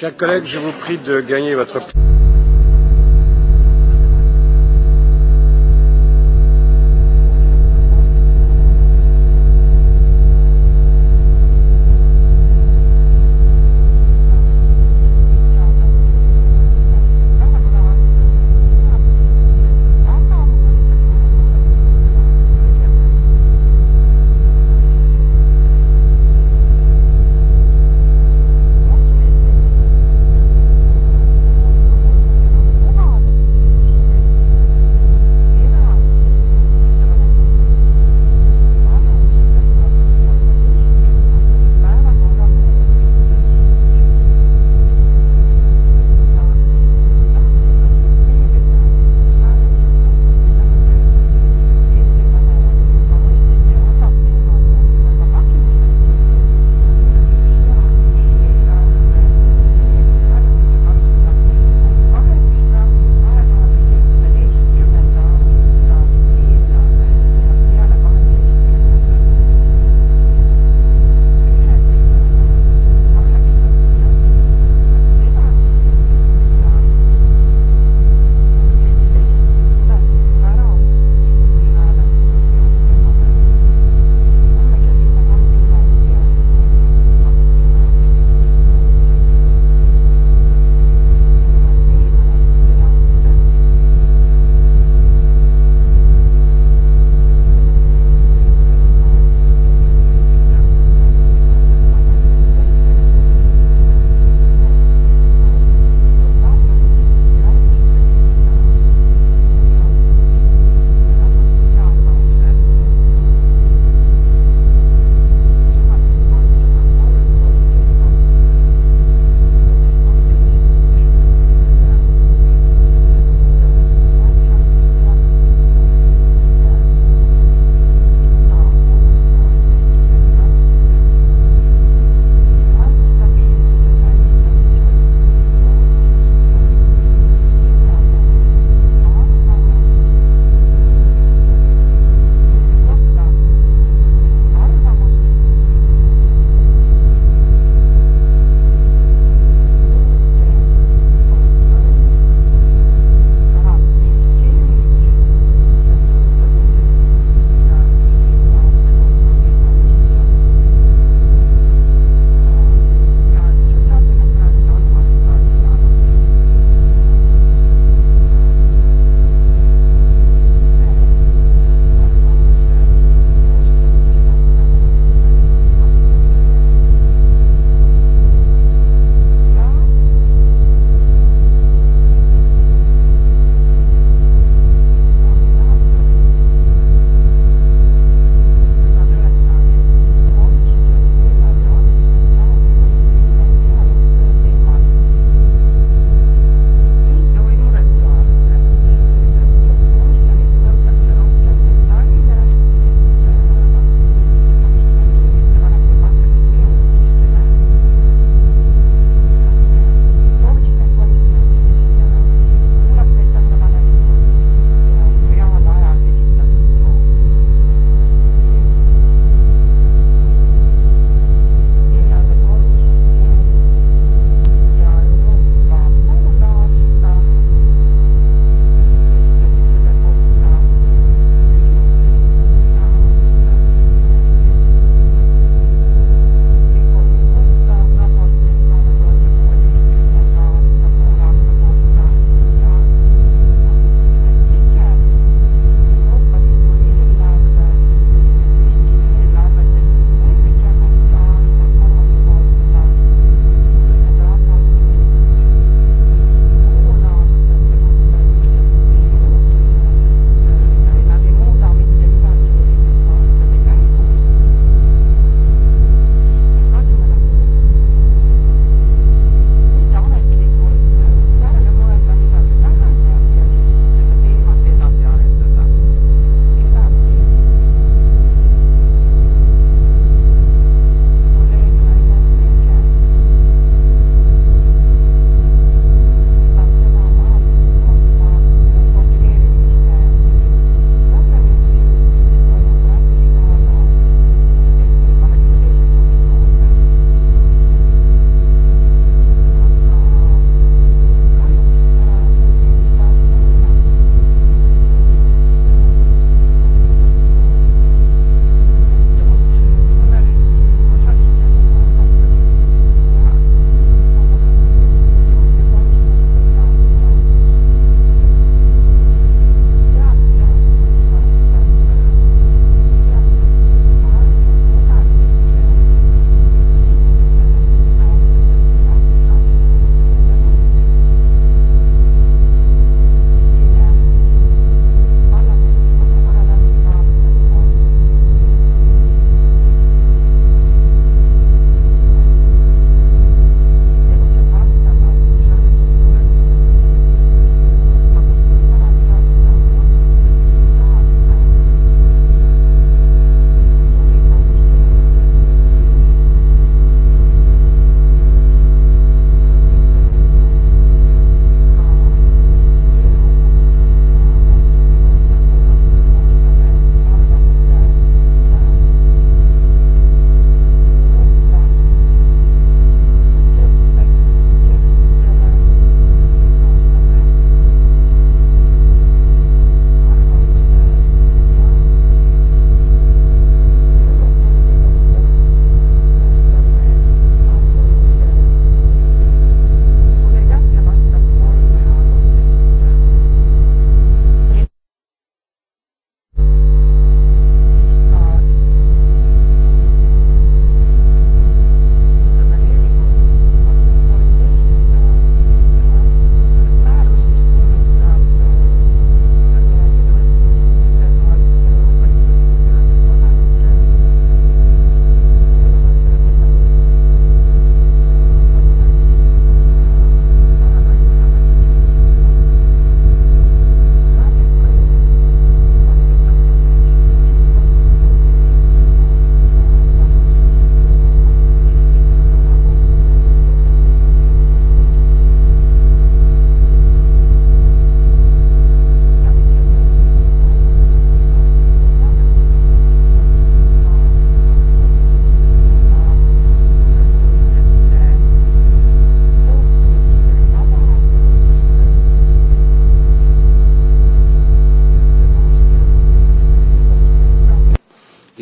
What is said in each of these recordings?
Chers collègues, je vous prie de gagner votre...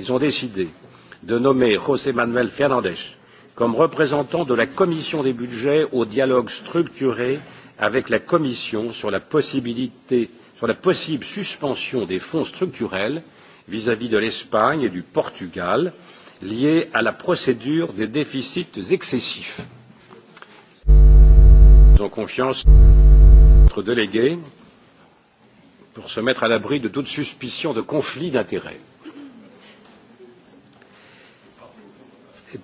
ils ont décidé de nommer José Manuel Fernandez comme représentant de la Commission des budgets au dialogue structuré avec la Commission sur la, possibilité, sur la possible suspension des fonds structurels vis-à-vis -vis de l'Espagne et du Portugal liés à la procédure des déficits excessifs. Nous avons confiance notre délégué pour se mettre à l'abri de toute suspicion de conflit d'intérêts.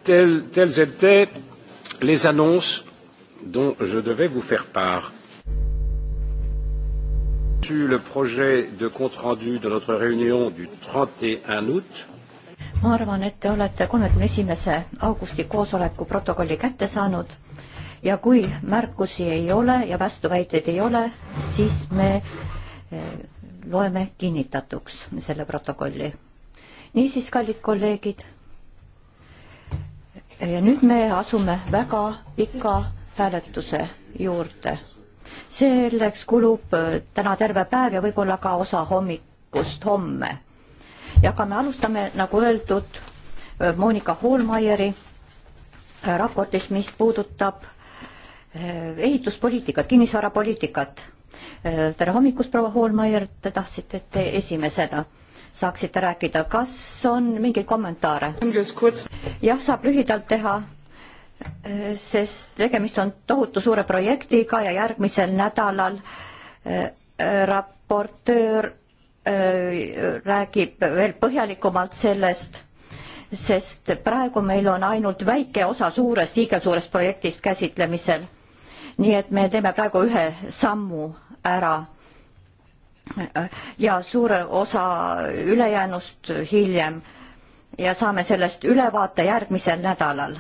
Telles, telles étaient les annonces dont je devais vous faire part. Sur le projet de compte rendu de notre réunion du 31 août. ma arvan, et te olete kolmekümne esimese augusti koosoleku protokolli kätte saanud ja kui märkusi ei ole ja vastuväiteid ei ole, siis me eh, loeme kinnitatuks selle protokolli. niisiis, kallid kolleegid ja nüüd me asume väga pika hääletuse juurde. selleks kulub äh, täna terve päev ja võib-olla ka osa hommikust homme. ja ka me alustame, nagu öeldud, äh, Monika Hoolmeieri äh, raportist, mis puudutab ehituspoliitikat, kinnisvarapoliitikat. tere hommikust, proua Hoolmeier, te tahtsite, et te esimesena saaksite rääkida, kas on mingeid kommentaare? jah, saab lühidalt teha, sest tegemist on tohutu suure projektiga ja järgmisel nädalal äh, raportöör äh, räägib veel põhjalikumalt sellest, sest praegu meil on ainult väike osa suurest, hiigelsuurest projektist käsitlemisel. nii et me teeme praegu ühe sammu ära ja suure osa ülejäänust hiljem ja saame sellest ülevaate järgmisel nädalal.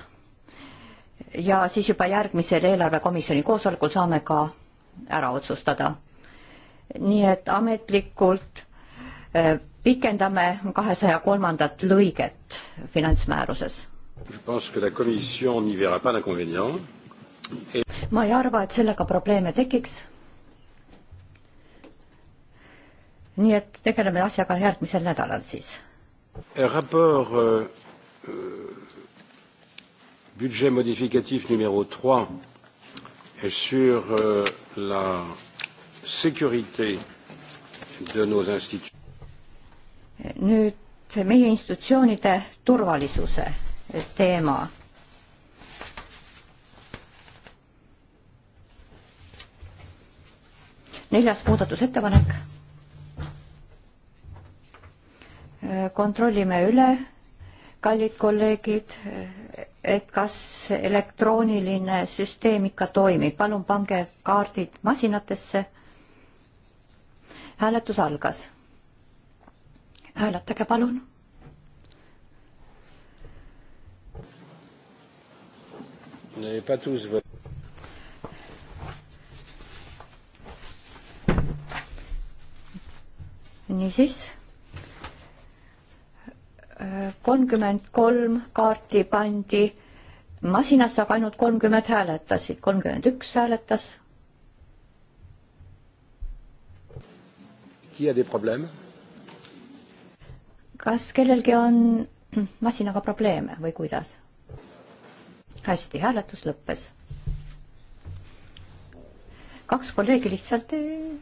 ja siis juba järgmisel eelarvekomisjoni koosolekul saame ka ära otsustada. nii et ametlikult eh, pikendame kahesaja kolmandat lõiget finantsmääruses. ma ei arva, et sellega probleeme tekiks nii et tegeleme asjaga järgmisel nädalal siis. raport euh, euh, budget modificatif numéro trois est sur euh, la sécurité de nos instituts. nüüd meie institutsioonide turvalisuse teema. neljas muudatusettepanek kontrollime üle, kallid kolleegid, et kas elektrooniline süsteem ikka toimib, palun pange kaardid masinatesse. hääletus algas. hääletage palun. niisiis kolmkümmend kolm kaarti pandi masinasse, aga ainult kolmkümmend hääletasid, kolmkümmend üks hääletas. kas kellelgi on masinaga probleeme või kuidas? hästi, hääletus lõppes. kaks kolleegi lihtsalt ei,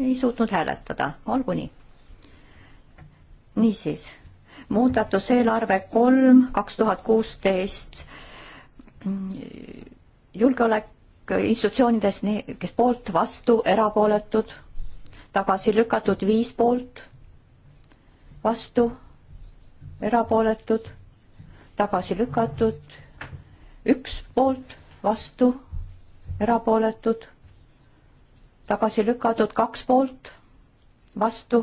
ei suutnud hääletada, olgu nii. niisiis muudatuseelarve kolm, kaks tuhat kuusteist, julgeolek institutsioonides, kes poolt, vastu, erapooletud, tagasi lükatud viis poolt, vastu, erapooletud, tagasi lükatud üks poolt, vastu, erapooletud, tagasi lükatud kaks poolt, vastu,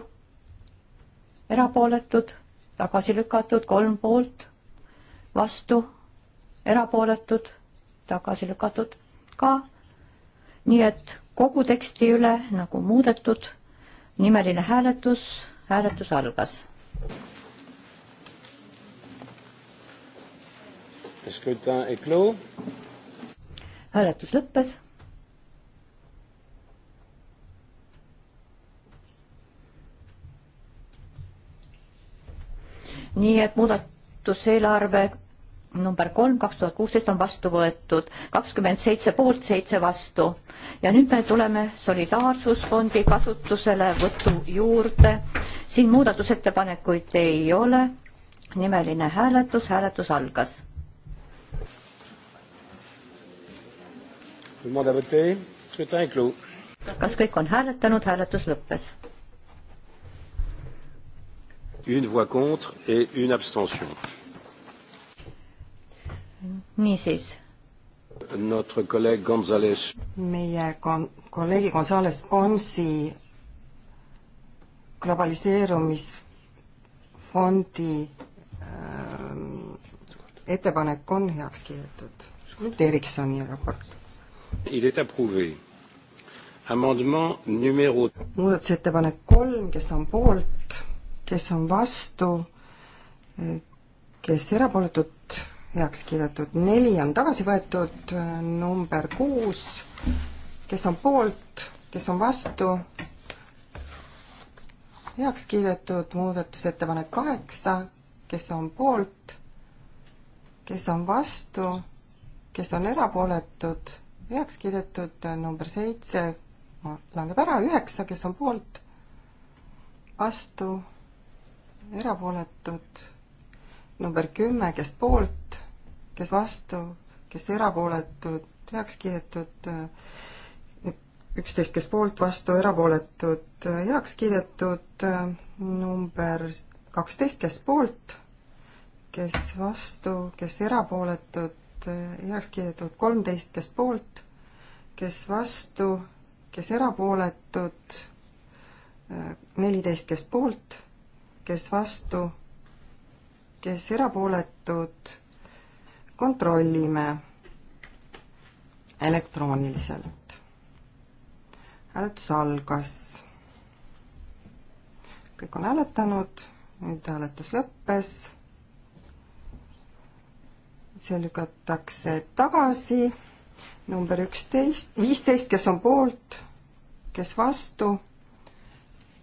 erapooletud tagasi lükatud, kolm poolt, vastu, erapooletud, tagasi lükatud ka. nii et kogu teksti üle nagu muudetud, nimeline hääletus, hääletus algas. hääletus lõppes nii et muudatuseelarve number kolm, kaks tuhat kuusteist on vastu võetud, kakskümmend seitse poolt, seitse vastu. ja nüüd me tuleme Solidaarsusfondi kasutuselevõtu juurde. siin muudatusettepanekuid ei ole. nimeline hääletus, hääletus algas. kas kõik on hääletanud, hääletus lõppes une voix contre et une abstention. niisiis. Notre kolleeg Gonzales. meie kon-, kolleegi Gonzales Ponsi globaliseerumisfondi ähm, ettepanek on heaks kiidetud. nüüd Ericssoni raport. Il est approuvé. Amendement numéro. muudatusettepanek kolm, kes on poolt kes on vastu, kes erapooletud, heaks kiidetud, neli on tagasi võetud, number kuus, kes on poolt, kes on vastu, heaks kiidetud, muudatusettepanek kaheksa, kes on poolt, kes on vastu, kes on erapooletud, heaks kiidetud, number seitse langeb ära, üheksa, kes on poolt, vastu erapooletud, number kümme, kes poolt, kes vastu, kes erapooletud, heaks kiidetud, üksteist, kes poolt, vastu, erapooletud, heaks kiidetud, number kaksteist, kes poolt, kes vastu, kes erapooletud, heaks kiidetud, kolmteist, kes poolt, kes vastu, kes erapooletud, neliteist, kes poolt kes vastu, kes erapooletud, kontrollime elektrooniliselt. hääletus algas. kõik on hääletanud, nüüd hääletus lõppes see lükatakse tagasi. number üksteist, viisteist, kes on poolt, kes vastu,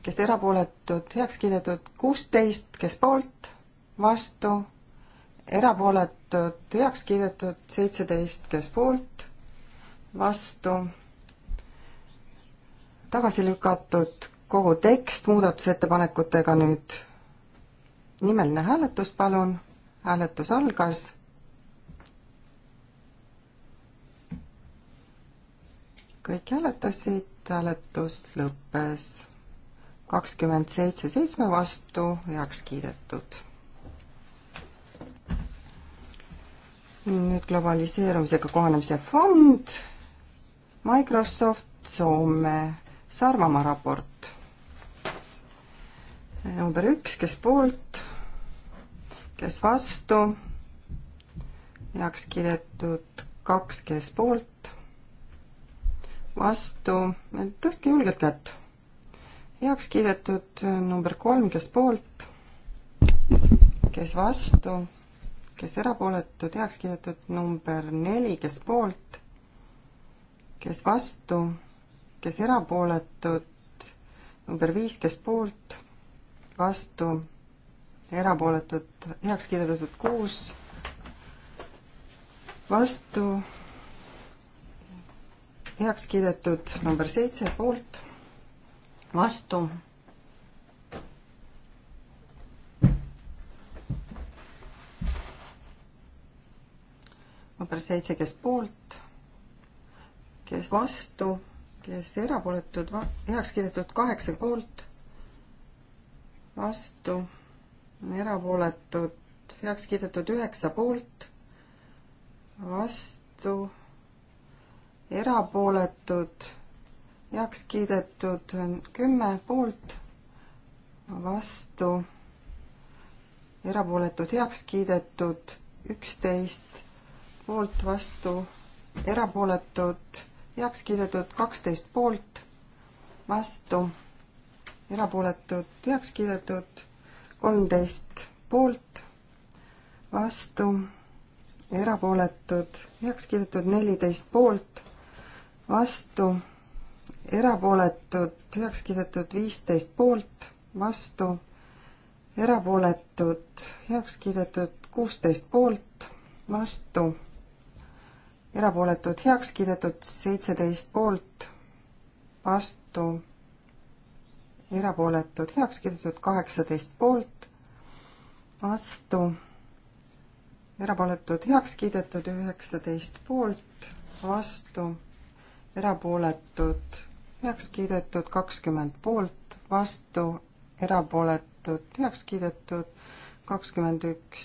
kes erapooletud, heaks kiidetud kuusteist, kes poolt, vastu, erapooletud, heaks kiidetud seitseteist, kes poolt, vastu, tagasi lükatud kogu tekst muudatusettepanekutega nüüd. nimeline hääletus, palun, hääletus algas kõik hääletasid, hääletus lõppes kakskümmend seitse seitsme vastu heaks kiidetud. nüüd globaliseerumisega kohanemise fond, Microsoft, Soome, Sarvamaa raport. number üks, kes poolt, kes vastu, heaks kiidetud kaks, kes poolt, vastu, tõstke julgelt kätt heaks kiidetud äh, number kolm, kes poolt, kes vastu, kes erapooletud, heaks kiidetud number neli, kes poolt, kes vastu, kes erapooletud, number viis, kes poolt, vastu, erapooletud, heaks kiidetud kuus, vastu, heaks kiidetud number seitse, poolt vastu. number seitse, kes poolt, kes vastu, kes erapooletud, heaks kiidetud kaheksa poolt, vastu, erapooletud, heaks kiidetud üheksa poolt, vastu, erapooletud heaks kiidetud kümme poolt, vastu, erapooletud heaks kiidetud üksteist poolt, vastu, erapooletud heaks kiidetud kaksteist poolt, vastu, erapooletud heaks kiidetud kolmteist poolt, vastu, erapooletud heaks kiidetud neliteist poolt, vastu erapooletud, heaks kiidetud viisteist poolt, vastu, erapooletud, heaks kiidetud kuusteist poolt, vastu, erapooletud, heaks kiidetud seitseteist poolt, vastu, erapooletud, heaks kiidetud kaheksateist poolt, vastu, erapooletud, heaks kiidetud üheksateist poolt, vastu erapooletud heaks kiidetud kakskümmend poolt, vastu, erapooletud, heaks kiidetud kakskümmend üks.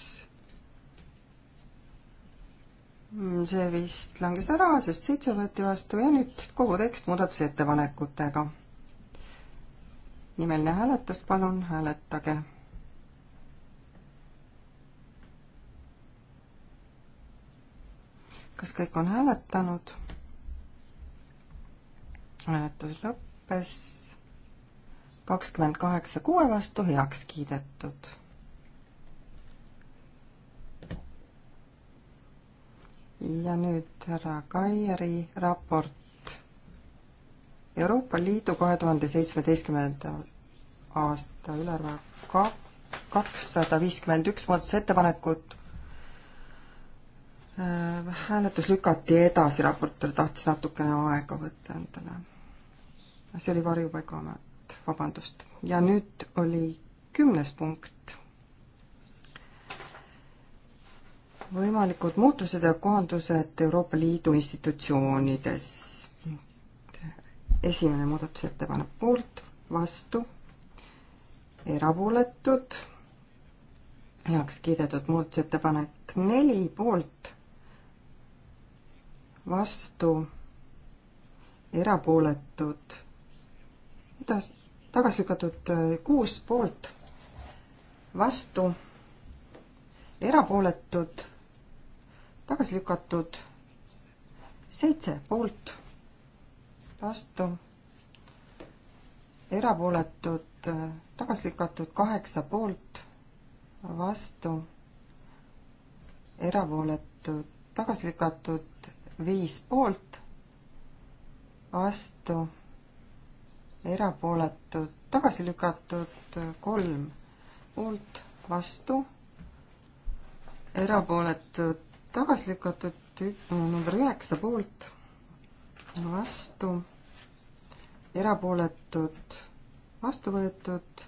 Mm, see vist langes ära, sest seitse võeti vastu ja nüüd kogu tekst muudatusettepanekutega. nimeline hääletus, palun hääletage kas kõik on hääletanud? hääletus lõppes kakskümmend kaheksa kuue vastu heaks kiidetud. ja nüüd härra Kairi raport. Euroopa Liidu kahe tuhande seitsmeteistkümnenda aasta ülearve kakssada viiskümmend üks muudatusettepanekut. Äh, hääletus lükati edasi, raportöör tahtis natukene aega võtta endale see oli varjupaigaamet, vabandust. ja nüüd oli kümnes punkt. võimalikud muutused ja kohandused Euroopa Liidu institutsioonides. esimene muudatusettepanek poolt, vastu, erapooletud, heaks kiidetud muudatusettepanek neli poolt, vastu, erapooletud tas-, tagasi lükatud äh, kuus poolt, vastu, erapooletud, tagasi lükatud seitse poolt, vastu, erapooletud, äh, tagasi lükatud kaheksa poolt, vastu, erapooletud, tagasi lükatud viis poolt, vastu erapooletud, tagasi lükatud kolm poolt, vastu, erapooletud, tagasi lükatud number üheksa poolt, vastu, erapooletud, vastu võetud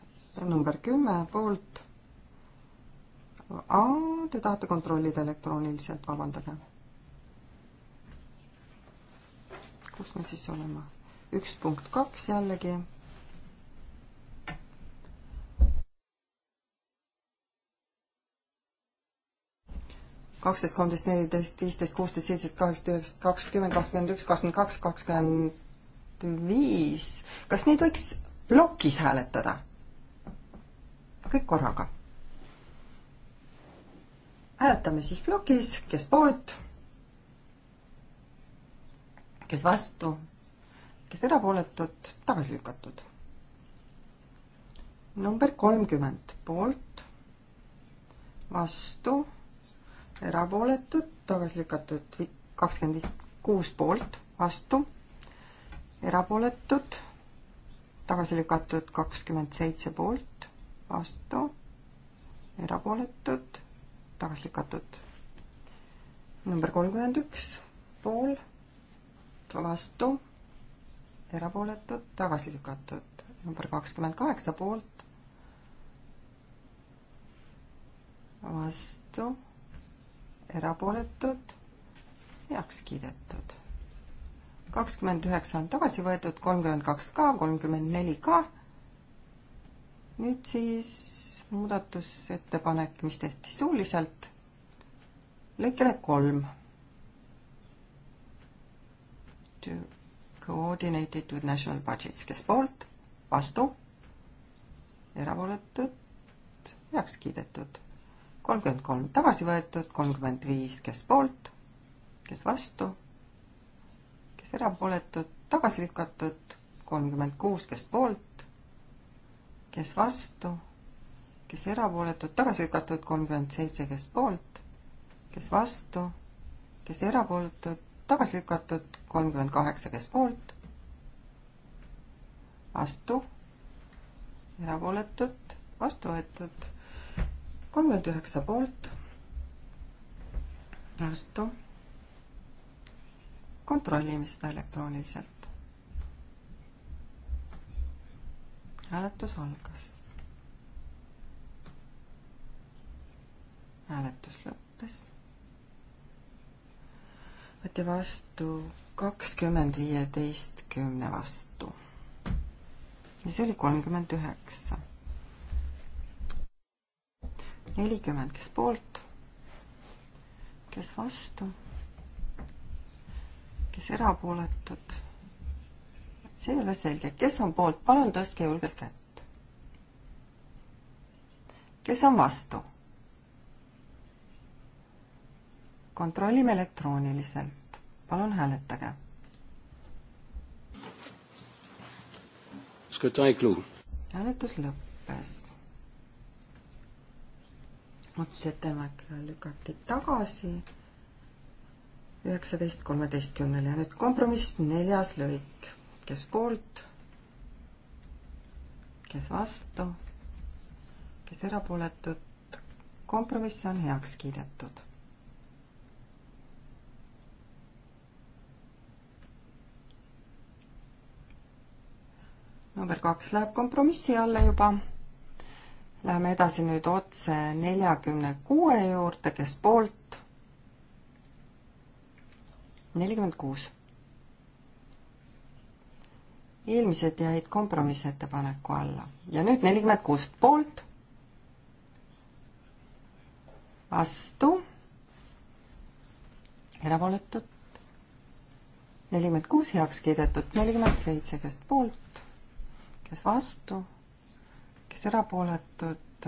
number kümme poolt. Te tahate kontrollida elektrooniliselt, vabandage. kus me siis oleme? üks punkt kaks jällegi. kaksteist, kolmteist, neliteist, viisteist, kuusteist, seitseteist, kaheksateist, üheksateist, kakskümmend, kakskümmend üks, kakskümmend kaks, kakskümmend viis. kas neid võiks plokis hääletada? kõik korraga. hääletame siis plokis, kes poolt, kes vastu kes erapooletud, tagasi lükatud. number kolmkümmend poolt, vastu, erapooletud, tagasi lükatud kakskümmend kuus poolt, vastu, erapooletud, tagasi lükatud kakskümmend seitse poolt, vastu, erapooletud, tagasi lükatud. number kolmkümmend üks pool, vastu erapooletud, tagasi lükatud. number kakskümmend kaheksa poolt, vastu, erapooletud, heaks kiidetud. kakskümmend üheksa on tagasi võetud, kolmkümmend kaks ka, kolmkümmend neli ka. nüüd siis muudatusettepanek, mis tehti suuliselt, lõikele kolm coordinated with national budgets, kes poolt, vastu, erapooletud, heaks kiidetud. kolmkümmend kolm tagasi võetud, kolmkümmend viis, kes poolt, kes vastu, kes erapooletud, tagasi lükatud, kolmkümmend kuus, kes poolt, kes vastu, kes erapooletud, tagasi lükatud, kolmkümmend seitse, kes poolt, kes vastu, kes erapooletud, tagasi lükatud kolmkümmend kaheksa, kes poolt, vastu, erapooletud, vastu võetud kolmkümmend üheksa poolt, vastu. kontrollime seda elektrooniliselt. hääletus algas. hääletus lõppes võeti vastu kakskümmend viieteist kümne vastu. ja see oli kolmkümmend üheksa. nelikümmend, kes poolt, kes vastu, kes erapooletud. see ei ole selge, kes on poolt, palun tõstke julgelt kätt. kes on vastu? kontrollime elektrooniliselt. palun hääletage. hääletus lõppes. otsusettepanek lükati tagasi üheksateist kolmeteistkümnele ja nüüd kompromiss neljas lõik. kes poolt? kes vastu? kes erapooletud? kompromiss on heaks kiidetud number kaks läheb kompromissi alla juba. Läheme edasi nüüd otse neljakümne kuue juurde, kes poolt? nelikümmend kuus. eelmised jäid kompromissettepaneku alla ja nüüd nelikümmend kuus poolt. vastu. erapooletud. nelikümmend kuus heaks kiidetud, nelikümmend seitse, kes poolt? kes vastu, kes erapooletud,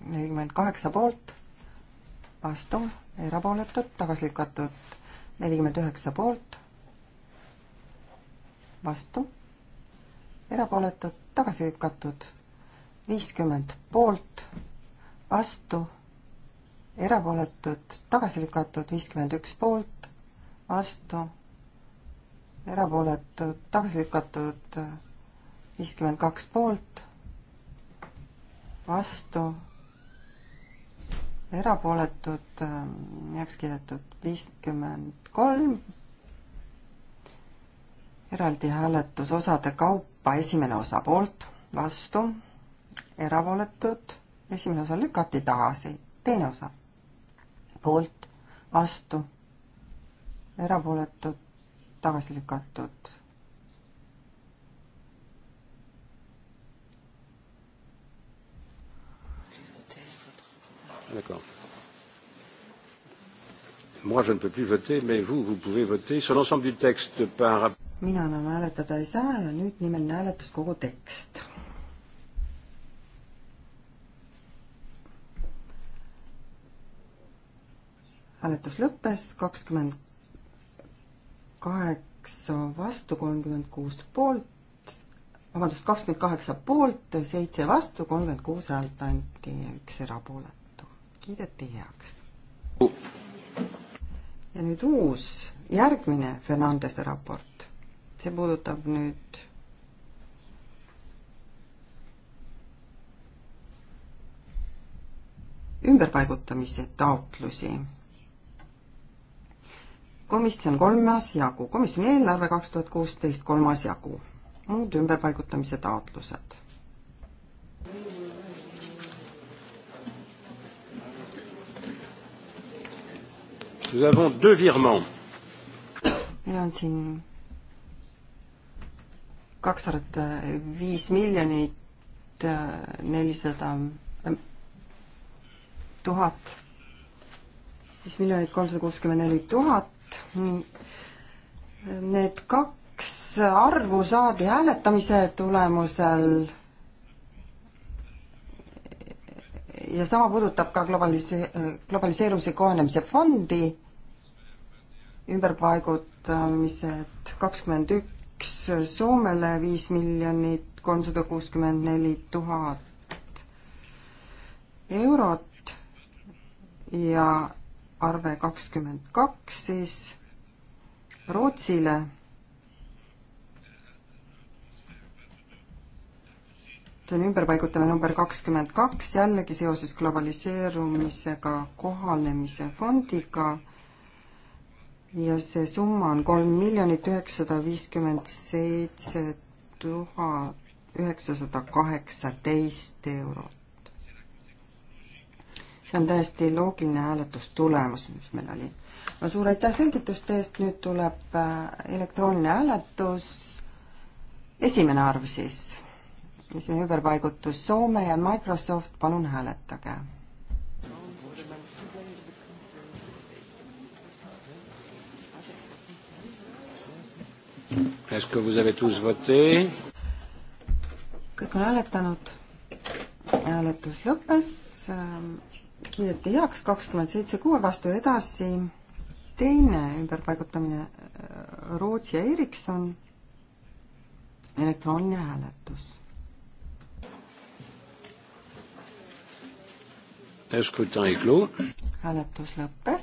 nelikümmend kaheksa poolt, vastu, erapooletud, tagasi lükatud, nelikümmend üheksa poolt, vastu, erapooletud, tagasi lükatud, viiskümmend poolt, vastu, erapooletud, tagasi lükatud, viiskümmend üks poolt, vastu, erapooletud, tagasi lükatud, viiskümmend kaks poolt, vastu, erapooletud, ähm, heaks kiidetud viiskümmend kolm, eraldi hääletus osade kaupa, esimene osa poolt, vastu, erapooletud, esimene osa lükati tagasi, teine osa poolt, vastu, erapooletud, tagasi lükatud D'accord. Moi, je ne peux plus voter, mais vous, vous pouvez voter sur l'ensemble du texte par... mina enam hääletada ei saa ja nüüd nimeline hääletus kogu tekst. hääletus lõppes, kakskümmend kaheksa vastu, kolmkümmend kuus poolt, vabandust, kakskümmend kaheksa poolt, seitse vastu, kolmkümmend kuus häält anti ja üks erapooletu kiideti heaks. ja nüüd uus, järgmine Fernandese raport. see puudutab nüüd ümberpaigutamise taotlusi. komisjon kolmas jagu, komisjoni eelarve kaks tuhat kuusteist kolmas jagu, muud ümberpaigutamise taotlused Nous avons deux virements. meil on siin kakssada viis miljonit äh, nelisada äh, tuhat, viis miljonit kolmsada kuuskümmend neli tuhat. Need kaks arvu saadi hääletamise tulemusel ja sama puudutab ka globalise-, globaliseerumise kohanemise fondi ümberpaigutamised kakskümmend üks Soomele viis miljonit kolmsada kuuskümmend neli tuhat eurot ja arve kakskümmend kaks siis Rootsile see on ümberpaigutamine number kakskümmend kaks, jällegi seoses globaliseerumisega kohanemise fondiga ja see summa on kolm miljonit üheksasada viiskümmend seitse tuhat üheksasada kaheksateist eurot. see on täiesti loogiline hääletustulemus, mis meil oli. no suur aitäh selgituste eest, nüüd tuleb äh, elektrooniline hääletus, esimene arv siis see on ümberpaigutus Soome ja Microsoft, palun hääletage. kõik on hääletanud, hääletus lõppes, ähm, kiideti heaks kakskümmend seitse kuue vastu edasi teine ümberpaigutamine äh, Rootsi ja Ericsson, elektrooniline hääletus hääletus lõppes.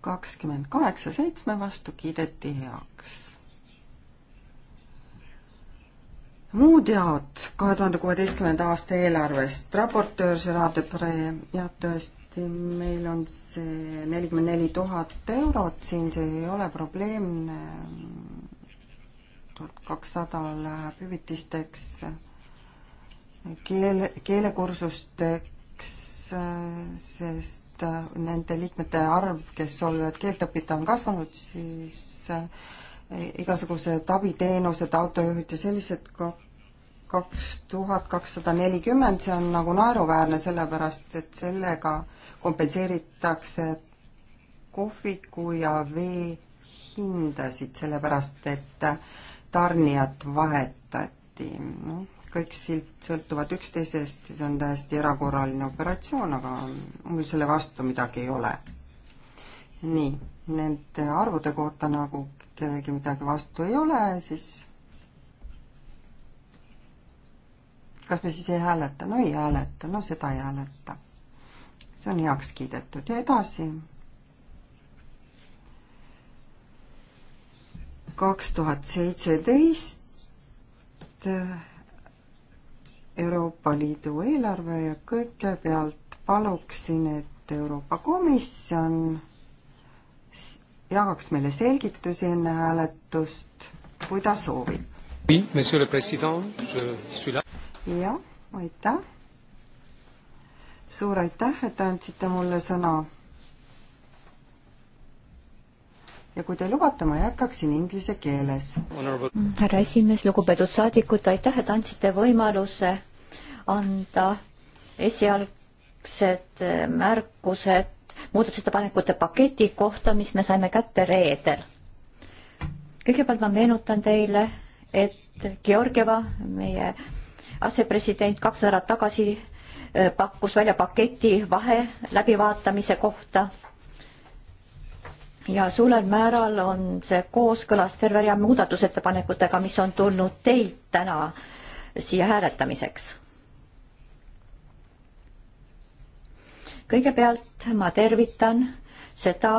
kakskümmend kaheksa seitsme vastu kiideti heaks. muud head kahe tuhande kuueteistkümnenda aasta eelarvest, raportöör Gerard Depree, jah tõesti, meil on see nelikümmend neli tuhat eurot siin, see ei ole probleemne, tuhat kakssada läheb hüvitisteks keele, keelekursusteks, äh, sest äh, nende liikmete arv, kes soovivad keelt õppida, on kasvanud, siis äh, igasugused abiteenused, autojuhid ja sellised ka kaks tuhat kakssada nelikümmend, see on nagu naeruväärne, sellepärast et sellega kompenseeritakse kohviku ja vee hindasid, sellepärast et tarnijat vahetati no kõik silt sõltuvad üksteisest, see on täiesti erakorraline operatsioon, aga mul selle vastu midagi ei ole. nii, nende arvude kohta nagu kellelgi midagi vastu ei ole, siis kas me siis ei hääleta? no ei hääleta, no seda ei hääleta. see on heaks kiidetud ja edasi kaks tuhat seitseteist Euroopa Liidu eelarve ja kõigepealt paluksin, et Euroopa Komisjon jagaks meile selgitusi enne hääletust, kui ta soovib. jah, aitäh. suur aitäh, et andsite mulle sõna. ja kui te lubate, ma jätkaksin inglise keeles. härra esimees, lugupeetud saadikud, aitäh, et andsite võimaluse anda esialgsed äh, märkused muudatusettepanekute paketi kohta, mis me saime kätte reedel. kõigepealt ma meenutan teile, et Georgieva, meie asepresident kaks nädalat tagasi äh, pakkus välja paketi vahe läbivaatamise kohta. ja suurel määral on see kooskõlas terve rea muudatusettepanekutega, mis on tulnud teilt täna siia hääletamiseks kõigepealt ma tervitan seda,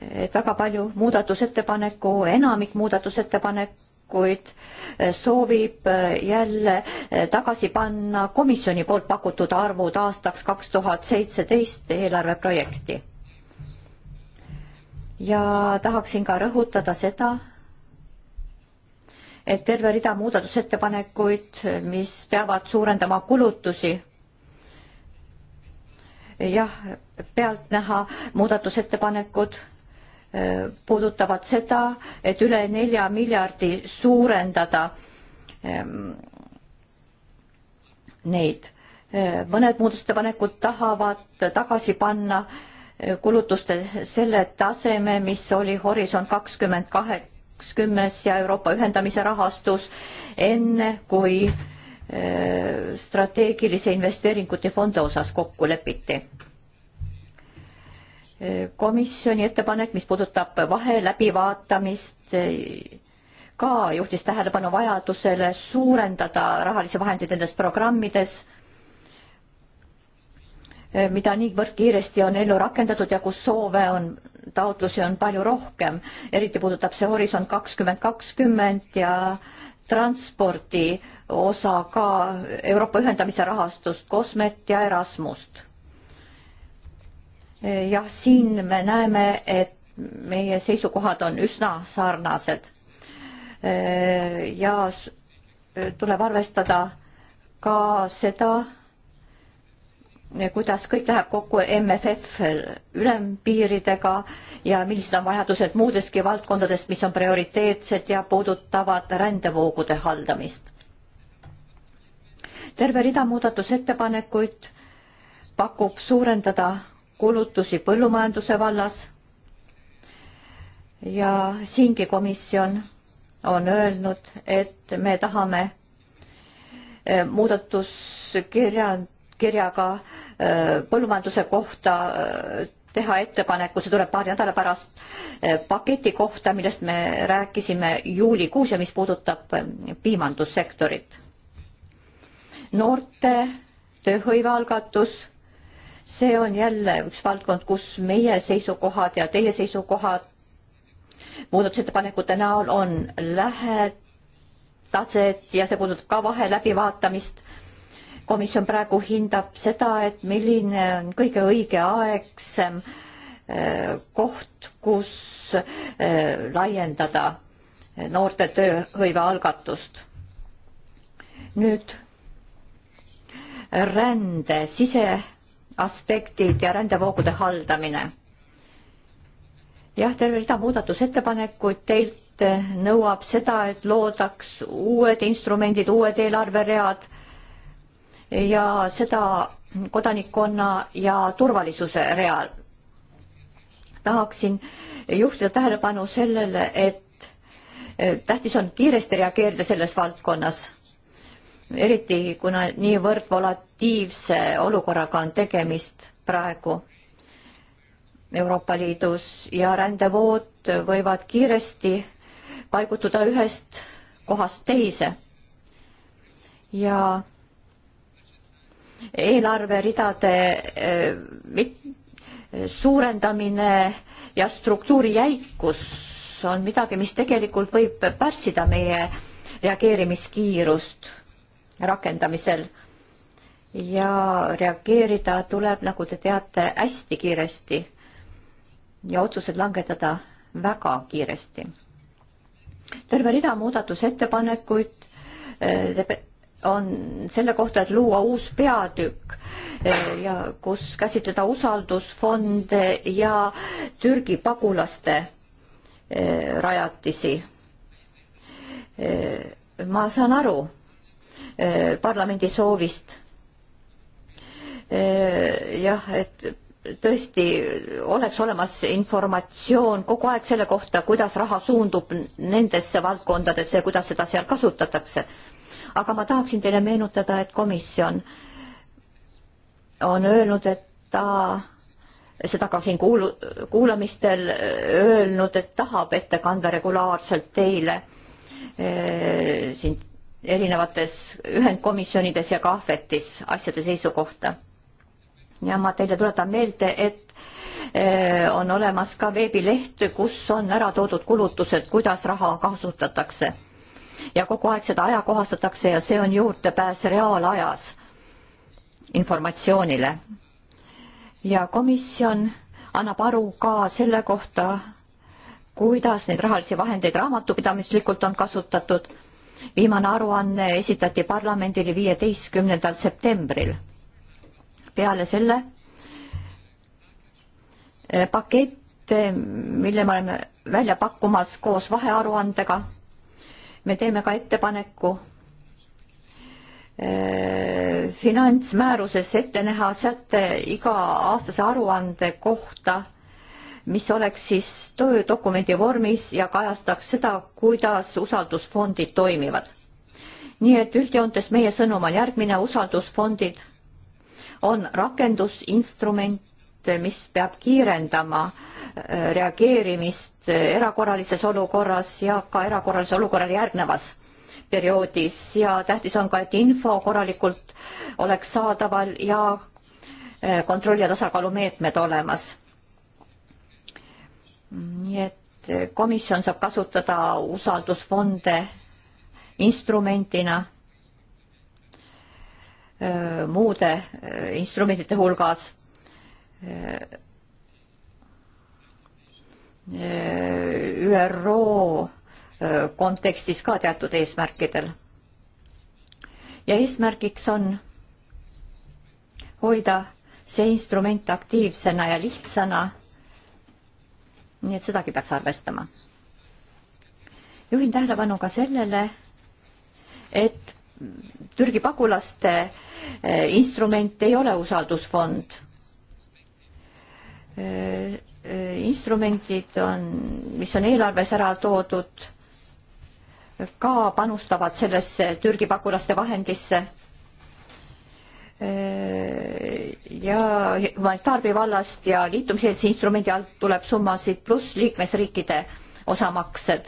et väga palju muudatusettepaneku, enamik muudatusettepanekuid soovib jälle tagasi panna komisjoni poolt pakutud arvud aastaks kaks tuhat seitseteist eelarveprojekti. ja tahaksin ka rõhutada seda, et terve rida muudatusettepanekuid, mis peavad suurendama kulutusi jah, pealtnäha muudatusettepanekud eh, puudutavad seda, et üle nelja miljardi suurendada ehm, neid. Eh, mõned muudatusettepanekud tahavad tagasi panna eh, kulutuste selle taseme, mis oli Horisont kakskümmend kaheksakümnes ja Euroopa ühendamise rahastus, enne kui strateegilise investeeringute fonde osas kokku lepiti. komisjoni ettepanek, mis puudutab vahe läbivaatamist, ka juhtis tähelepanu vajadusele suurendada rahalisi vahendeid nendes programmides, mida niivõrd kiiresti on ellu rakendatud ja kus soove on, taotlusi on palju rohkem, eriti puudutab see Horisont kakskümmend kakskümmend ja transpordi osa ka Euroopa ühendamise rahastust, Kosmet ja Erasmust. jah, siin me näeme, et meie seisukohad on üsna sarnased. ja tuleb arvestada ka seda, kuidas kõik läheb kokku MFF ülempiiridega ja millised on vajadused muudeski valdkondades, mis on prioriteetsed ja puudutavad rändevoogude haldamist. terve rida muudatusettepanekuid pakub suurendada kulutusi põllumajanduse vallas ja siingi komisjon on öelnud, et me tahame eh, muudatuskirja, kirjaga põllumajanduse kohta äh, teha ettepaneku, see tuleb paari nädala pärast, äh, paketi kohta, millest me rääkisime juulikuus ja mis puudutab äh, piimandussektorit. noorte tööhõive algatus see on jälle üks valdkond, kus meie seisukohad ja teie seisukohad muudatusettepanekute näol on lähedased ja see puudutab ka vahe läbivaatamist komisjon praegu hindab seda, et milline on kõige õigeaegsem eh, koht, kus eh, laiendada eh, noorte tööhõive algatust. nüüd rände siseaspektid ja rändevoogude haldamine. jah, terve rida muudatusettepanekuid teilt nõuab seda, et loodaks uued instrumendid, uued eelarveread ja seda kodanikkonna ja turvalisuse real. tahaksin juhtida tähelepanu sellele, et eh, tähtis on kiiresti reageerida selles valdkonnas, eriti kuna niivõrd volatiivse olukorraga on tegemist praegu Euroopa Liidus ja rändevood võivad kiiresti paigutuda ühest kohast teise. ja eelarveridade eh, suurendamine ja struktuuri jäikus on midagi, mis tegelikult võib pärssida meie reageerimiskiirust rakendamisel. ja reageerida tuleb, nagu te teate, hästi kiiresti ja otsused langetada väga kiiresti. terve rida muudatusettepanekuid eh, on selle kohta, et luua uus peatükk eh, ja kus käsitleda usaldusfonde ja Türgi pagulaste eh, rajatisi. Eh, ma saan aru parlamendi soovist. jah, et tõesti oleks olemas informatsioon kogu aeg selle kohta, kuidas raha suundub nendesse valdkondadesse ja kuidas seda seal kasutatakse aga ma tahaksin teile meenutada, et komisjon on öelnud, et ta seda ka siin kuulu-, kuulamistel äh, öelnud, et tahab ette kanda regulaarselt teile e, siin erinevates ühendkomisjonides ja ka ahvetis asjade seisukohta. ja ma teile tuletan meelde, et e, on olemas ka veebileht, kus on ära toodud kulutused, kuidas raha kasutatakse ja kogu aeg seda ajakohastatakse ja see on juurdepääs reaalajas informatsioonile. ja komisjon annab aru ka selle kohta, kuidas neid rahalisi vahendeid raamatupidamislikult on kasutatud. viimane aruanne esitati parlamendile viieteistkümnendal septembril. peale selle eh, pakett, mille me oleme välja pakkumas koos vahearuandega me teeme ka ettepaneku äh, finantsmääruses ette näha säte iga-aastase aruande kohta, mis oleks siis töödokumendi vormis ja kajastaks seda, kuidas usaldusfondid toimivad. nii et üldjoontes meie sõnum on järgmine, usaldusfondid on rakendusinstrument, mis peab kiirendama äh, reageerimist äh, erakorralises olukorras ja ka erakorralise olukorrale järgnevas perioodis ja tähtis on ka, et info korralikult oleks saadaval ja äh, kontrolli ja tasakaalu meetmed olemas. nii et komisjon saab kasutada usaldusfonde instrumendina muude instrumentide hulgas Äh, äh, ÜRO äh, kontekstis ka teatud eesmärkidel. ja eesmärgiks on hoida see instrument aktiivsena ja lihtsana. nii et sedagi peaks arvestama. juhin tähelepanu ka sellele, et Türgi pagulaste instrument ei ole usaldusfond instrumendid on, mis on eelarves ära toodud, ka panustavad sellesse Türgi pagulaste vahendisse. ja humanitaarbi vallast ja liitumiseelse instrumendi alt tuleb summasid pluss liikmesriikide osamaksed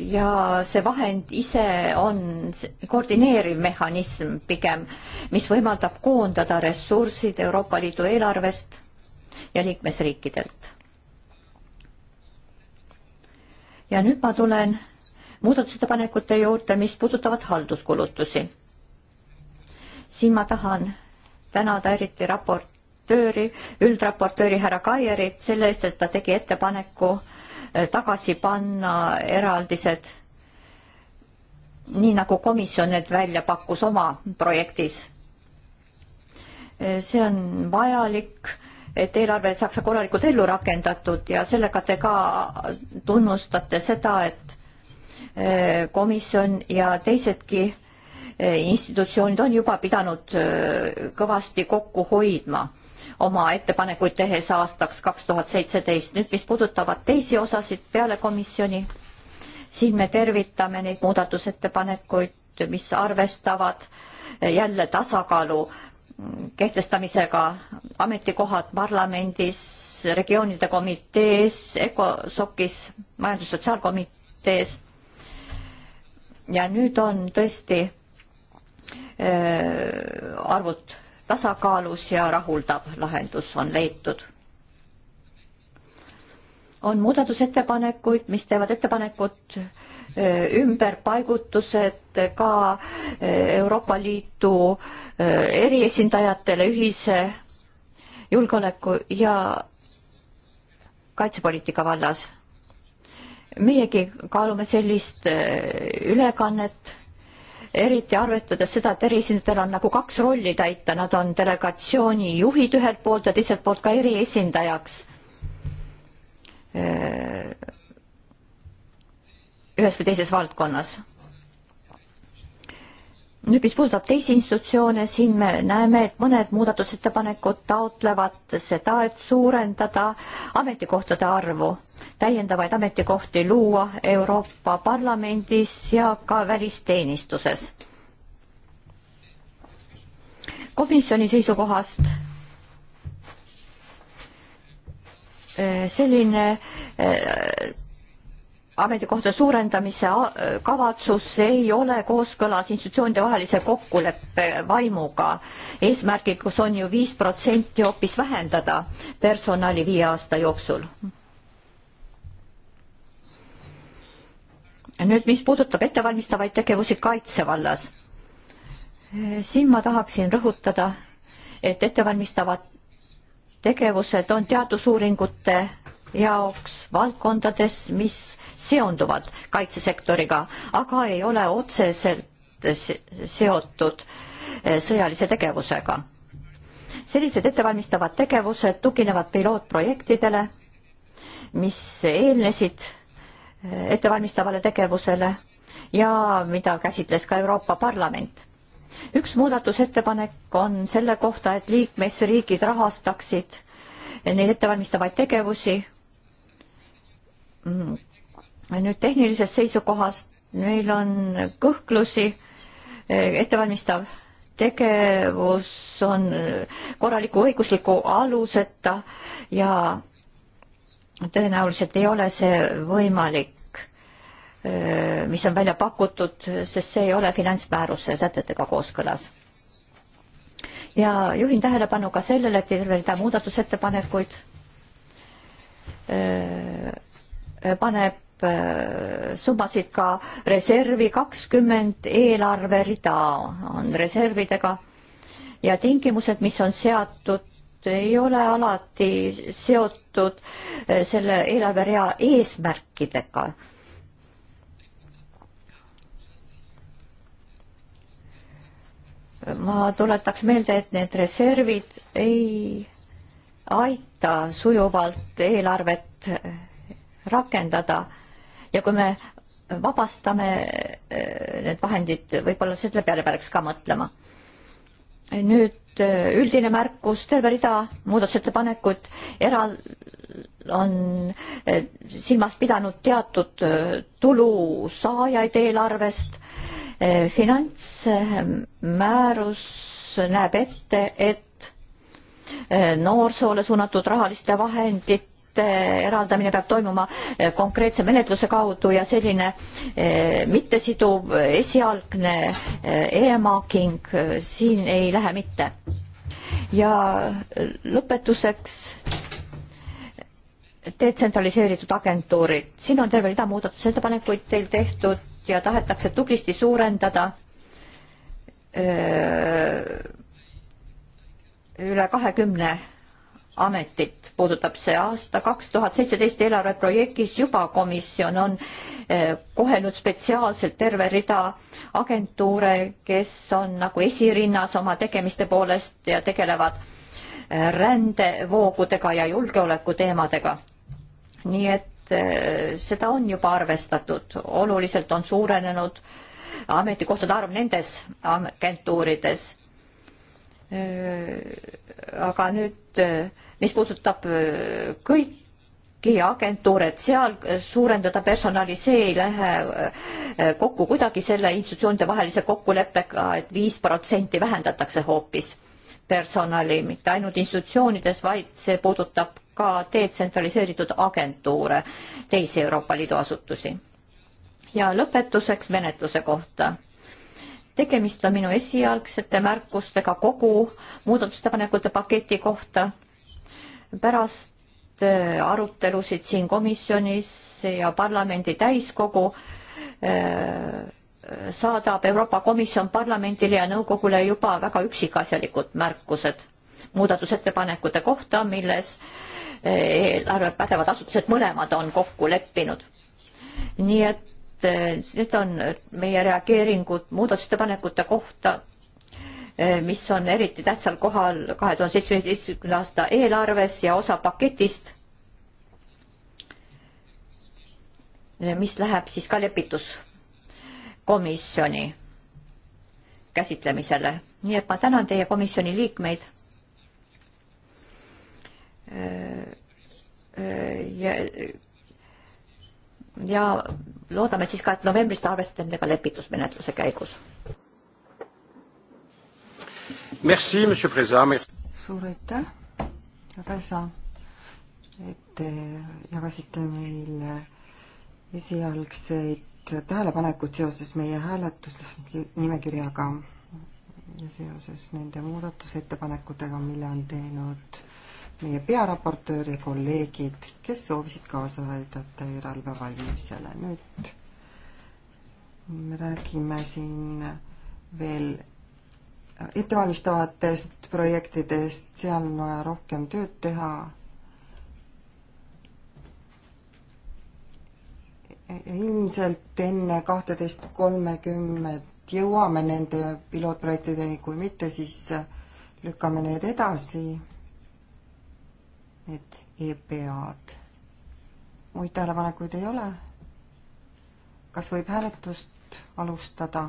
ja see vahend ise on koordineeriv mehhanism pigem, mis võimaldab koondada ressursid Euroopa Liidu eelarvest ja liikmesriikidelt. ja nüüd ma tulen muudatusettepanekute juurde, mis puudutavad halduskulutusi. siin ma tahan tänada eriti raport raportööri, üldraportööri härra Kaierit selle eest, et ta tegi ettepaneku eh, tagasi panna eraldised, nii nagu komisjon need välja pakkus oma projektis. Eh, see on vajalik, et eelarve saaks korralikult ellu rakendatud ja sellega te ka tunnustate seda, et eh, komisjon ja teisedki institutsioonid on juba pidanud kõvasti kokku hoidma oma ettepanekuid tehes aastaks kaks tuhat seitseteist. nüüd, mis puudutavad teisi osasid peale komisjoni, siin me tervitame neid muudatusettepanekuid, mis arvestavad jälle tasakaalu kehtestamisega ametikohad parlamendis, regioonide komitees, ECOSOC-is, majandus-sotsiaalkomitees. ja nüüd on tõesti äh, arvud tasakaalus ja rahuldav lahendus on leitud. on muudatusettepanekuid, mis teevad ettepanekut äh, ümberpaigutused ka äh, Euroopa Liidu äh, eriesindajatele ühise julgeoleku ja kaitsepoliitika vallas. meiegi kaalume sellist ülekannet eriti arvestades seda, et eriesindajatel on nagu kaks rolli täita, nad on delegatsiooni juhid ühelt poolt ja teiselt poolt ka eriesindajaks ühes või teises valdkonnas nüüd, mis puudutab teisi institutsioone, siin me näeme, et mõned muudatusettepanekud taotlevad seda, et suurendada ametikohtade arvu, täiendavaid ametikohti luua Euroopa Parlamendis ja ka välisteenistuses. komisjoni seisukohast eh, selline eh, ametikohtade suurendamise äh, kavatsus ei ole kooskõlas institutsioonide vahelise kokkuleppe vaimuga. eesmärgiks on ju viis protsenti hoopis vähendada personali viie aasta jooksul. nüüd, mis puudutab ettevalmistavaid tegevusi kaitsevallas, siin ma tahaksin rõhutada, et ettevalmistavad tegevused on teadusuuringute jaoks valdkondades, mis seonduvad kaitsesektoriga, aga ei ole otseselt seotud eh, sõjalise tegevusega. sellised ettevalmistavad tegevused tuginevad pilootprojektidele, mis eelnesid eh, ettevalmistavale tegevusele ja mida käsitles ka Euroopa Parlament. üks muudatusettepanek on selle kohta, et liikmesriigid rahastaksid neid ettevalmistavaid tegevusi mm, nüüd tehnilisest seisukohast meil on kõhklusi, eh, ettevalmistav tegevus on eh, korraliku õigusliku aluseta ja tõenäoliselt ei ole see võimalik, eh, mis on välja pakutud, sest see ei ole finantsmääruse sätetega kooskõlas. ja juhin tähelepanu ka sellele, et terve rida muudatusettepanekuid paneb Äh, summasid ka reservi, kakskümmend eelarverida on reservidega ja tingimused, mis on seatud, ei ole alati seotud äh, selle eelarverea eesmärkidega ma tuletaks meelde, et need reservid ei aita sujuvalt eelarvet rakendada. ja kui me vabastame eh, need vahendid, võib-olla selle peale peaks ka mõtlema. nüüd eh, üldine märkus, terve rida muudatusettepanekuid eral on eh, silmas pidanud teatud tulusaajaid eelarvest. finantsmäärus näeb ette, et noorsoole suunatud rahaliste vahendite mitte eraldamine peab toimuma eh, konkreetse menetluse kaudu ja selline eh, mittesiduv eh, esialgne e-marking siin ei lähe mitte. ja lõpetuseks detsentraliseeritud agentuurid, siin on terve rida muudatusettepanekuid teil tehtud ja tahetakse tublisti suurendada öö, üle kahekümne ametit puudutab see aasta kaks tuhat seitseteist eelarveprojektis juba komisjon on eh, kohelnud spetsiaalselt terve rida agentuure, kes on nagu esirinnas oma tegemiste poolest ja tegelevad eh, rändevoogudega ja julgeoleku teemadega. nii et eh, seda on juba arvestatud, oluliselt on suurenenud ametikohtade arv nendes agentuurides Äh, aga nüüd, äh, mis puudutab äh, kõiki agentuure, et seal suurendada personali, see ei lähe kokku kuidagi selle institutsioonide vahelise kokkuleppega, et viis protsenti vähendatakse hoopis personali, mitte ainult institutsioonides, vaid see puudutab ka detsentraliseeritud agentuure, teisi Euroopa Liidu asutusi. ja lõpetuseks menetluse kohta tegemist on minu esialgsete märkustega kogu muudatusettepanekute paketi kohta. pärast äh, arutelusid siin komisjonis ja parlamendi täiskogu äh, saadab Euroopa Komisjon parlamendile ja nõukogule juba väga üksikasjalikud märkused muudatusettepanekute kohta, milles äh, eelarve pädevad asutused mõlemad on kokku leppinud. nii et need on meie reageeringud muudatusettepanekute kohta, eh, mis on eriti tähtsal kohal kahe tuhande seitsmeteistkümne aasta eelarves ja osa paketist, eh, mis läheb siis ka lepituskomisjoni käsitlemisele. nii et ma tänan teie komisjoni liikmeid eh, ja ja loodame siis ka, et novembrist arvestate nendega lepitusmenetluse käigus. Merci, monsieur Freza. suur aitäh, Freza, et te jagasite meile esialgseid tähelepanekud seoses meie hääletusnimekirjaga ja seoses nende muudatusettepanekutega, mille on teinud meie pearaportöör ja kolleegid, kes soovisid kaasa aidata järelevalve valmimisele. nüüd me räägime siin veel ettevalmistavatest projektidest, seal on vaja rohkem tööd teha. ilmselt enne kahteteist kolmekümmet jõuame nende pilootprojektideni, kui mitte, siis lükkame need edasi need EPA-d. muid tähelepanekuid ei ole. kas võib hääletust alustada?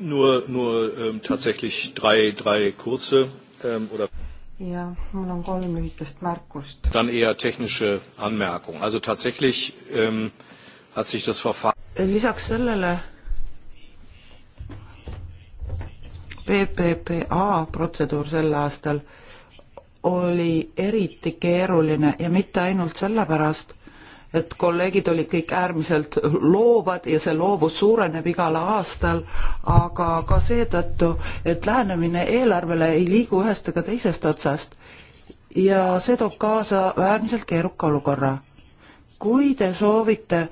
Nur, nur ähm, tatsächlich drei, drei kurze ähm, oder ja, mul on kolm lühikest märkust. Dann eher technische Anmerkung. Also tatsächlich ähm, hat sich das Verfahren lisaks sellele PPPA protseduur sel aastal oli eriti keeruline ja mitte ainult sellepärast, et kolleegid olid kõik äärmiselt loovad ja see loovus suureneb igal aastal, aga ka seetõttu, et lähenemine eelarvele ei liigu ühest ega teisest otsast. ja see toob kaasa äärmiselt keeruka olukorra. kui te soovite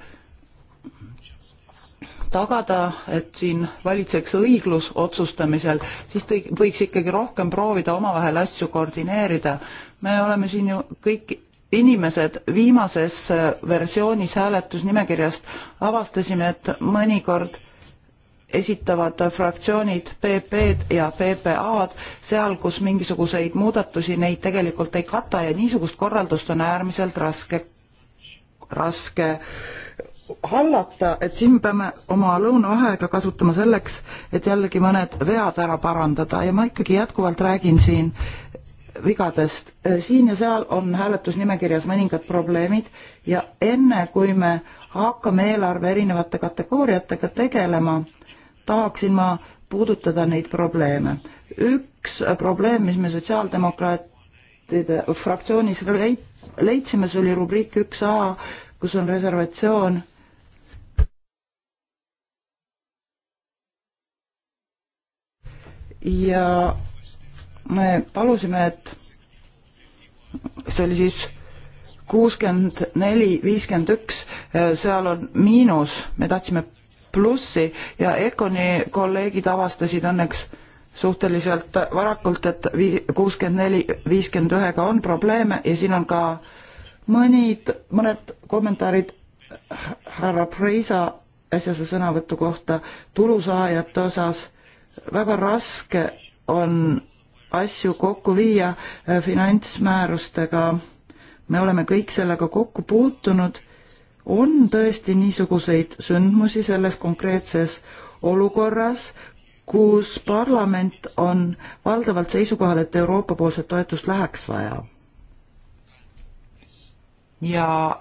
tagada, et siin valitseks õiglus otsustamisel, siis tõi, võiks ikkagi rohkem proovida omavahel asju koordineerida. me oleme siin ju kõik inimesed viimases äh, versioonis hääletusnimekirjast avastasime, et mõnikord esitavad fraktsioonid PP-d ja PPA-d seal, kus mingisuguseid muudatusi neid tegelikult ei kata ja niisugust korraldust on äärmiselt raske, raske äh, hallata, et siin peame oma lõunavaheaega kasutama selleks, et jällegi mõned vead ära parandada ja ma ikkagi jätkuvalt räägin siin vigadest. siin ja seal on hääletusnimekirjas mõningad probleemid ja enne, kui me hakkame eelarve erinevate kategooriatega tegelema, tahaksin ma puudutada neid probleeme. üks probleem, mis me sotsiaaldemokraatide fraktsioonis leidsime, see oli rubriik üks A, kus on reservatsioon ja me palusime, et see oli siis kuuskümmend neli, viiskümmend üks, äh, seal on miinus, me tahtsime plussi ja Econi kolleegid avastasid õnneks suhteliselt varakult, et kuuskümmend neli, viiskümmend ühega on probleeme ja siin on ka mõnid, mõned kommentaarid härra Preisa äsjase sõnavõtu kohta tulusaajate osas väga raske on asju kokku viia äh, finantsmäärustega. me oleme kõik sellega kokku puutunud. on tõesti niisuguseid sündmusi selles konkreetses olukorras, kus parlament on valdavalt seisukohal, et Euroopa poolset toetust läheks vaja. ja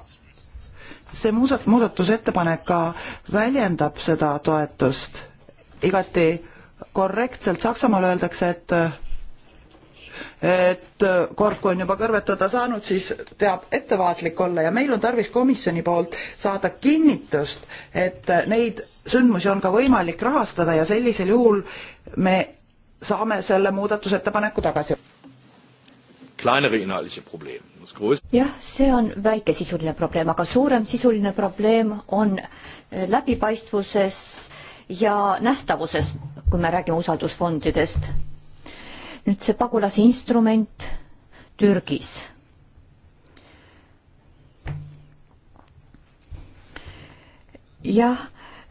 see muudat-, muudatusettepanek ka väljendab seda toetust igati korrektselt, Saksamaal öeldakse, et et kord, kui on juba kõrvetada saanud, siis peab ettevaatlik olla ja meil on tarvis komisjoni poolt saada kinnitust, et neid sündmusi on ka võimalik rahastada ja sellisel juhul me saame selle muudatusettepaneku tagasi. jah, see on väike sisuline probleem, aga suurem sisuline probleem on äh, läbipaistvuses ja nähtavuses kui me räägime usaldusfondidest. nüüd see pagulase instrument Türgis. jah,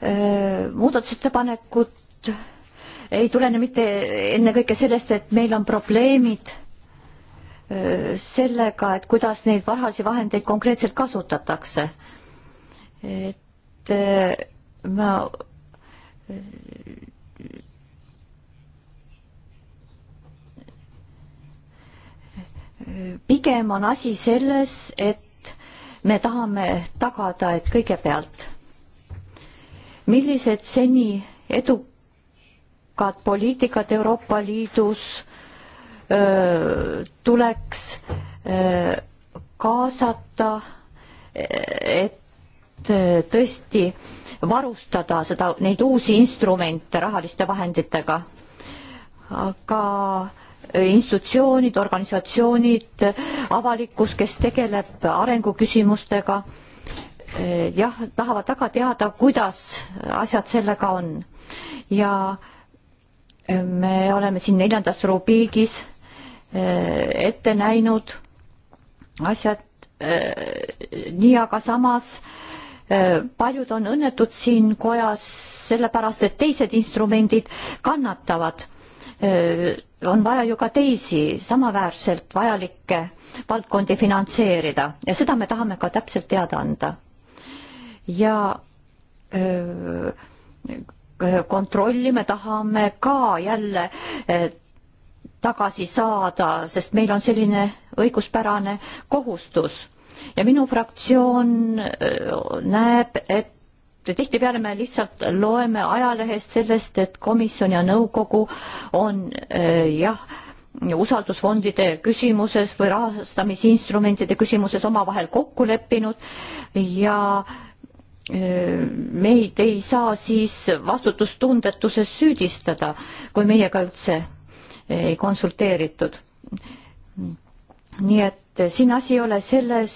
äh, muudatusettepanekud ei tulene mitte ennekõike sellest, et meil on probleemid äh, sellega, et kuidas neid varalisi vahendeid konkreetselt kasutatakse. et äh, ma pigem on asi selles, et me tahame tagada, et kõigepealt, millised seni edukad poliitikad Euroopa Liidus öö, tuleks öö, kaasata, et tõesti varustada seda, neid uusi instrumente rahaliste vahenditega. aga öö, institutsioonid, organisatsioonid, avalikkus, kes tegeleb arenguküsimustega, eh, jah, tahavad väga teada, kuidas asjad sellega on. ja eh, me oleme siin neljandas rubiigis eh, ette näinud asjad nii, aga samas paljud on õnnetud siin kojas sellepärast, et teised instrumendid kannatavad Äh, on vaja ju ka teisi samaväärselt vajalikke valdkondi finantseerida ja seda me tahame ka täpselt teada anda. ja öö, äh, kontrolli me tahame ka jälle äh, tagasi saada, sest meil on selline õiguspärane kohustus ja minu fraktsioon näeb, et tihtipeale me lihtsalt loeme ajalehest sellest, et komisjon ja nõukogu on äh, jah, usaldusfondide küsimuses või rahastamisinstrumentide küsimuses omavahel kokku leppinud ja äh, meid ei saa siis vastutustundetuses süüdistada, kui meiega üldse äh, ei konsulteeritud. nii et äh, siin asi ei ole selles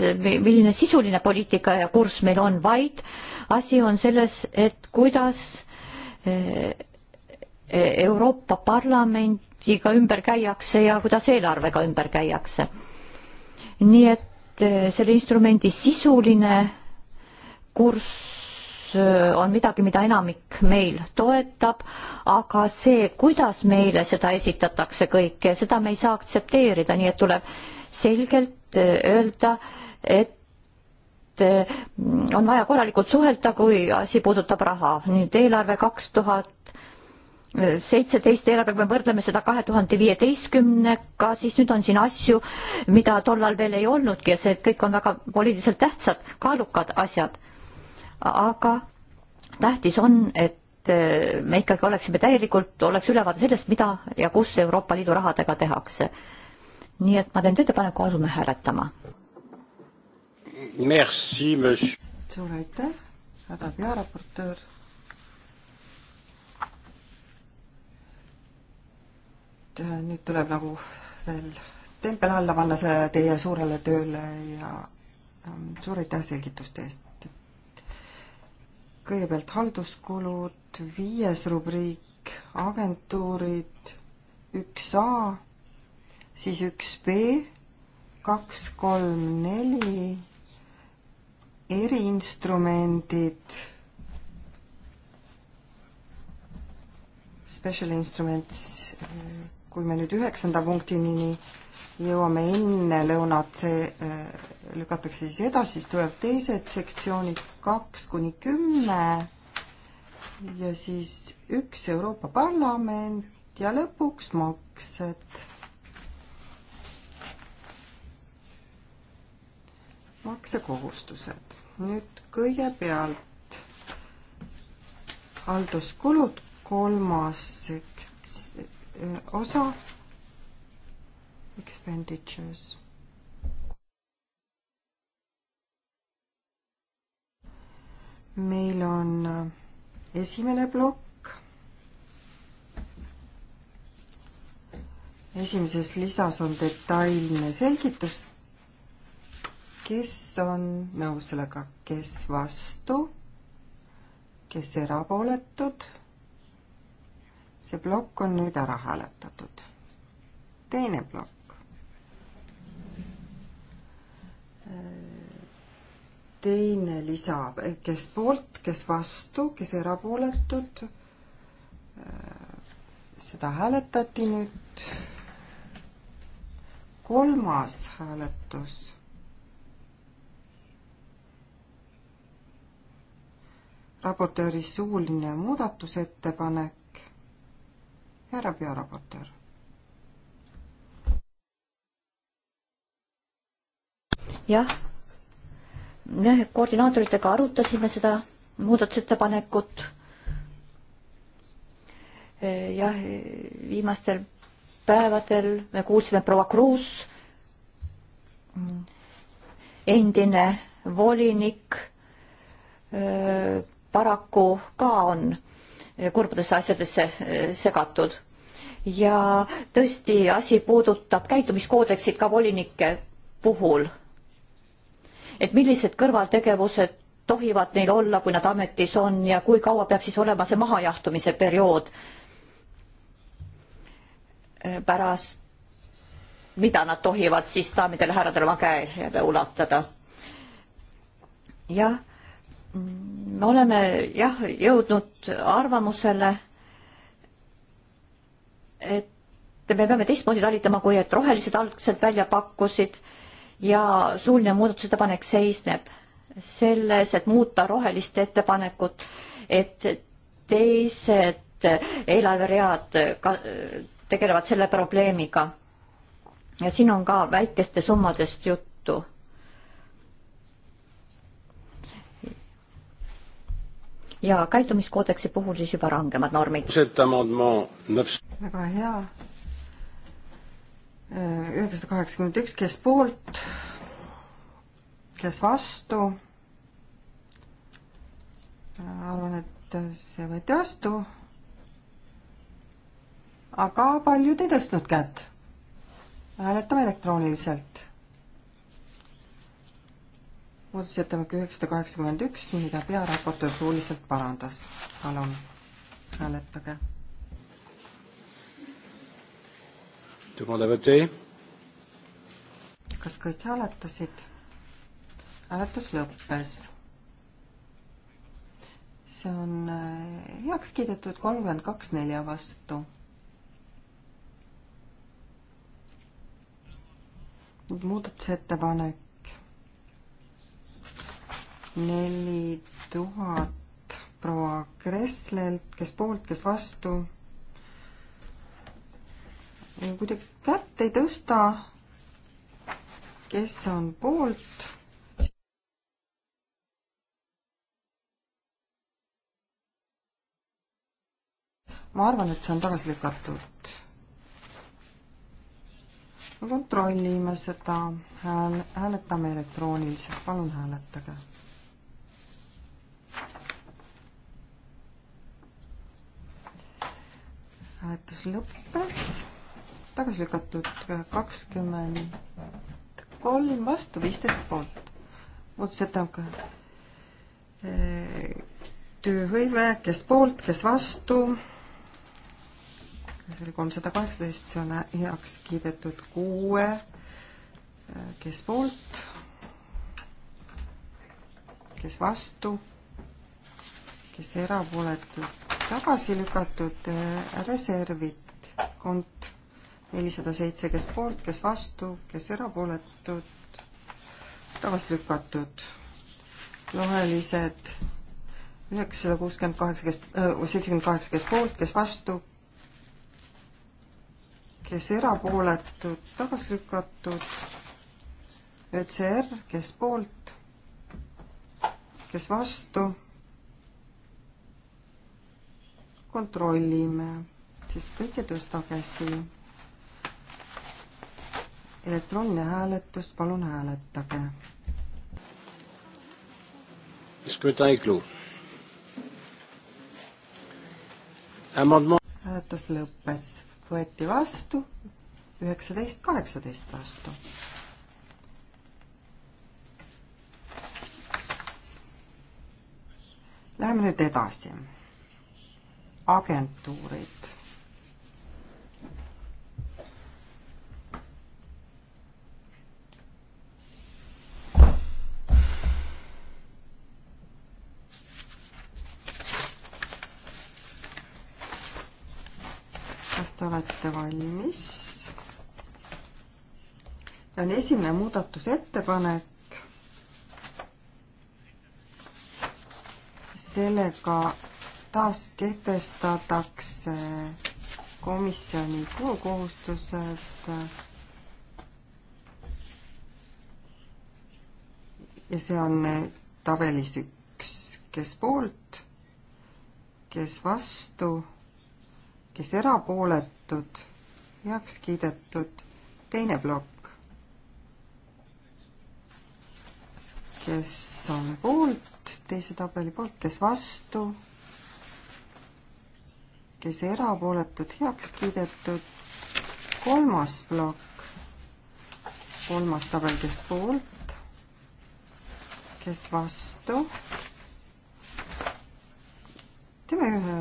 milline sisuline poliitika ja kurss meil on, vaid asi on selles, et kuidas eh, Euroopa Parlamendiga ümber käiakse ja kuidas eelarvega ümber käiakse. nii et eh, selle instrumendi sisuline kurss eh, on midagi, mida enamik meil toetab, aga see, kuidas meile seda esitatakse kõike, seda me ei saa aktsepteerida, nii et tuleb selgelt äh, öelda, et äh, on vaja korralikult suhelda, kui asi puudutab raha. nüüd eelarve kaks tuhat äh, seitseteist eelarve, kui me võrdleme seda kahe tuhande viieteistkümnega, siis nüüd on siin asju, mida tollal veel ei olnudki ja see kõik on väga poliitiliselt tähtsad, kaalukad asjad. aga tähtis on, et me ikkagi oleksime täielikult, oleks ülevaade sellest, mida ja kus Euroopa Liidu rahadega tehakse nii et ma teen ettepaneku, asume hääletama. suur aitäh, härra pearaportöör. Äh, nüüd tuleb nagu veel tempel alla panna sellele teie suurele tööle ja ähm, suur aitäh selgituste eest. kõigepealt halduskulud, viies rubriik, agentuurid, üks A siis üks B, kaks, kolm, neli, eriinstrumendid, special instruments, kui me nüüd üheksanda punktini jõuame enne lõunat, see äh, lükatakse siis edasi, siis tuleb teised sektsioonid kaks kuni kümme ja siis üks Euroopa Parlament ja lõpuks maksed maksekohustused. nüüd kõigepealt halduskulud, kolmas eh, osa, expenditures. meil on eh, esimene plokk. esimeses lisas on detailne selgitus kes on nõus sellega, kes vastu, kes erapooletud. see plokk on nüüd ära hääletatud. teine plokk. teine lisa, kes poolt, kes vastu, kes erapooletud. seda hääletati nüüd. kolmas hääletus raportööri suuline muudatusettepanek. härra pearaportöör. jah, koordinaatoritega arutasime seda muudatusettepanekut. jah, viimastel päevadel me kuulsime proua Kruus, endine volinik paraku ka on kurbadesse asjadesse eh, segatud. ja tõesti, asi puudutab käitumiskoodeksit ka volinike puhul. et millised kõrvaltegevused tohivad neil olla, kui nad ametis on ja kui kaua peaks siis olema see mahajahtumise periood eh, pärast, mida nad tohivad siis daamidele-härradele oma käe ulatada. jah me oleme jah jõudnud arvamusele, et me peame teistmoodi talitama, kui et rohelised algselt välja pakkusid ja suuline muudatusettepanek seisneb selles, et muuta rohelist ettepanekut, et teised eelarveread ka tegelevad selle probleemiga. ja siin on ka väikeste summadest juttu ja käitumiskoodeksi puhul siis juba rangemad normid. väga hea. üheksasada kaheksakümmend üks, kes poolt, kes vastu? arvan, et see võeti vastu. aga paljud ei tõstnud kätt. hääletame elektrooniliselt muudatusettepanek üheksasada kaheksakümmend üks, mida pearaportöör suuliselt parandas. palun hääletage. kas kõik hääletasid? hääletus lõppes. see on äh, heaks kiidetud kolmkümmend kaks nelja vastu. nüüd muudatusettepanek neli tuhat proua Kresslelt, kes poolt, kes vastu. kui te kätt ei tõsta, kes on poolt? ma arvan, et see on tagasi lükatud. me kontrollime seda, hääl, hääletame elektrooniliselt, palun hääletage hääletus lõppes, tagasi lükatud äh, kakskümmend kolm vastu, viisteist poolt. muudatusettepanek äh, tööhõive, kes poolt, kes vastu. see oli kolmsada kaheksateist, see on heaks kiidetud kuue, äh, kes poolt, kes vastu, kes erapooletud tagasi lükatud äh, reservid, kont nelisada seitse, kes poolt, kes vastu, kes erapooletud, tagasi lükatud. rohelised üheksasada kuuskümmend kaheksa, kes, äh, seitsekümmend kaheksa, kes poolt, kes vastu, kes erapooletud, tagasi lükatud. ÖCR, kes poolt, kes vastu kontrollime, sest kõike tõsta käsi. elektrooniline hääletus, palun hääletage. hääletus lõppes, võeti vastu üheksateist, kaheksateist vastu. Läheme nüüd edasi agentuurid. kas te olete valmis? on esimene muudatusettepanek. sellega taas kehtestatakse komisjoni kulukohustused ja see on tabelis üks, kes poolt, kes vastu, kes erapooletud, heaks kiidetud, teine plokk, kes on poolt, teise tabeli poolt, kes vastu kes erapooletud heaks kiidetud. kolmas plokk, kolmas tabel, kes poolt, kes vastu. teeme ühe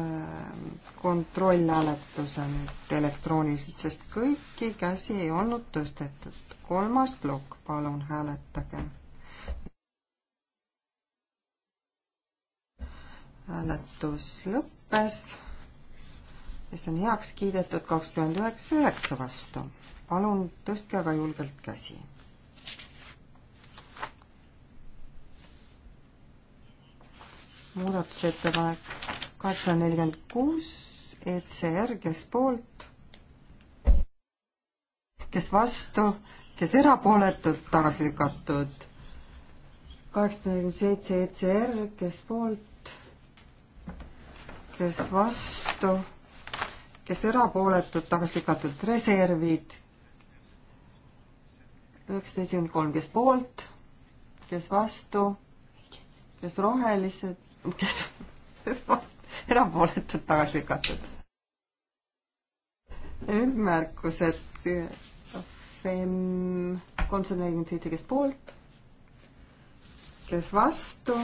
kontrollhääletuse nüüd elektrooniliselt, sest kõiki käsi ei olnud tõstetud. kolmas plokk, palun hääletage hääletus lõppes mis on heaks kiidetud kakskümmend üheksa üheksa vastu. palun tõstke aga julgelt käsi. muudatusettepanek kaheksasada nelikümmend kuus, ECR, kes poolt, kes vastu, kes erapooletud, tagasi lükatud. kaheksasada nelikümmend seitse ECR, kes poolt, kes vastu kes erapooletud, tagasi lükatud reservid. üheksateist kuni kolm, kes poolt, kes vastu, kes rohelised, kes erapooletud, tagasi lükatud. nüüd märkused. FM kolmsada nelikümmend seitse, kes poolt, kes vastu,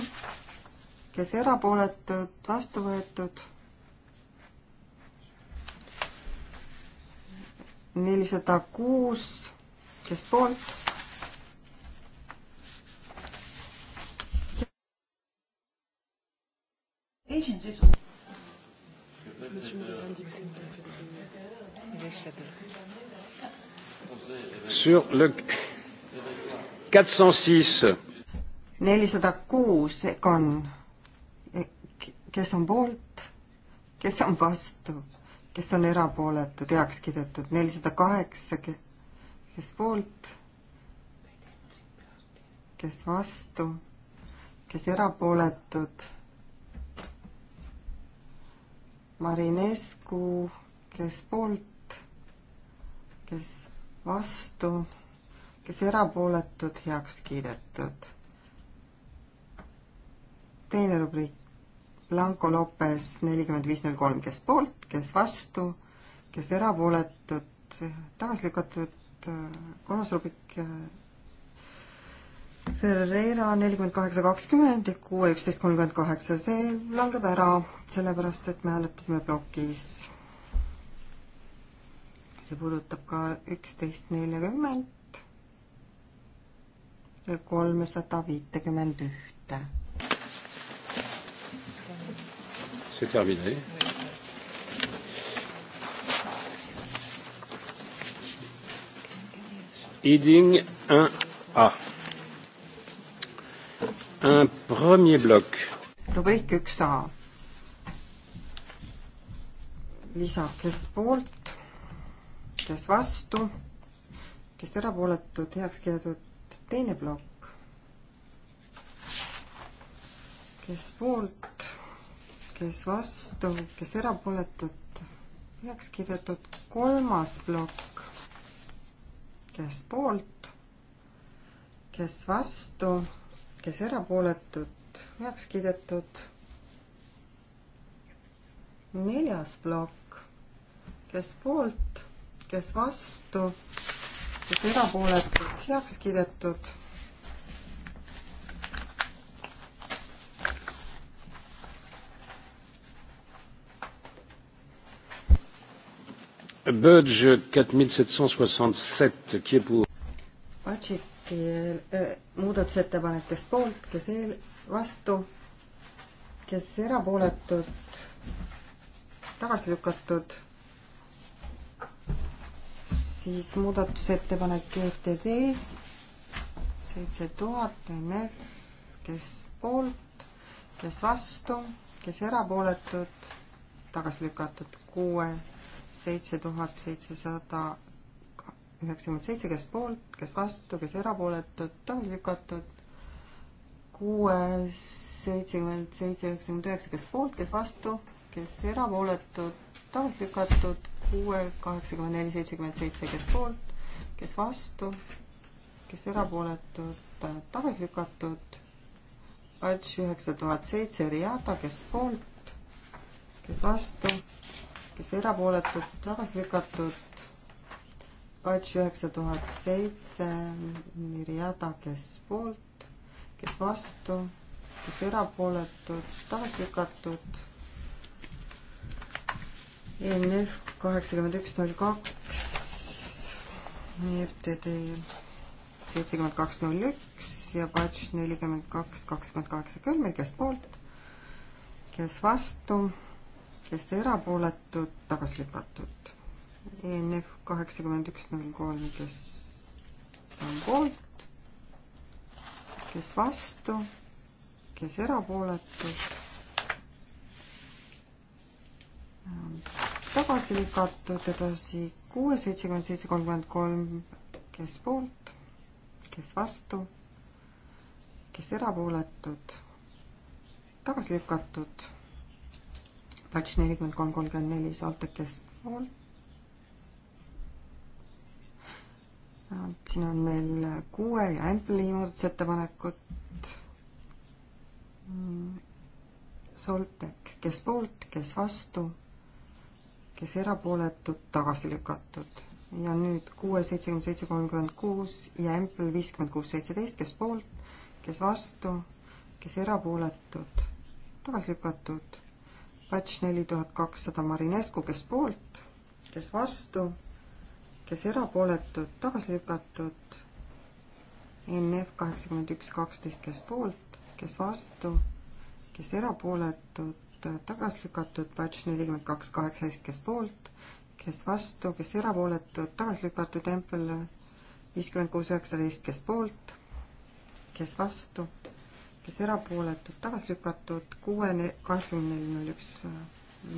kes erapooletud, vastu võetud nelisada kuus, kes poolt? Sur le 406. nelisada kuus eh, on, eh, kes on poolt, kes on vastu kes on erapooletud, heaks kiidetud, nelisada kaheksa, kes poolt, kes vastu, kes erapooletud. Marinescu, kes poolt, kes vastu, kes erapooletud, heaks kiidetud. teine rubriik Blanco Lopez nelikümmend viis null kolm, kes poolt, kes vastu, kes erapooletud, tagasi lükatud, kolmas rubik Ferreira nelikümmend kaheksa kakskümmend ja kuue üksteist kolmkümmend kaheksa, see langeb ära, sellepärast et me hääletasime plokis. see puudutab ka üksteist neljakümmet ja kolmesada viitekümmend ühte C'est terminé. Heading 1A. Un premier bloc. rubriik üks A. lisa, kes poolt, kes vastu, kes erapooletud, heaks kiidetud, teine plokk. kes poolt, kes vastu, kes erapooletud, heaks kiidetud. kolmas plokk, kes poolt, kes vastu, kes erapooletud, heaks kiidetud. neljas plokk, kes poolt, kes vastu, kes erapooletud, heaks kiidetud Budge 4767, qui est pour? Budgeti eh, muudatusettepanekust poolt, kes eel, vastu, kes erapooletud, tagasi lükatud siis muudatusettepanek ETD seitse tuhat NF, kes poolt, kes vastu, kes erapooletud, tagasi lükatud kuue seitse tuhat seitsesada üheksakümmend seitse, kes poolt, kes vastu, kes erapooletud, tagasi lükatud. kuues, seitsekümmend seitse, üheksakümmend üheksa, kes poolt, kes vastu, kes erapooletud, tagasi lükatud. kuue, kaheksakümmend neli, seitsekümmend seitse, kes poolt, kes vastu, kes erapooletud, tagasi lükatud. Ats üheksa tuhat seitse, Riata, kes poolt, kes vastu kes erapooletud, tagasi lükatud. Batch üheksa tuhat seitse, Mirjada, kes poolt, kes vastu, kes erapooletud, tagasi lükatud. ENF kaheksakümmend üks null kaks, EFTD seitsekümmend kaks null üks ja Batch nelikümmend kaks kakskümmend kaheksa kümme, kes poolt, kes vastu kes erapooletud, tagasi lükatud. ENF kaheksakümmend üks null kolm, kes on poolt, kes vastu, kes erapooletud, tagasi lükatud, edasi kuue, seitsekümmend seitse, kolmkümmend kolm, kes poolt, kes vastu, kes erapooletud, tagasi lükatud batch nelikümmend kolm, kolmkümmend neli Soltekest poolt. Äh, siin on veel kuue ja Ampli muudatusettepanekut. Mm, Soltek, kes poolt, kes vastu, kes erapooletud, tagasi lükatud ja nüüd kuue, seitsekümmend seitse, kolmkümmend kuus ja Ampel viiskümmend kuus, seitseteist, kes poolt, kes vastu, kes erapooletud, tagasi lükatud batch neli tuhat kakssada Marinescu, kes poolt, kes vastu, kes erapooletud, tagasi lükatud. NF kaheksakümmend üks kaksteist, kes poolt, kes vastu, kes erapooletud, tagasi lükatud, batch nelikümmend kaks kaheksateist, kes poolt, kes vastu, kes erapooletud, tagasi lükatud, Empel viiskümmend kuus üheksateist, kes poolt, kes vastu kes erapooletud, tagasi lükatud, kuue, kaheksakümmend neli, null üks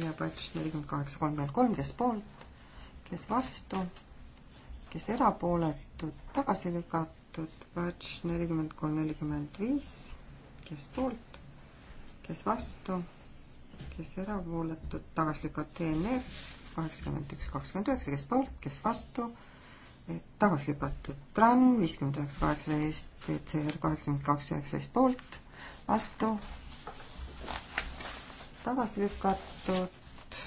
ja patš nelikümmend kaheksa, kolmkümmend kolm, kes poolt, kes vastu, kes erapooletud, tagasi lükatud, patš nelikümmend kolm, nelikümmend viis, kes poolt, kes vastu, kes erapooletud, tagasi lükatud, ENR kaheksakümmend üks, kakskümmend üheksa, kes poolt, kes vastu tagasi lükatud. Tran viiskümmend üheksa kaheksateist, DCR kaheksakümmend kaks üheksateist poolt, vastu, tagasi lükatud,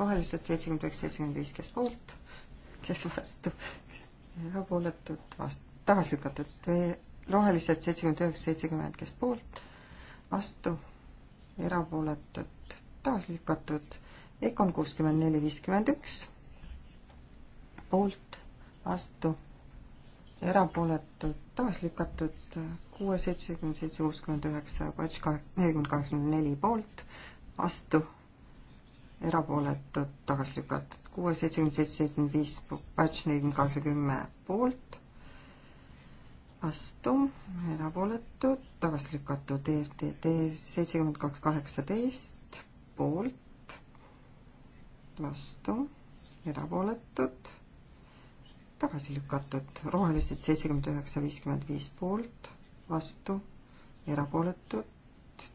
rohelised seitsekümmend üheksa, seitsekümmend viis, kes poolt, kes vastu, erapooletud, vastu, tagasi lükatud, rohelised seitsekümmend üheksa, seitsekümmend, kes poolt, vastu, erapooletud, tagasi lükatud, EKOn kuuskümmend neli, viiskümmend üks poolt, vastu, erapooletud, tagasi lükatud, kuue, seitsekümmend seitse, kuuskümmend üheksa, nelikümmend kaheksakümmend neli poolt, vastu, erapooletud, tagasi lükatud, kuue, seitsekümmend seitse, seitsekümmend viis, batch nelikümmend kaheksa, kümme poolt, vastu, erapooletud, tagasi lükatud, EFTT seitsekümmend kaks, kaheksateist poolt, vastu, erapooletud tagasi lükatud, rohelised seitsekümmend üheksa, viiskümmend viis poolt, vastu, erapooletud,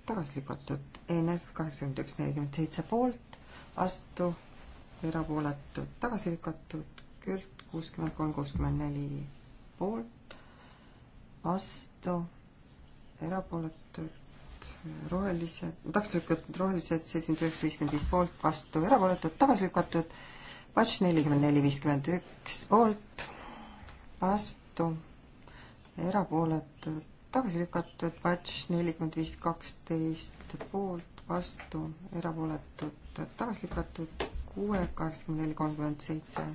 tagasi lükatud, ENF kaheksakümmend üks, nelikümmend seitse poolt, vastu, erapooletud, tagasi lükatud, Kürt kuuskümmend kolm, kuuskümmend neli poolt, vastu, erapooletud, rohelised, tagasi lükatud rohelised seitsekümmend üheksa, viiskümmend viis poolt, vastu, erapooletud, tagasi lükatud Patš nelikümmend neli, viiskümmend üks poolt, vastu, erapooletud, tagasi lükatud, patš nelikümmend viis, kaksteist poolt, vastu, erapooletud, tagasi lükatud, kuue, kaheksakümmend neli, kolmkümmend seitse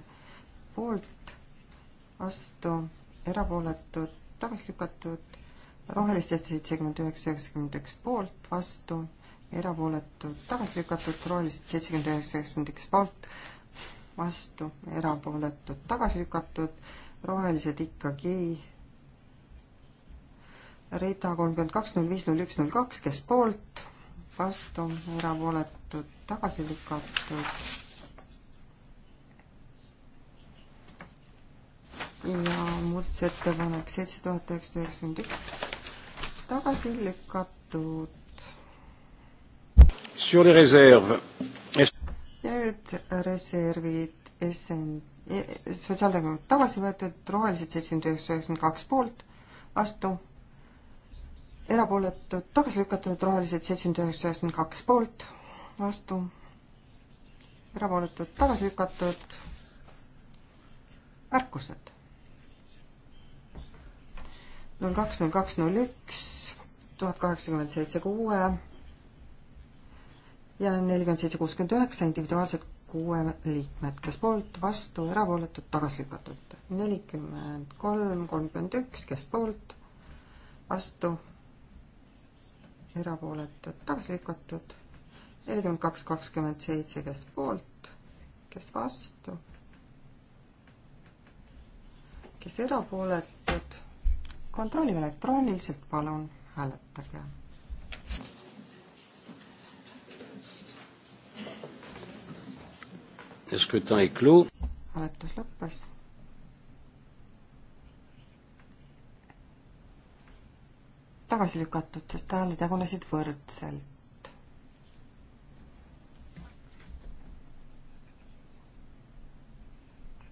poolt, vastu, erapooletud, tagasi lükatud, rohelistest seitsekümmend üheksa, üheksakümmend üks poolt, vastu, erapooletud, tagasi lükatud, rohelised seitsekümmend üheksa, üheksakümmend üks poolt, vastu, erapooletud, tagasi lükatud, rohelised ikkagi. rida kolmkümmend kaks, null viis, null üks, null kaks, kes poolt, vastu, erapooletud, tagasi lükatud. ja muudatusettepanek seitse tuhat üheksasada üheksakümmend üks, tagasi lükatud. Sur les réserves nüüd reservid SN, e, sotsiaaldemokraadid tagasi võetud, rohelised seitsekümmend üheksa, üheksakümmend kaks poolt, vastu, erapooletud, tagasi lükatud, rohelised seitsekümmend üheksa, üheksakümmend kaks poolt, vastu, erapooletud, tagasi lükatud, märkused. null kaks, null kaks, null üks, tuhat kaheksakümmend seitse kuue ja nelikümmend seitse, kuuskümmend üheksa individuaalselt kuue liikmed, kes poolt, vastu, erapooletud, tagasi lükatud. nelikümmend kolm, kolmkümmend üks, kes poolt, vastu, erapooletud, tagasi lükatud. nelikümmend kaks, kakskümmend seitse, kes poolt, kes vastu, kes erapooletud. kontrollime elektrooniliselt, palun hääletage hääletus lõppes. tagasi lükatud, sest hääled jagunesid võrdselt.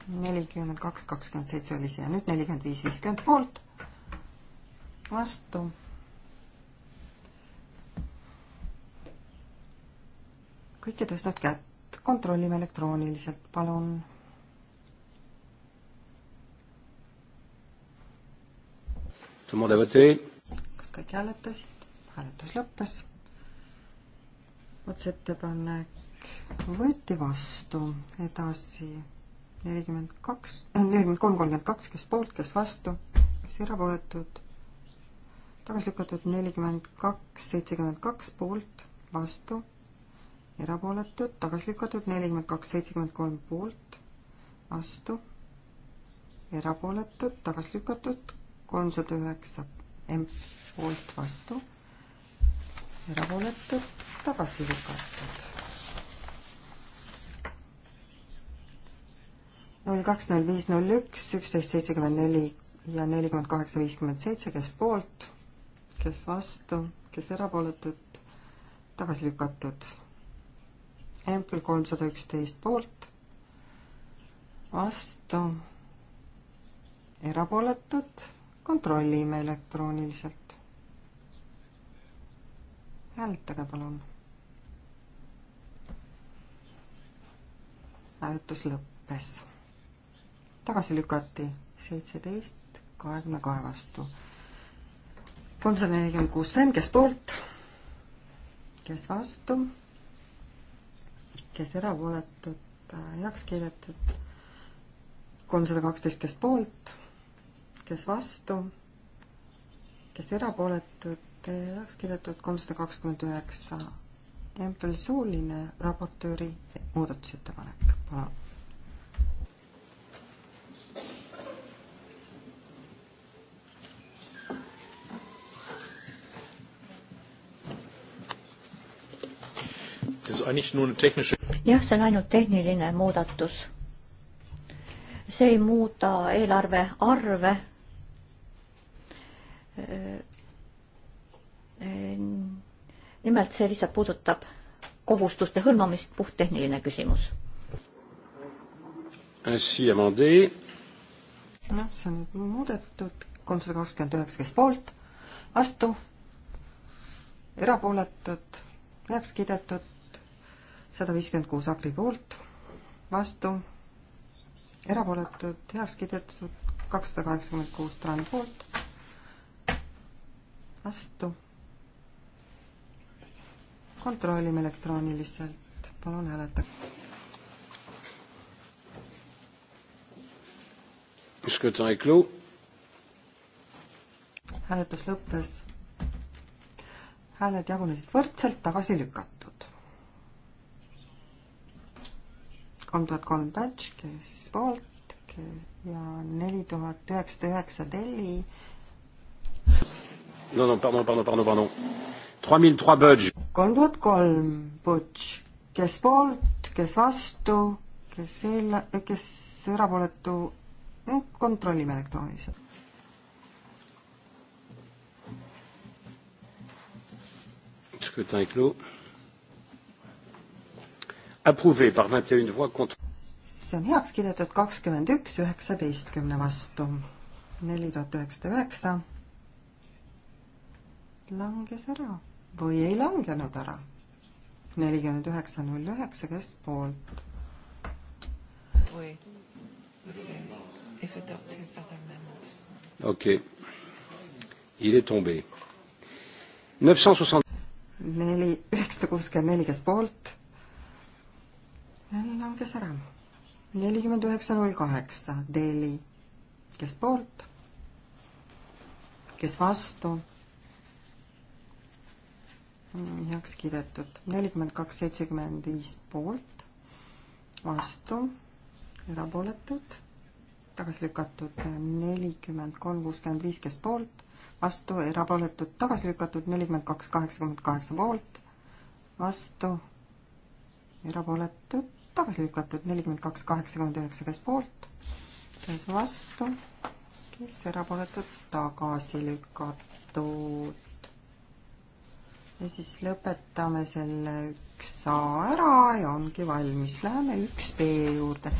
nelikümmend kaks, kakskümmend seitse oli see ja nüüd nelikümmend viis, viiskümmend poolt. vastu. kõik ei tõstnud kätt tuhat, kontrollime elektrooniliselt, palun. kas kõik hääletasid? hääletus lõppes. otsusettepanek võeti vastu, edasi nelikümmend kaks, äh, nelikümmend kolm, kolmkümmend kaks, kes poolt, kes vastu, kes erapooletud, tagasi lükatud nelikümmend kaks, seitsekümmend kaks poolt, vastu erapooletud, tagasi lükatud, nelikümmend kaks, seitsekümmend kolm poolt, vastu, erapooletud, tagasi lükatud, kolmsada üheksa M poolt vastu, erapooletud, tagasi lükatud. null kaks, null viis, null üks, üksteist, seitsekümmend neli ja nelikümmend kaheksa, viiskümmend seitse, kes poolt, kes vastu, kes erapooletud, tagasi lükatud Ample kolmsada üksteist poolt, vastu, erapooletud, kontrollime elektrooniliselt. hääletage palun. hääletus lõppes. tagasi lükati seitseteist kahekümne kahe vastu. kolmsada nelikümmend kuus Fem, kes poolt, kes vastu kes erapooletud, äh, heaks kiidetud. kolmsada kaksteist, kes poolt, kes vastu, kes erapooletud, heaks kiidetud, kolmsada kakskümmend üheksa. Tempel Suuline raportööri muudatusettepanek, palun jah, see on ainult tehniline muudatus. see ei muuda eelarve arve. nimelt see lihtsalt puudutab kohustuste hõlmamist, puhttehniline küsimus. noh, see on nüüd muudetud, kolmsada kakskümmend üheksa, kes poolt, vastu, erapooletud, heaks kiidetud, sada viiskümmend kuus agri poolt, vastu, erapooletud, heaks kiidetud, kakssada kaheksakümmend kuus trahvi poolt, vastu. kontrollime elektrooniliselt, palun hääletage. hääletus lõppes. hääled jagunesid võrdselt, tagasi lükatud. kolm tuhat kolm Batch, kes poolt ja neli tuhat üheksasada üheksa Delhi. no, no, pardon, pardon, pardon, pardon. kolm tuhat kolm Butch, kes poolt, kes vastu, kes eel-, kes erapooletu, kontrollime elektrooniliselt. scrutin est clos approuvé par 21 voix contre. see on heaks kiidetud kakskümmend üks üheksateistkümne vastu. neli tuhat üheksasada üheksa langes ära või ei langenud ära. nelikümmend üheksa null üheksa keskpoolt. okei okay., il est tombé. neli, üheksasada kuuskümmend neli keskpoolt langes ära. nelikümmend üheksa, null kaheksa, Deli, kes poolt, kes vastu, heaks kiidetud, nelikümmend kaks, seitsekümmend viis poolt, vastu, erapooletud, tagasi lükatud, nelikümmend kolm, kuuskümmend viis, kes poolt, vastu, erapooletud, tagasi lükatud, nelikümmend kaks, kaheksakümmend kaheksa poolt, vastu, erapooletud, tagasi lükatud nelikümmend kaks, kaheksakümmend üheksa, kes poolt, kes vastu, kes erapooletud, tagasi lükatud. ja siis lõpetame selle üks A ära ja ongi valmis, läheme üks B juurde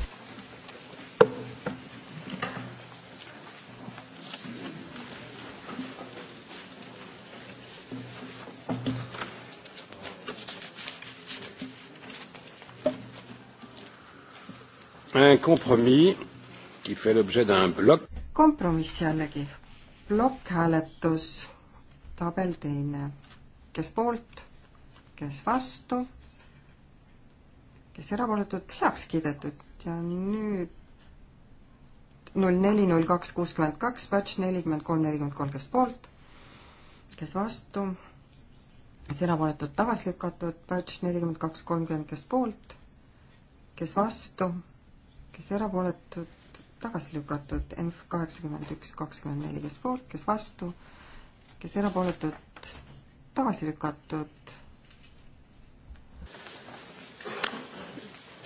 kompromiss jällegi, plokkhääletus, tabel teine, kes poolt, kes vastu, kes erapooletud, heaks kiidetud ja nüüd null neli, null kaks, kuuskümmend kaks, batch nelikümmend kolm, nelikümmend kolm, kes poolt, kes vastu, kes erapooletud, tagasi lükatud, batch nelikümmend kaks, kolmkümmend, kes poolt, kes vastu kes erapooletud, tagasi lükatud, NF kaheksakümmend üks, kakskümmend neli, kes poolt, kes vastu, kes erapooletud, tagasi lükatud.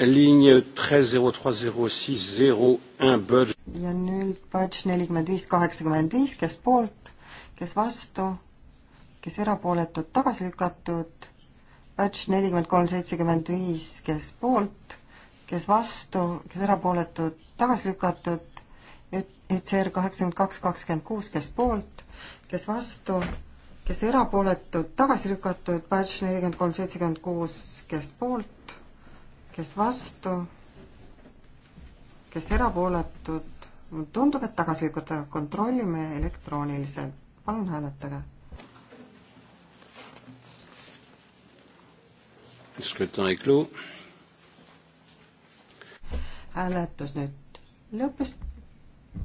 liin treize zero trois zero siis zero un budge. ja nüüd budge nelikümmend viis, kaheksakümmend viis, kes poolt, kes vastu, kes erapooletud, tagasi lükatud. Batch nelikümmend kolm, seitsekümmend viis, kes poolt kes vastu, kes erapooletud, tagasi lükatud, ECR kaheksakümmend kaks, kakskümmend kuus, kes poolt, kes vastu, kes erapooletud, tagasi lükatud, batch nelikümmend kolm, seitsekümmend kuus, kes poolt, kes vastu, kes erapooletud, tundub, et tagasi lükata, kontrollime elektrooniliselt, palun hääletage. Scrutin est clos hääletus nüüd lõppes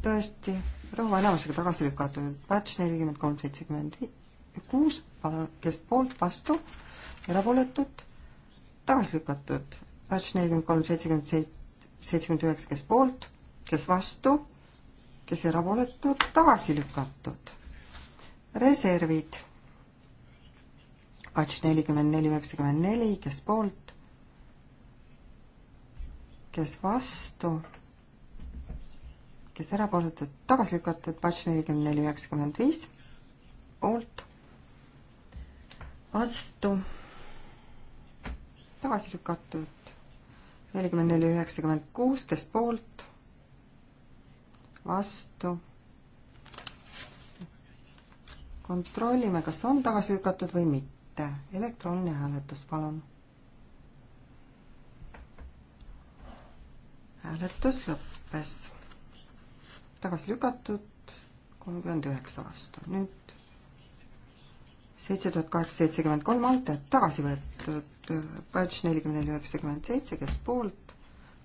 tõesti rõhuva enamusega tagasi lükatud. Batch nelikümmend kolm, seitsekümmend kuus, palun, kes poolt, vastu, erapooletud, tagasi lükatud. Batch nelikümmend kolm, seitsekümmend seit-, seitsekümmend üheksa, kes poolt, kes vastu, kes erapooletud, tagasi lükatud. reservid. Batch nelikümmend neli, üheksakümmend neli, kes poolt, kes vastu, kes erapooletud, tagasi lükatud, batch nelikümmend neli, üheksakümmend viis, poolt, vastu, tagasi lükatud, nelikümmend neli, üheksakümmend kuus, kes poolt, vastu kontrollime, kas on tagasi lükatud või mitte. elektrooniline hääletus, palun. hääletus lõppes. tagasi lükatud kolmkümmend üheksa vastu. nüüd seitse tuhat kaheksasada seitsekümmend kolm altajat tagasi võetud, batch nelikümmend neli üheksakümmend seitse, kes poolt,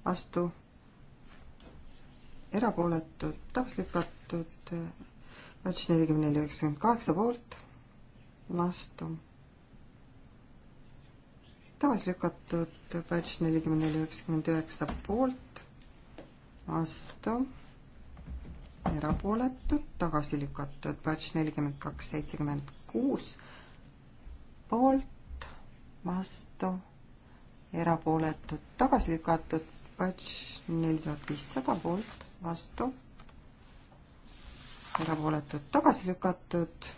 vastu, erapooletud, tagasi lükatud, batch nelikümmend neli üheksakümmend kaheksa poolt, vastu tagasi lükatud batch nelikümmend neli üheksakümmend üheksa poolt, vastu, erapooletud, tagasi lükatud, batch nelikümmend kaks, seitsekümmend kuus, poolt, vastu, erapooletud, tagasi lükatud, batch neli tuhat viissada, poolt, vastu, erapooletud, tagasi lükatud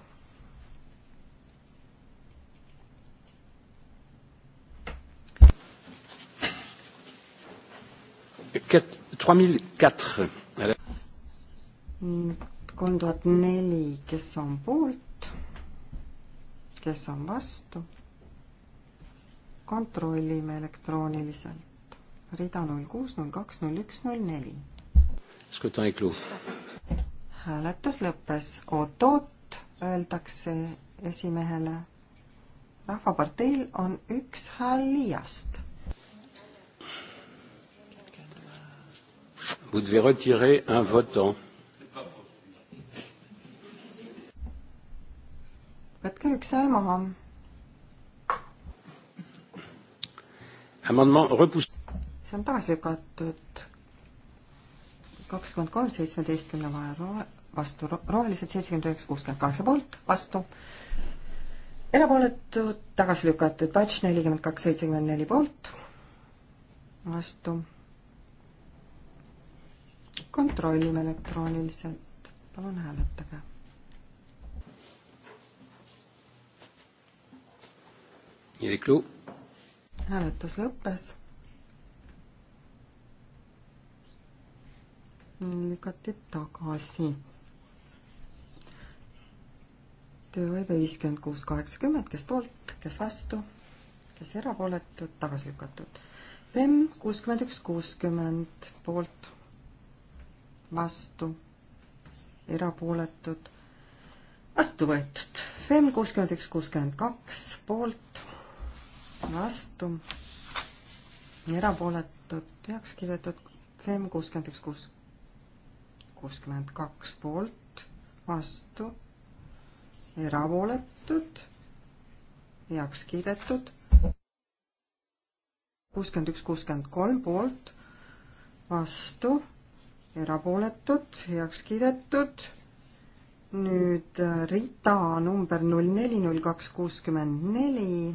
kolm tuhat neli, kes on poolt, kes on vastu. kontrollime elektrooniliselt. rida null kuus, null kaks, null üks, null neli. hääletus lõppes. oot-oot, öeldakse esimehele. rahvaparteil on üks hääl liiast Vous devez retirer un votant. võtke üks hääl maha. see on tagasi lükatud kakskümmend kolm seitsmeteistkümne vahel vastu rohelised seitsekümmend üheksa, kuuskümmend kaheksa poolt, vastu. erapooletud, tagasi lükatud, batch nelikümmend kaks, seitsekümmend neli poolt, vastu kontrollime elektrooniliselt, palun hääletage. hääletus lõppes. lükati tagasi. tööhõive viiskümmend kuus, kaheksakümmend, kes poolt, kes vastu, kes erapooletud, tagasi lükatud. PEM kuuskümmend üks, kuuskümmend poolt vastu, erapooletud, vastu võetud. FEM kuuskümmend üks, kuuskümmend kaks poolt, vastu, erapooletud, heaks kiidetud. FEM kuuskümmend üks, kuus, kuuskümmend kaks poolt, vastu, erapooletud, heaks kiidetud kuuskümmend üks, kuuskümmend kolm poolt, vastu, erapooletud, heaks kiidetud. nüüd äh, rida number null neli null kaks kuuskümmend neli,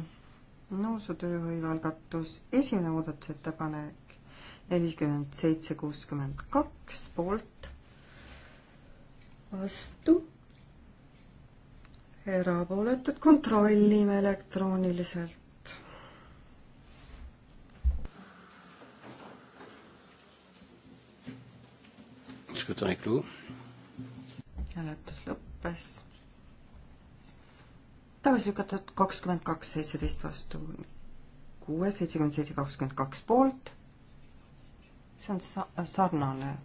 noorsootööhõive algatus, esimene muudatusettepanek nelikümmend seitse kuuskümmend kaks poolt, vastu, erapooletud, kontrollime elektrooniliselt. hääletus lõppes. tagasi lükatud kakskümmend kaks, seitseteist vastu kuues, seitsekümmend seitse, kakskümmend kaks poolt. see on sa-, sarnane,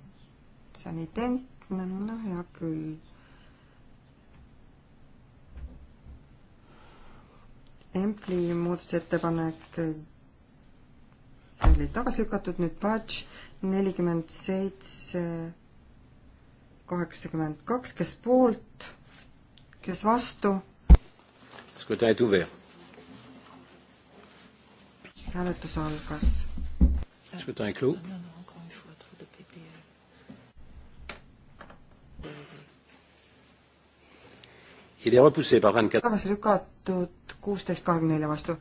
see on identne, no hea küll. Empli muudatusettepanek äh, oli tagasi lükatud, nüüd Batch nelikümmend seitse kaheksakümmend kaks, kes poolt, kes vastu? hääletus algas. tagasi lükatud kuusteist kahekümne nelja vastu.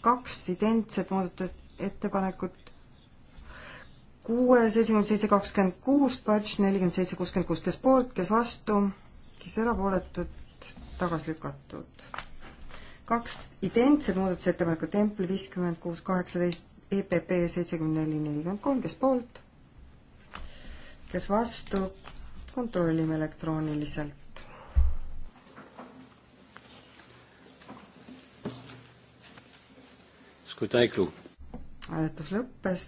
kaks identset muudatusettepanekut kuue, seitsekümmend seitse, kakskümmend kuus, batch nelikümmend seitse, kuuskümmend kuus, kes poolt, kes vastu, kes erapooletud, tagasi lükatud. kaks identset muudatusettepanekut, Tempel viiskümmend kuus, kaheksateist, EPP seitsekümmend neli, nelikümmend kolm, kes poolt, kes vastu, kontrollime elektrooniliselt. hääletus lõppes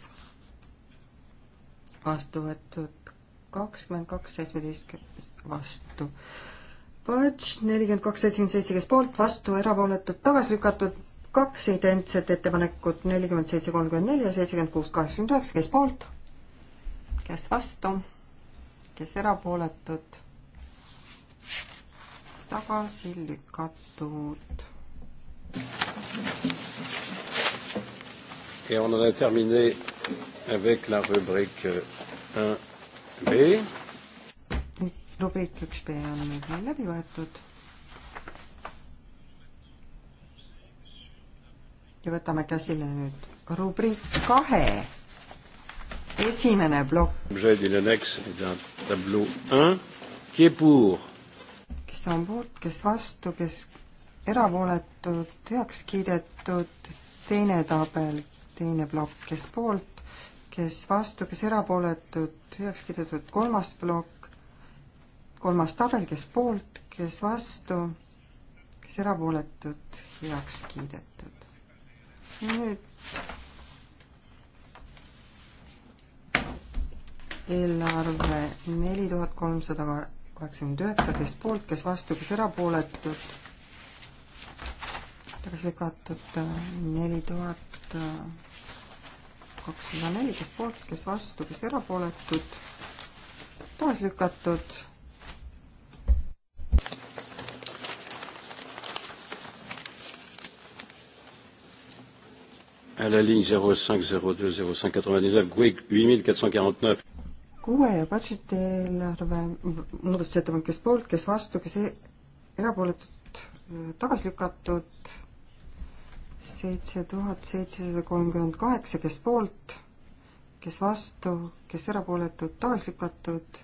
vastu võetud kakskümmend kaks, seitsmeteistkümnest vastu. Pats nelikümmend kaks, seitsekümmend seitse, kes poolt, vastu, erapooletud, tagasi lükatud, kaks identset ettepanekut, nelikümmend seitse, kolmkümmend neli ja seitsekümmend kuus, kaheksakümmend üheksa, kes poolt, kes vastu, kes erapooletud, tagasi lükatud. Et on en a terminé avec la rubrique 1B. Euh, rubriik üks B on nüüd meil läbi võetud. ja võtame käsile nüüd rubriik kahe, esimene plokk. kes on poolt, kes vastu, kes erapooletud, heaks kiidetud, teine tabel, teine plokk, kes poolt, kes vastu, kes erapooletud, heaks kiidetud kolmas plokk, kolmas tabel, kes poolt, kes vastu, kes erapooletud, heaks kiidetud. nüüd eelarve neli tuhat kolmsada kaheksakümmend üheksa, kes poolt, kes vastu, kes erapooletud, tagasi lükatud äh, neli tuhat äh, kakssada neli, kes poolt, kes vastu, kes erapooletud, tagasi lükatud. à la ligne 05 02 05 99 GUIG 8449. kuue ja budžeti eelarve muudatusettepanek, kes poolt, kes vastu, kes e-, erapooletud, tagasi lükatud seitse tuhat seitsesada kolmkümmend kaheksa, kes poolt, kes vastu, kes erapooletud, tagasi lükatud,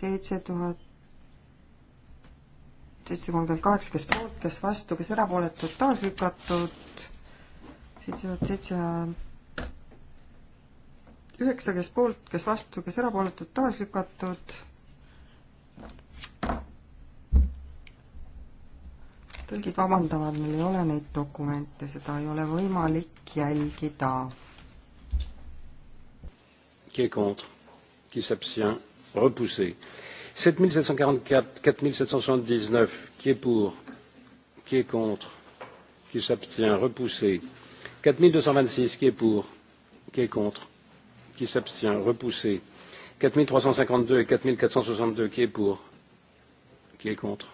seitse tuhat seitsesada kolmkümmend kaheksa, kes poolt, kes vastu, kes erapooletud, tagasi lükatud, seitse tuhat seitsesada üheksa, kes poolt, kes vastu, kes erapooletud, tagasi lükatud tõlgid vabandavad, meil ei ole neid dokumente, seda ei ole võimalik jälgida. Qui est contre? Qui s'abstient? Repoussé. 7744, 4779, qui est pour? Qui est contre? Qui s'abstient? Repoussé. 4226, qui est pour? Qui est contre? Qui s'abstient? Repoussé. 4352 et 4462, qui est pour? Qui est contre?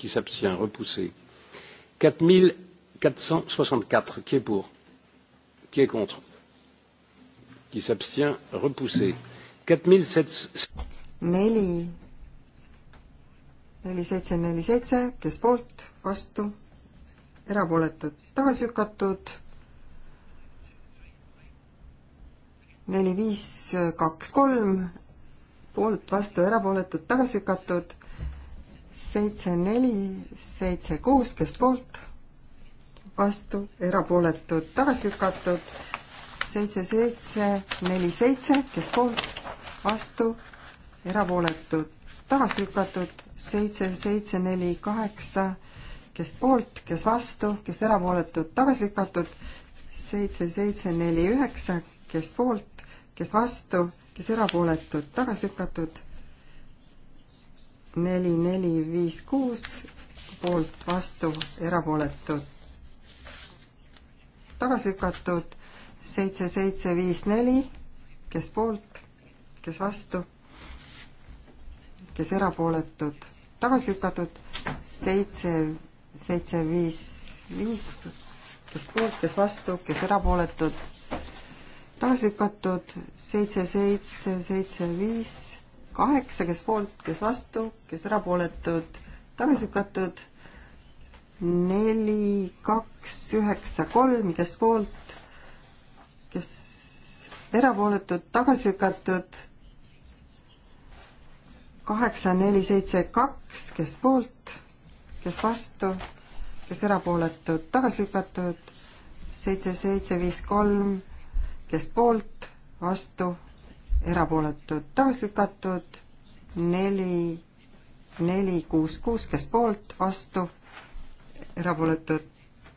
qui s'abstient, repoussé. 4464, qui est pour Qui est contre Qui s'abstient, repoussé. 4700 neli, neli, seitse, neli, seitse, kes poolt, vastu, erapooletud, tagasi lükatud, neli, viis, kaks, kolm, poolt, vastu, erapooletud, tagasi lükatud, seitse, neli, seitse, kuus, kes poolt, vastu, erapooletud, tagasi lükatud, seitse, seitse, neli, seitse, kes poolt, vastu, erapooletud, tagasi lükatud, seitse, seitse, neli, kaheksa, kes poolt, kes vastu, kes erapooletud, tagasi lükatud, seitse, seitse, neli, üheksa, kes poolt, kes vastu, kes erapooletud, tagasi lükatud neli, neli, viis, kuus poolt, vastu, erapooletud, tagasi lükatud, seitse, seitse, viis, neli, kes poolt, kes vastu, kes erapooletud, tagasi lükatud, seitse, seitse, viis, viis, kes poolt, kes vastu, kes erapooletud, tagasi lükatud, seitse, seitse, seitse, viis kaheksa, kes poolt, kes vastu, kes erapooletud, tagasi lükatud. neli, kaks, üheksa, kolm, kes poolt, kes erapooletud, tagasi lükatud. kaheksa, neli, seitse, kaks, kes poolt, kes vastu, kes erapooletud, tagasi lükatud. seitse, seitse, viis, kolm, kes poolt, vastu erapooletud tagasi lükatud, neli, neli, kuus, kuus, kes poolt, vastu, erapooletud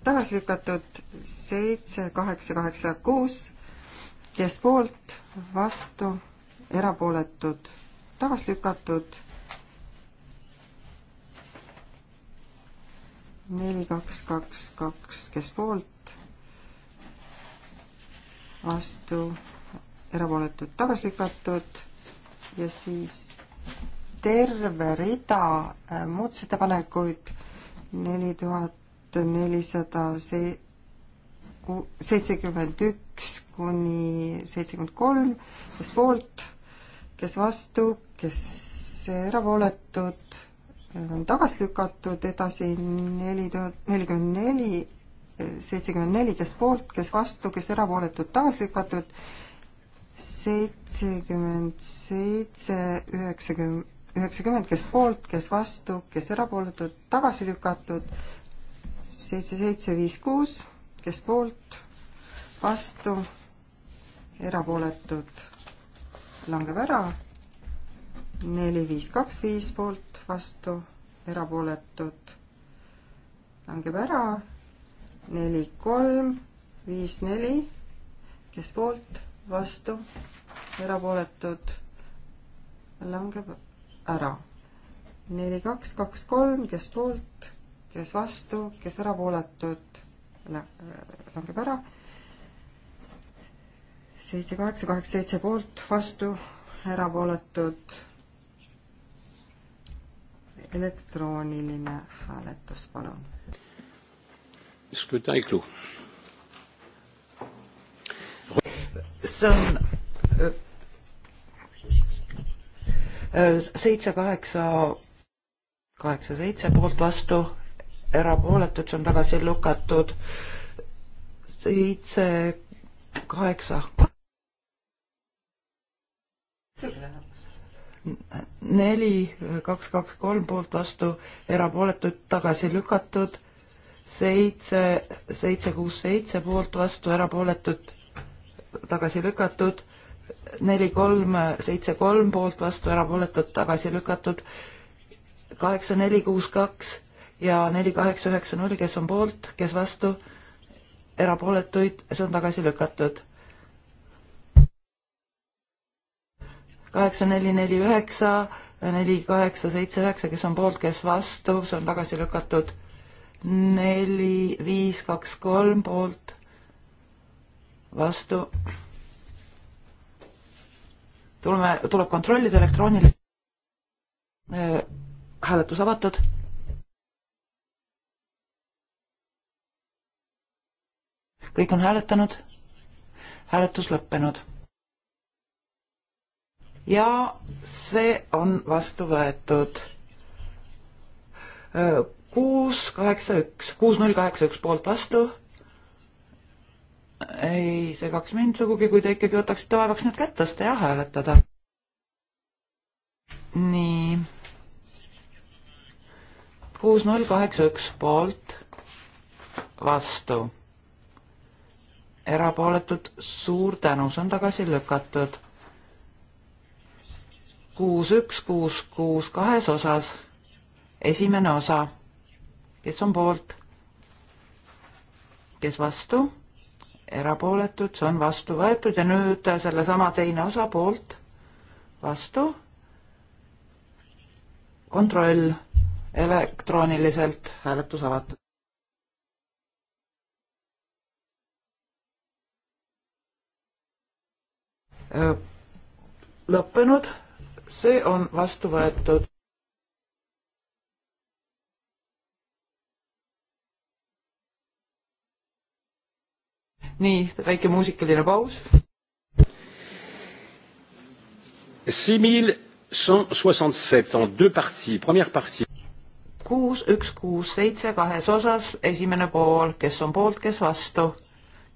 tagasi lükatud, seitse, kaheksa, kaheksa, kuus, kes poolt, vastu, erapooletud tagasi lükatud, neli, kaks, kaks, kaks, kes poolt, vastu erapooletud tagasi lükatud ja siis terve rida äh, muudatusettepanekuid, neli tuhat nelisada see-, seitsekümmend üks kuni seitsekümmend kolm, kes poolt, kes vastu, kes erapooletud, on tagasi lükatud, edasi neli tuhat, nelikümmend neli, seitsekümmend neli, kes poolt, kes vastu, kes erapooletud, tagasi lükatud, seitsekümmend seitse, üheksakümmend, üheksakümmend, kes poolt, kes vastu, kes erapooletud, tagasi lükatud, seitse, seitse, viis, kuus, kes poolt, vastu, erapooletud, langeb ära, neli, viis, kaks, viis poolt, vastu, erapooletud, langeb ära, neli, kolm, viis, neli, kes poolt vastu, erapooletud langeb ära. neli, kaks, kaks, kolm, kes poolt, kes vastu, kes erapooletud, langeb ära. seitse, kaheksa, kaheksa, seitse poolt, vastu, erapooletud. elektrooniline hääletus, palun. Scrutin clos. see on äh, äh, seitse, kaheksa, kaheksa, seitse poolt vastu, erapooletud, see on tagasi lükatud. seitse, kaheksa. neli, kaks, kaks, kolm poolt vastu, erapooletud, tagasi lükatud. seitse, seitse, kuus, seitse poolt vastu, erapooletud tagasi lükatud, neli, kolm, seitse, kolm poolt, vastu, erapooletud, tagasi lükatud, kaheksa, neli, kuus, kaks ja neli, kaheksa, üheksa, null, kes on poolt, kes vastu, erapooletuid, see on tagasi lükatud. kaheksa, neli, neli, üheksa, neli, kaheksa, seitse, üheksa, kes on poolt, kes vastu, see on tagasi lükatud. neli, viis, kaks, kolm poolt vastu. tuleme, tuleb kontrollida elektroonilist äh, hääletus avatud. kõik on hääletanud, hääletus lõppenud. ja see on vastu võetud. Äh, kuus, kaheksa, üks, kuus, null, kaheksa, üks poolt vastu ei segaks mind sugugi, kui te ikkagi võtaksite vaevaks nüüd kätt tõsta ja hääletada. nii. kuus, null, kaheksa, üks poolt, vastu. erapooletud, suur tänu, see on tagasi lükatud. kuus, üks, kuus, kuus kahes osas. esimene osa, kes on poolt, kes vastu erapooletud, see on vastu võetud ja nüüd sellesama teine osa poolt, vastu, kontroll elektrooniliselt, hääletus avatud. lõppenud, see on vastu võetud. nii, väike muusikaline paus. kuus, üks, kuus, seitse kahes osas, esimene pool, kes on poolt, kes vastu,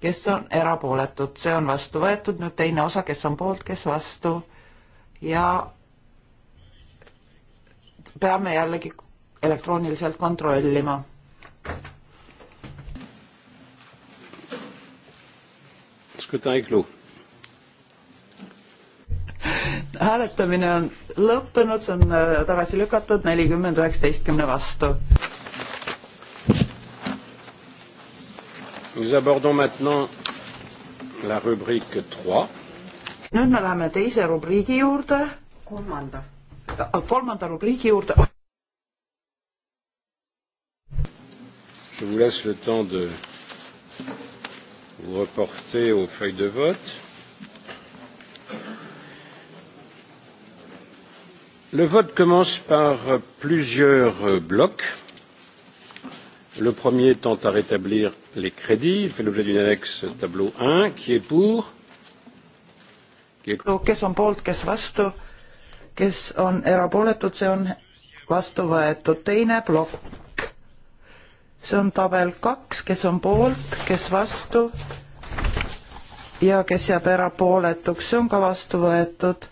kes on erapooletud, see on vastu võetud, nüüd teine osa, kes on poolt, kes vastu ja peame jällegi elektrooniliselt kontrollima. scrutin est clos. hääletamine on lõppenud, see on äh, tagasi lükatud nelikümmend üheksateistkümne vastu. Nous abordons maintenant la rubrique 3. nüüd me läheme teise rubriigi juurde. kolmanda. Äh, kolmanda rubriigi juurde. Je vous laisse le temps de reportées aux feuilles de vote. Le vote commence par plusieurs blocs. Le premier tend à rétablir les crédits. Il fait l'objet d'une annexe tableau 1. Qui est pour Qui est... Kes on poolt, kes vastu, kes on erapooletud, see on vastu võetud. Teine blokk see on tabel kaks, kes on poolt, kes vastu ja kes jääb erapooletuks, see on ka vastu võetud.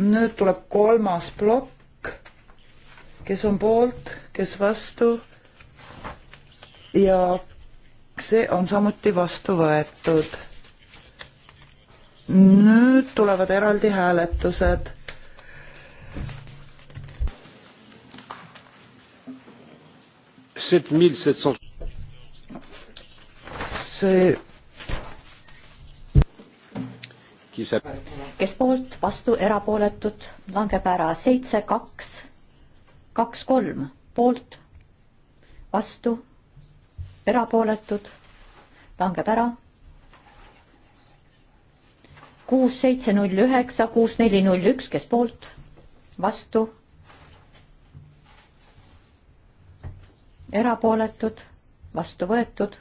nüüd tuleb kolmas plokk, kes on poolt, kes vastu ja see on samuti vastu võetud. nüüd tulevad eraldi hääletused see. kes poolt, vastu, erapooletud, langeb ära seitse, kaks, kaks, kolm poolt, vastu, erapooletud, langeb ära. kuus, seitse, null, üheksa, kuus, neli, null, üks, kes poolt, vastu erapooletud, vastu võetud.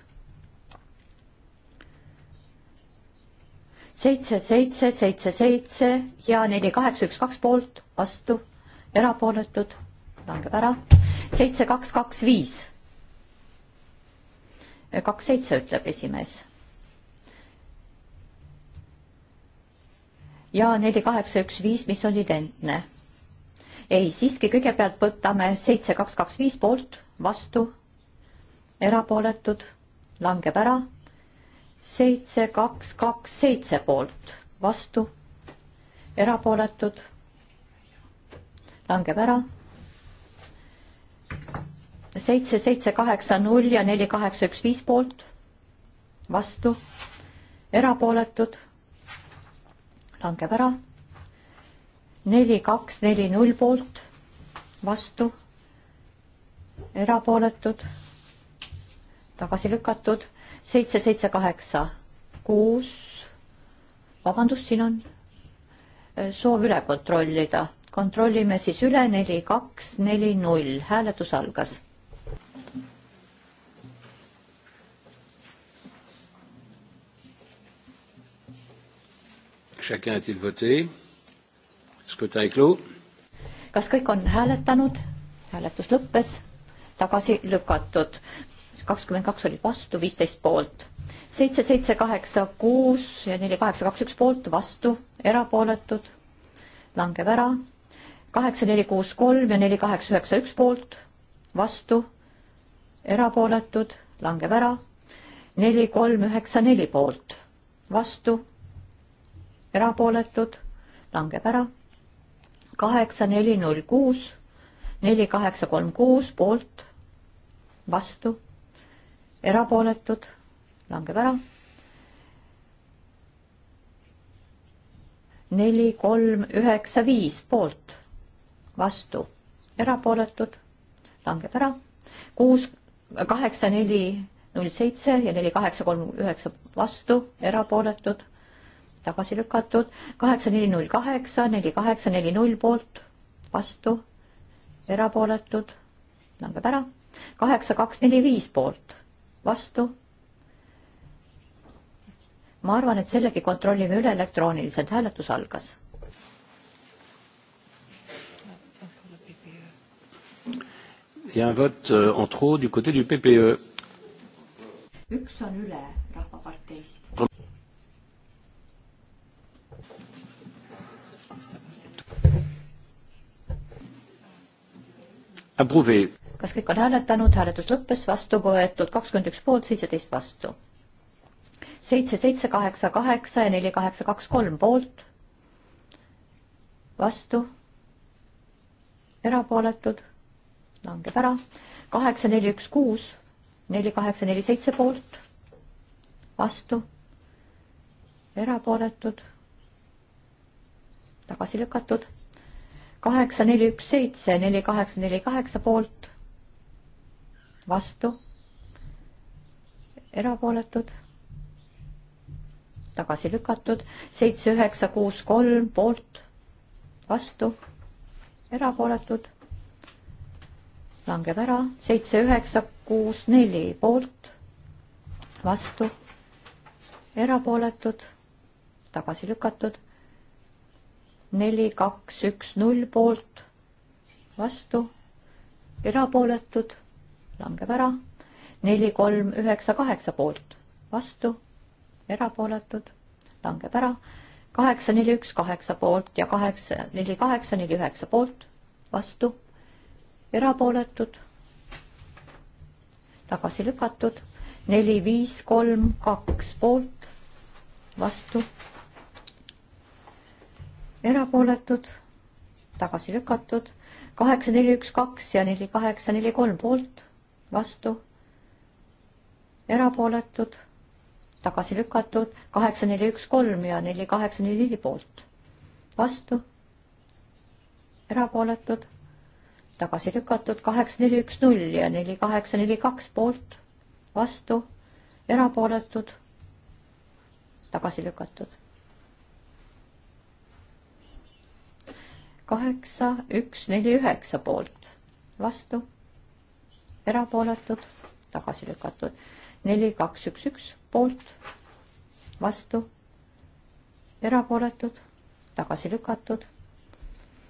seitse, seitse, seitse, seitse ja neli, kaheksa, üks, kaks poolt, vastu, erapooletud, langeb ära. seitse, kaks, kaks, viis. kaks, seitse, ütleb esimees. ja neli, kaheksa, üks, viis, mis on identne ei, siiski kõigepealt võtame seitse, kaks, kaks, viis poolt, vastu, erapooletud, langeb ära. seitse, kaks, kaks, seitse poolt, vastu, erapooletud, langeb ära. seitse, seitse, kaheksa, null ja neli, kaheksa, üks, viis poolt, vastu, erapooletud, langeb ära neli, kaks, neli, null poolt, vastu, erapooletud, tagasi lükatud, seitse, seitse, kaheksa, kuus, vabandust, siin on äh, soov üle kontrollida. kontrollime siis üle, neli, kaks, neli, null, hääletus algas. Chacun a-t-il voté? kas kõik on hääletanud? hääletus lõppes, tagasi lükatud. kakskümmend kaks olid vastu, viisteist poolt. seitse, seitse, kaheksa, kuus ja neli, kaheksa, kaks, üks poolt, vastu, erapooletud, langeb ära. kaheksa, neli, kuus, kolm ja neli, kaheksa, üheksa, üks poolt, vastu, erapooletud, langeb ära. neli, kolm, üheksa, neli poolt, vastu, erapooletud, langeb ära kaheksa, neli, null, kuus, neli, kaheksa, kolm, kuus poolt, vastu, erapooletud, langeb ära. neli, kolm, üheksa, viis poolt, vastu, erapooletud, langeb ära. kuus, kaheksa, neli, null, seitse ja neli, kaheksa, kolm, üheksa vastu, erapooletud, tagasi lükatud, kaheksa, neli, null, kaheksa, neli, kaheksa, neli, null poolt, vastu, erapooletud, langeb ära, kaheksa, kaks, neli, viis poolt, vastu. ma arvan, et sellegi kontrollime üle elektrooniliselt, hääletus algas. ja un vote euh, en trop du côté du PPE. üks on üle Rahvaparteist Approuvé. kas kõik on hääletanud, hääletus lõppes, vastu võetud kakskümmend üks poolt, seitseteist vastu. seitse, seitse, kaheksa, kaheksa ja neli, kaheksa, kaks, kolm poolt. vastu. erapooletud, langeb ära. kaheksa, neli, üks, kuus, neli, kaheksa, neli, seitse poolt. vastu. erapooletud tagasi lükatud kaheksa, neli, üks, seitse, neli, kaheksa, neli, kaheksa poolt, vastu, erapooletud, tagasi lükatud, seitse, üheksa, kuus, kolm poolt, vastu, erapooletud, langeb ära, seitse, üheksa, kuus, neli poolt, vastu, erapooletud, tagasi lükatud neli, kaks, üks, null poolt, vastu, erapooletud, langeb ära, neli, kolm, üheksa, kaheksa poolt, vastu, erapooletud, langeb ära, kaheksa, neli, üks, kaheksa poolt ja kaheksa, neli, kaheksa, neli, üheksa poolt, vastu, erapooletud, tagasi lükatud, neli, viis, kolm, kaks poolt, vastu erapooletud, tagasi lükatud, kaheksa, neli, üks, kaks ja neli, kaheksa, neli, kolm poolt, vastu, erapooletud, tagasi lükatud, kaheksa, neli, üks, kolm ja neli, kaheksa, neli, neli poolt, vastu, erapooletud, tagasi lükatud, kaheksa, neli, üks, null ja neli, kaheksa, neli, kaks poolt, vastu, erapooletud, tagasi lükatud kaheksa, üks, neli, üheksa poolt, vastu, erapooletud, tagasi lükatud. neli, kaks, üks, üks poolt, vastu, erapooletud, tagasi lükatud.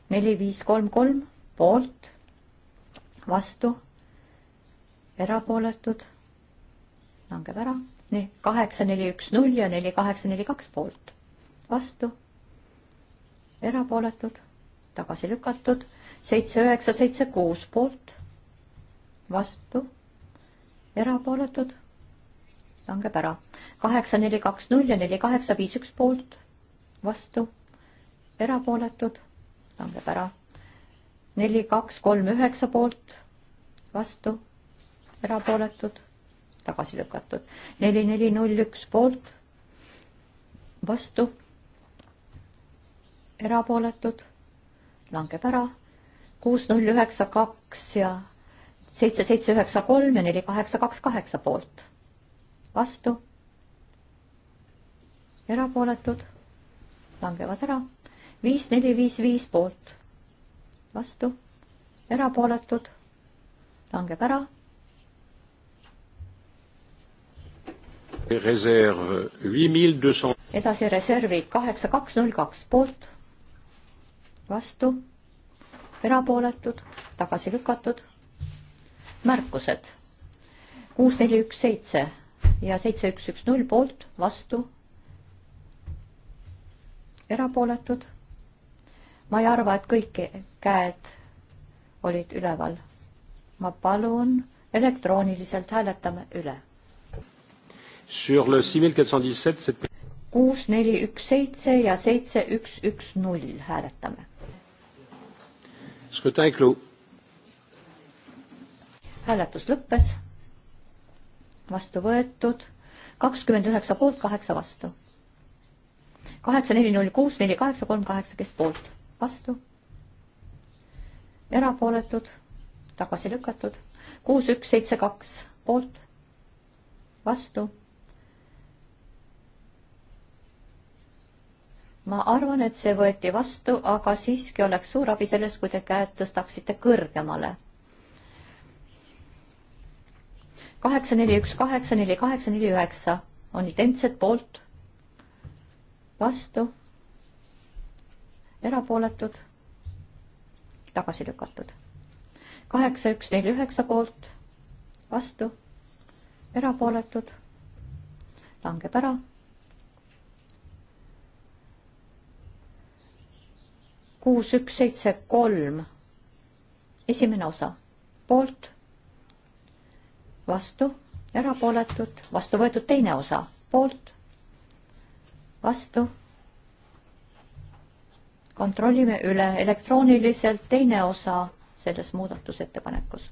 neli, viis, kolm, kolm poolt, vastu, erapooletud, langeb ära. nii, kaheksa, neli, üks, null ja neli, kaheksa, neli, kaks poolt, vastu, erapooletud tagasi lükatud, seitse üheksa, seitse kuus poolt, vastu, erapooletud, langeb ära. kaheksa, neli, kaks, null ja neli, kaheksa, viis, üks poolt, vastu, erapooletud, langeb ära. neli, kaks, kolm, üheksa poolt, vastu, erapooletud, tagasi lükatud. neli, neli, null, üks poolt, vastu erapooletud, langeb ära, kuus, null, üheksa, kaks ja seitse, seitse, üheksa, kolm ja neli, kaheksa, kaks, kaheksa poolt. vastu, erapooletud, langevad ära, viis, neli, viis, viis poolt, vastu, erapooletud, langeb ära edasi reservi kaheksa kaks null kaks poolt vastu, erapooletud, tagasi lükatud. märkused kuus, neli, üks, seitse ja seitse, üks, üks, null poolt, vastu, erapooletud. ma ei arva, et kõik käed olid üleval. ma palun elektrooniliselt hääletame üle. kuus, neli, üks, seitse ja seitse, üks, üks, null hääletame. Scrutin est clos. hääletus lõppes. vastu võetud kakskümmend üheksa poolt, kaheksa vastu. kaheksa, neli, null, kuus, neli, kaheksa, kolm, kaheksa, kes poolt, vastu. erapooletud, tagasi lükatud, kuus, üks, seitse, kaks poolt, vastu ma arvan, et see võeti vastu, aga siiski oleks suur abi sellest, kui te käed tõstaksite kõrgemale. kaheksa, neli, üks, kaheksa, neli, kaheksa, neli, üheksa on identsed poolt, vastu, erapooletud, tagasi lükatud. kaheksa, üks, neli, üheksa poolt, vastu, erapooletud, langeb ära kuus, üks, seitse, kolm. esimene osa poolt, vastu, erapooletud, vastu võetud teine osa poolt, vastu. kontrollime üle elektrooniliselt teine osa selles muudatusettepanekus.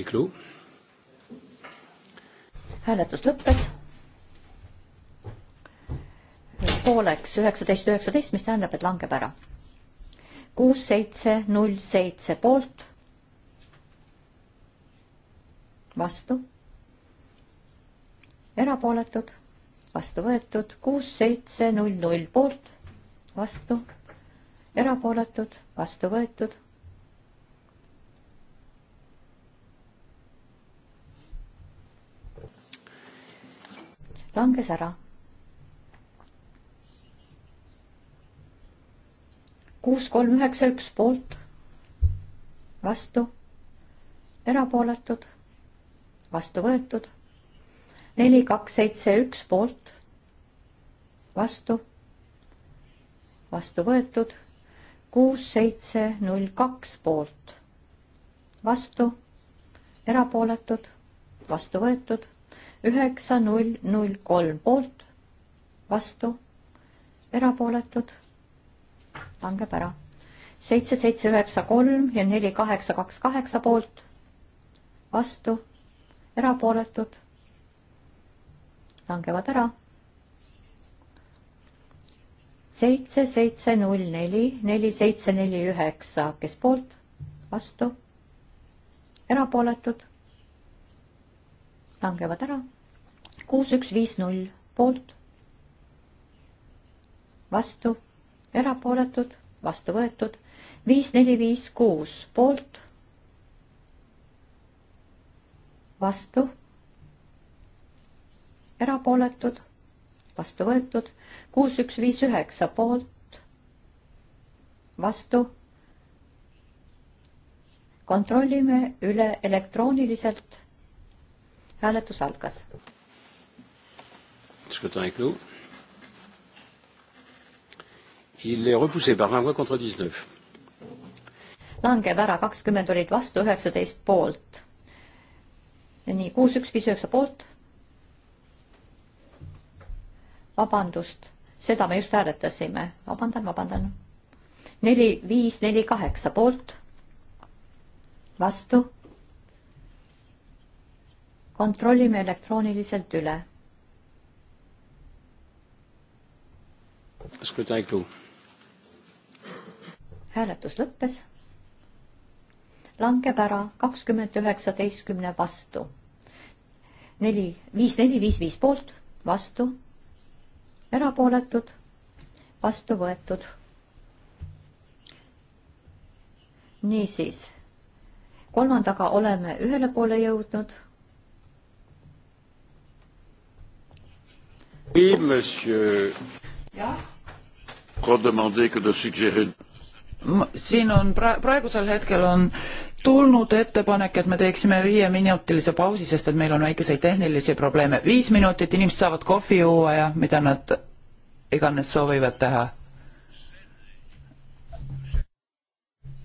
Igloo hääletus lõppes. pooleks üheksateist, üheksateist, mis tähendab, et langeb ära. kuus, seitse, null, seitse poolt. vastu. erapooletud, vastu võetud, kuus, seitse, null, null poolt, vastu erapooletud, vastu võetud langes ära. kuus, kolm, üheksa, üks poolt, vastu, erapooletud, vastu võetud, neli, kaks, seitse, üks poolt, vastu, vastu võetud, kuus, seitse, null, kaks poolt, vastu, erapooletud, vastu võetud üheksa, null, null, kolm poolt, vastu, erapooletud, langeb ära. seitse, seitse, üheksa, kolm ja neli, kaheksa, kaks, kaheksa poolt, vastu, erapooletud, langevad ära. seitse, seitse, null, neli, neli, seitse, neli, üheksa, kes poolt, vastu, erapooletud, langevad ära kuus, üks, viis, null poolt, vastu, erapooletud, vastu võetud, viis, neli, viis, kuus poolt, vastu, erapooletud, vastu võetud, kuus, üks, viis, üheksa poolt, vastu kontrollime üle elektrooniliselt. hääletus algas. Scrutin est clos. Il est repoussé par 20 voix contre 19. langeb ära, kakskümmend olid vastu, üheksateist poolt. nii, kuus, üks, viis, üheksa poolt. vabandust, seda me just hääletasime, vabandan, vabandan. neli, viis, neli, kaheksa poolt. vastu. kontrollime elektrooniliselt üle hääletus lõppes. langeb ära kakskümmend üheksateistkümne vastu. neli, viis, neli, viis, viis poolt, vastu, erapooletud, vastu võetud. niisiis, kolmandaga oleme ühele poole jõudnud Oui, monsieur. Ja siin on pra-, praegusel hetkel on tulnud ettepanek, et me teeksime viieminutilise pausi, sest et meil on väikeseid tehnilisi probleeme. viis minutit, inimesed saavad kohvi juua ja mida nad iganes soovivad teha.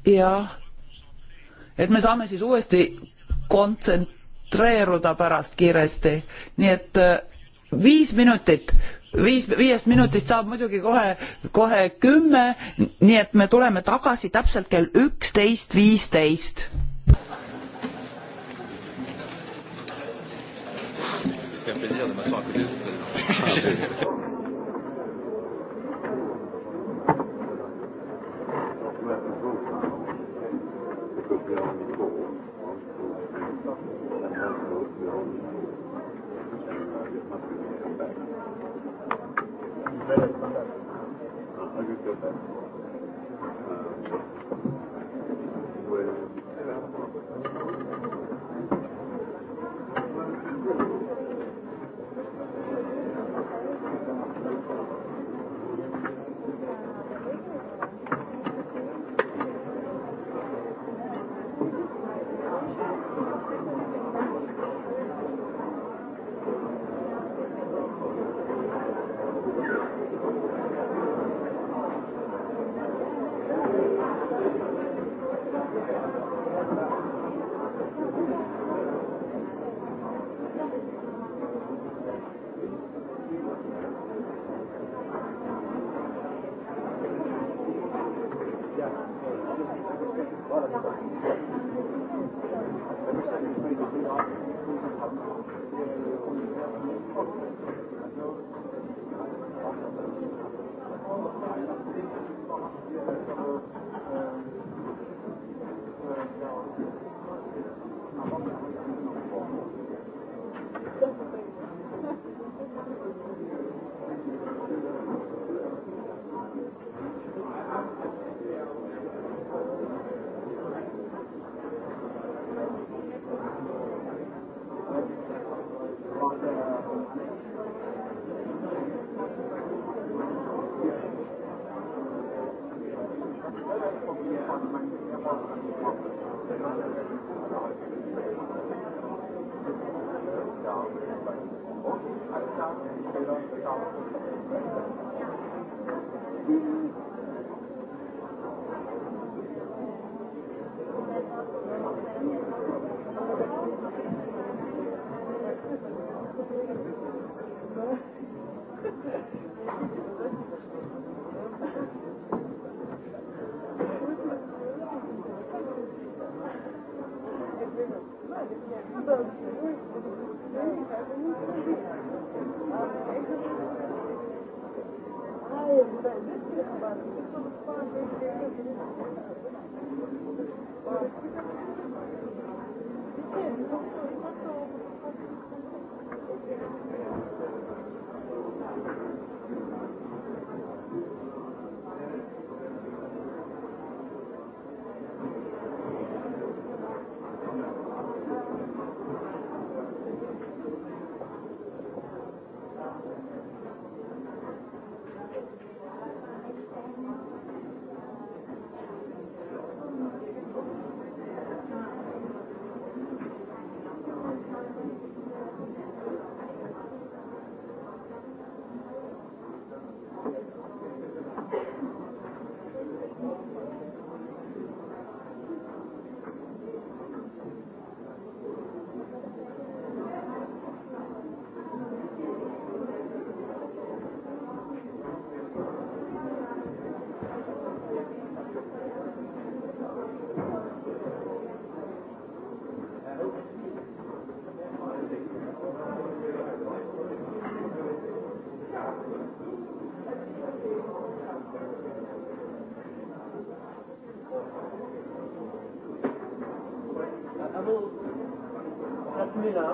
jah, et me saame siis uuesti kontsentreeruda pärast kiiresti, nii et äh, viis minutit viis, viiest minutist saab muidugi kohe, kohe kümme, nii et me tuleme tagasi täpselt kell üksteist viisteist. C'était un plaisir de m'asseoir à côté de vous. mina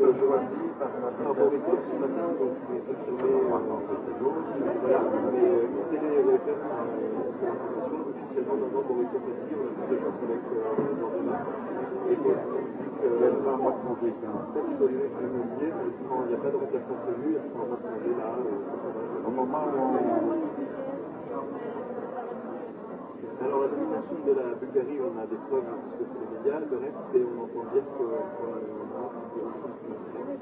le voici par rapport aux méthodes ce matin, donc je vais observer voilà, mais Intel et l'EFM officiellement maintenant Maurice Petit, on a tous les chances avec dans deux mains. Et donc, elle va moi de congé. Ça, c'est dans les mecs qui me disent, quand il n'y a pas de remplacement prévu, elle prend moi de congé là. Au moment où on... Alors, la situation de la Bulgarie, on a des preuves, parce que c'est légal. Le reste, on entend dire que. Euh,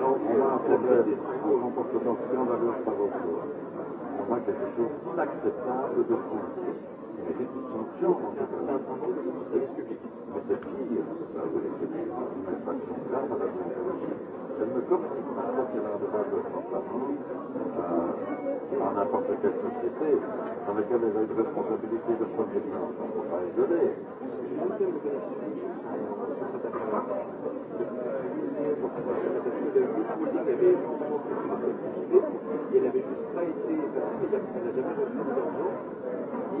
Non, on a un problème. On comporte dans scandaleux par rapport. On a quelque chose d'acceptable de France. Il mérite une sanction en ce cas-là. Mais c'est pire, ça veut dire que c'est une infraction grave à la déontologie. Elle ne communique pas parce qu'elle a un droit de transparence euh, dans n'importe quelle société dans laquelle elle a une responsabilité de protection. On ne peut pas isoler de Mitterrand qui avait longtemps participé, et elle n'avait juste pas été, parce qu'elle n'a jamais reçu d'argent, et il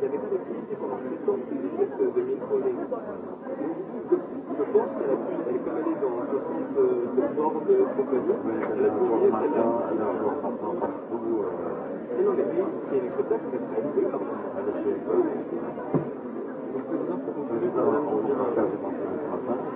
n'y avait pas d'activité pendant 7 ans depuis 17 2003. Donc, je pense qu'elle a pu, elle est comme elle est dans un sens de, de nord de Compagnie, elle a pu oublier celle-là. Elle a encore maintenant partout. Euh... Et non, mais ce qui est inacceptable, c'est qu'elle a été quand même. Elle a été. Donc, le président, ça continue. Je vais pas faire, j'ai pensé ce matin.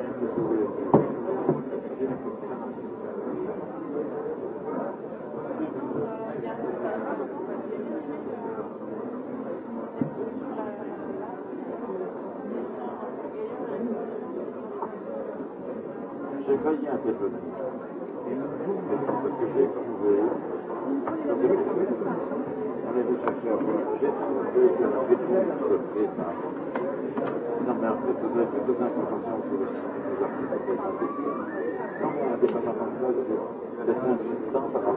could give now. Somewhere it doesn't, it doesn't have attention to this, to this application. Somewhere it doesn't have attention to this, to this, to this, to this,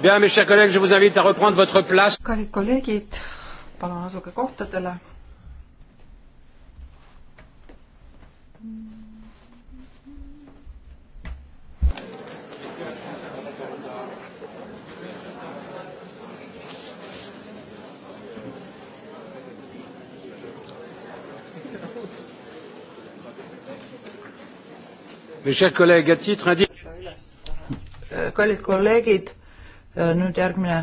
Bien, mes chers collègues, je vous invite à reprendre votre place. kallid kolleegid, palun asuge kohtadele. Mes chers collègues, à titre indicatif. kallid kolleegid Äh, nüüd järgmine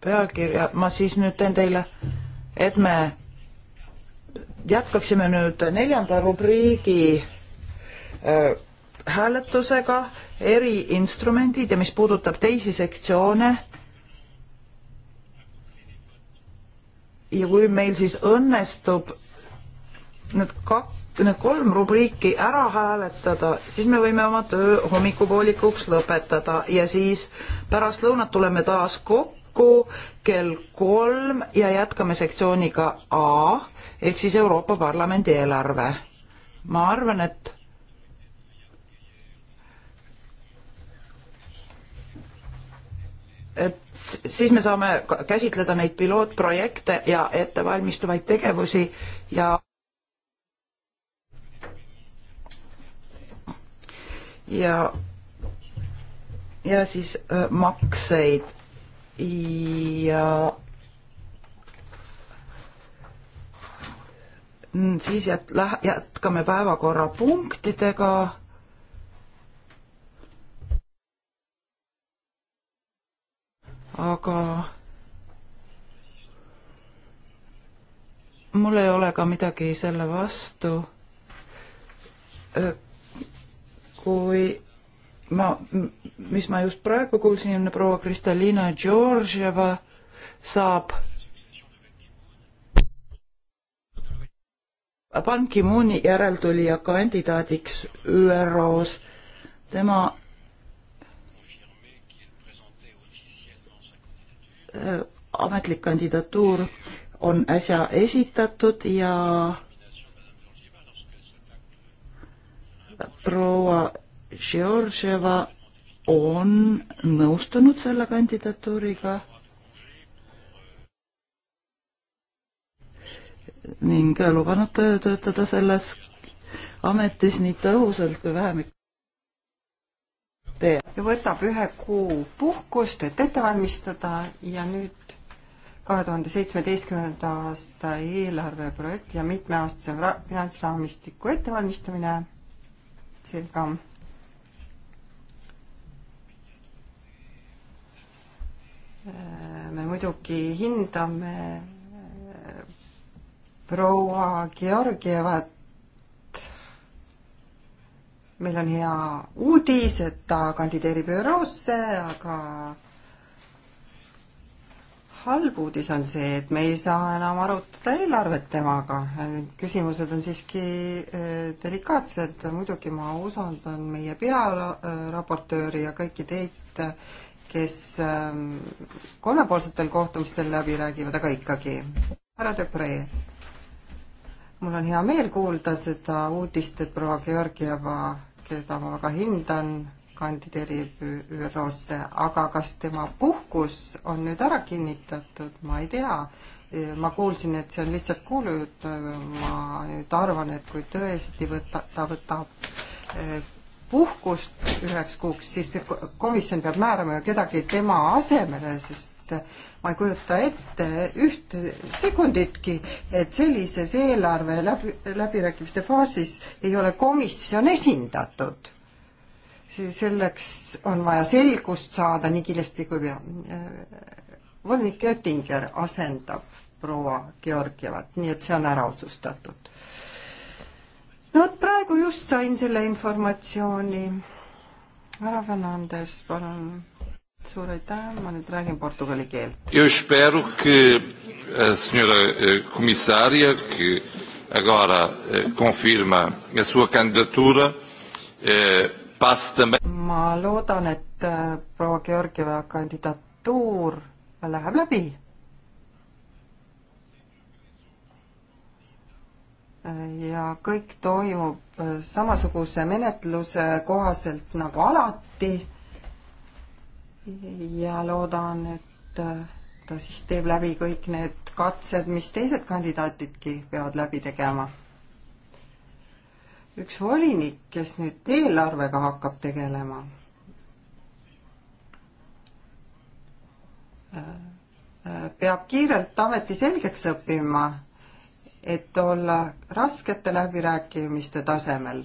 pealkirja, ma siis nüüd teen teile, et me jätkaksime nüüd neljanda rubriigi äh, hääletusega eriinstrumendid ja mis puudutab teisi sektsioone. ja kui meil siis õnnestub need kaks need kolm rubriiki ära hääletada, siis me võime oma töö hommikupoolikuks lõpetada ja siis pärast lõunat tuleme taas kokku kell kolm ja jätkame sektsiooniga A ehk siis Euroopa Parlamendi eelarve. ma arvan, et et siis me saame käsitleda neid pilootprojekte ja ettevalmistuvaid tegevusi ja ja, ja siis makseid ja siis jät-, läh-, jätkame päevakorrapunktidega. aga mul ei ole ka midagi selle vastu, kui ma, mis ma just praegu kuulsin, proua Kristalina Georgieva saab Ban Ki-mooni järeltulija kandidaadiks ÜRO-s. tema äh, ametlik kandidatuur on äsja esitatud ja proua Georgieva on nõustunud selle kandidatuuriga ning lubanud töötada selles ametis nii tõhusalt kui vähemik teeb. võtab ühe kuu puhkust, et ette valmistada ja nüüd kahe tuhande seitsmeteistkümnenda aasta eelarveprojekt ja mitmeaastase finantsraamistiku ettevalmistamine circa me muidugi hindame äh, proua Georgievat. meil on hea uudis, et ta kandideerib ÜRO-sse, aga halb uudis on see, et me ei saa enam arutada eelarvet temaga. küsimused on siiski äh, delikaatsed, muidugi ma usaldan meie pearaportööri ja kõiki teid, kes ähm, kolmepoolsetel kohtumistel läbi räägivad, aga ikkagi. härra Depree, mul on hea meel kuulda seda uudist, et proua Georgieva, keda ma väga hindan, kandideerib ÜRO-sse, aga kas tema puhkus on nüüd ära kinnitatud, ma ei tea. ma kuulsin, et see on lihtsalt kuulujutt, ma nüüd arvan, et kui tõesti võta, ta võtab eh, puhkust üheks kuuks, siis komisjon peab määrama ju kedagi tema asemele, sest ma ei kujuta ette üht sekunditki, et sellises eelarve läbi, läbirääkimiste faasis ei ole komisjon esindatud selleks on vaja selgust saada nii kiiresti kui pea. Äh, volinik Göttinger asendab proua Georgievat, nii et see on ära otsustatud. no vot, praegu just sain selle informatsiooni. härra Fernandes, palun. suur aitäh, ma nüüd räägin portugali keelt. Eu espero que a eh, senhora eh, comissária que agora eh, confirma a sua candidatura eh, ma loodan, et äh, proua Georgieva kandidatuur läheb läbi. Äh, ja kõik toimub äh, samasuguse menetluse kohaselt nagu alati. ja loodan, et ta siis teeb läbi kõik need katsed, mis teised kandidaatidki peavad läbi tegema üks volinik, kes nüüd eelarvega hakkab tegelema. peab kiirelt ameti selgeks õppima, et olla raskete läbirääkimiste tasemel.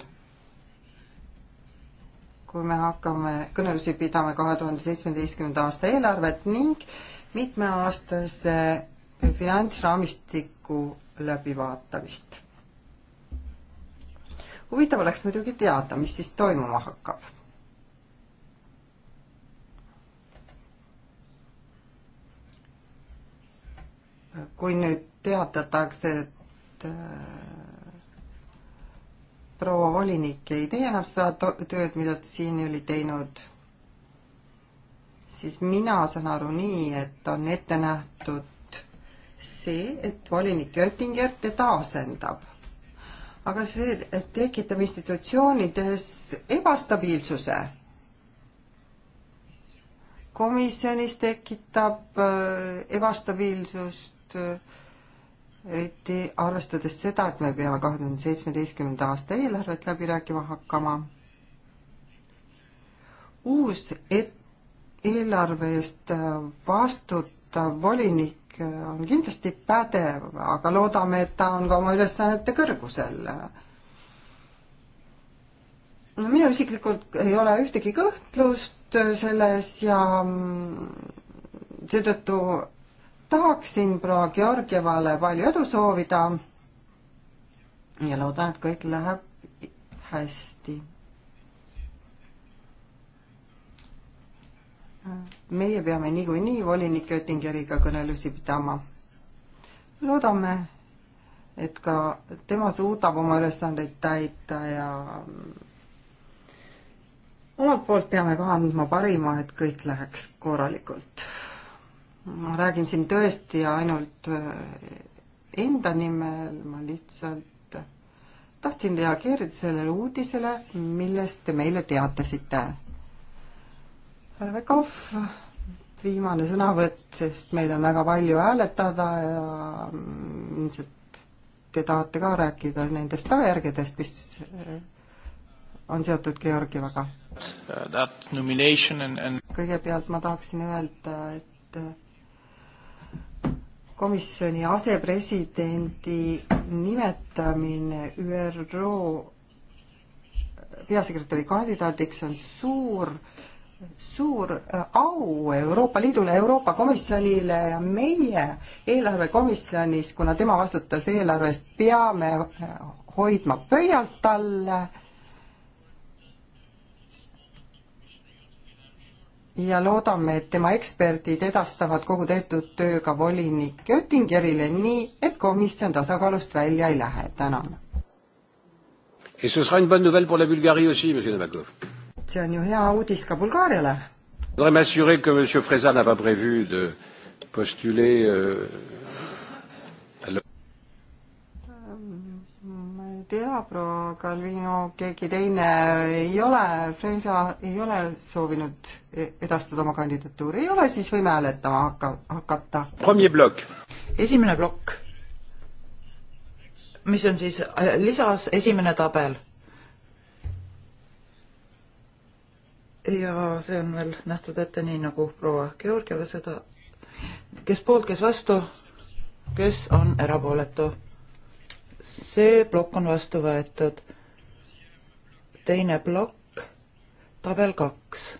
kui me hakkame, kõnelusi pidame kahe tuhande seitsmeteistkümnenda aasta eelarvet ning mitmeaastase finantsraamistiku läbivaatamist huvitav oleks muidugi teada, mis siis toimuma hakkab. kui nüüd teatatakse, et äh, proua volinik ei tee enam seda tööd, mida ta siiani oli teinud, siis mina saan aru nii, et on ette nähtud see, et volinik Göttinger teda asendab aga see tekitab institutsioonides ebastabiilsuse. komisjonis tekitab äh, ebastabiilsust, äh, eriti arvestades seda, et me peame kahe tuhande seitsmeteistkümnenda aasta eelarvet läbi rääkima hakkama. uus et-, eelarve eest äh, vastutav volinik on kindlasti pädev, aga loodame, et ta on ka oma ülesannete kõrgusel. no minu isiklikult ei ole ühtegi kõhtlust selles ja mm, seetõttu tahaksin proua Georgievale palju edu soovida ja loodan, et kõik läheb hästi meie peame niikuinii volinik Oettingeriga kõnelusi pidama. loodame, et ka tema suudab oma ülesandeid täita ja omalt poolt peame ka andma parima, et kõik läheks korralikult. ma räägin siin tõesti ainult äh, enda nimel, ma lihtsalt tahtsin reageerida sellele uudisele, millest te meile teatasite härra Vekov, viimane sõnavõtt, sest meil on väga palju hääletada ja mm, ilmselt te tahate ka rääkida nendest tagajärgedest, mis eh, on seotud Georgievaga. kõigepealt ma tahaksin öelda, et eh, komisjoni asepresidendi nimetamine ÜRO peasekretäri kandidaadiks on suur äh, suur äh, au Euroopa Liidule, Euroopa Komisjonile ja meie eelarvekomisjonis, kuna tema vastutas eelarvest, peame äh, hoidma pöialt talle. ja loodame, et tema eksperdid edastavad kogu tehtud töö ka volinik Göttingerile nii, et komisjon tasakaalust välja ei lähe. tänan. Et ce sera une bonne nouvelle pour la Bulgarie aussi, monsieur Novakov see on ju hea uudis ka Bulgaariale. Euh, ähm, ma ei tea, proua Calvino, keegi teine ei ole, Freisa ei ole soovinud e-, edastada oma kandidatuuri, ei ole, siis võime hääletama hakka, hakata. esimene plokk mis on siis äh, lisas esimene tabel. ja see on veel nähtud ette nii, nagu proua Georgieva seda, kes poolt, kes vastu, kes on erapooletu. see plokk on vastu võetud. teine plokk, tabel kaks,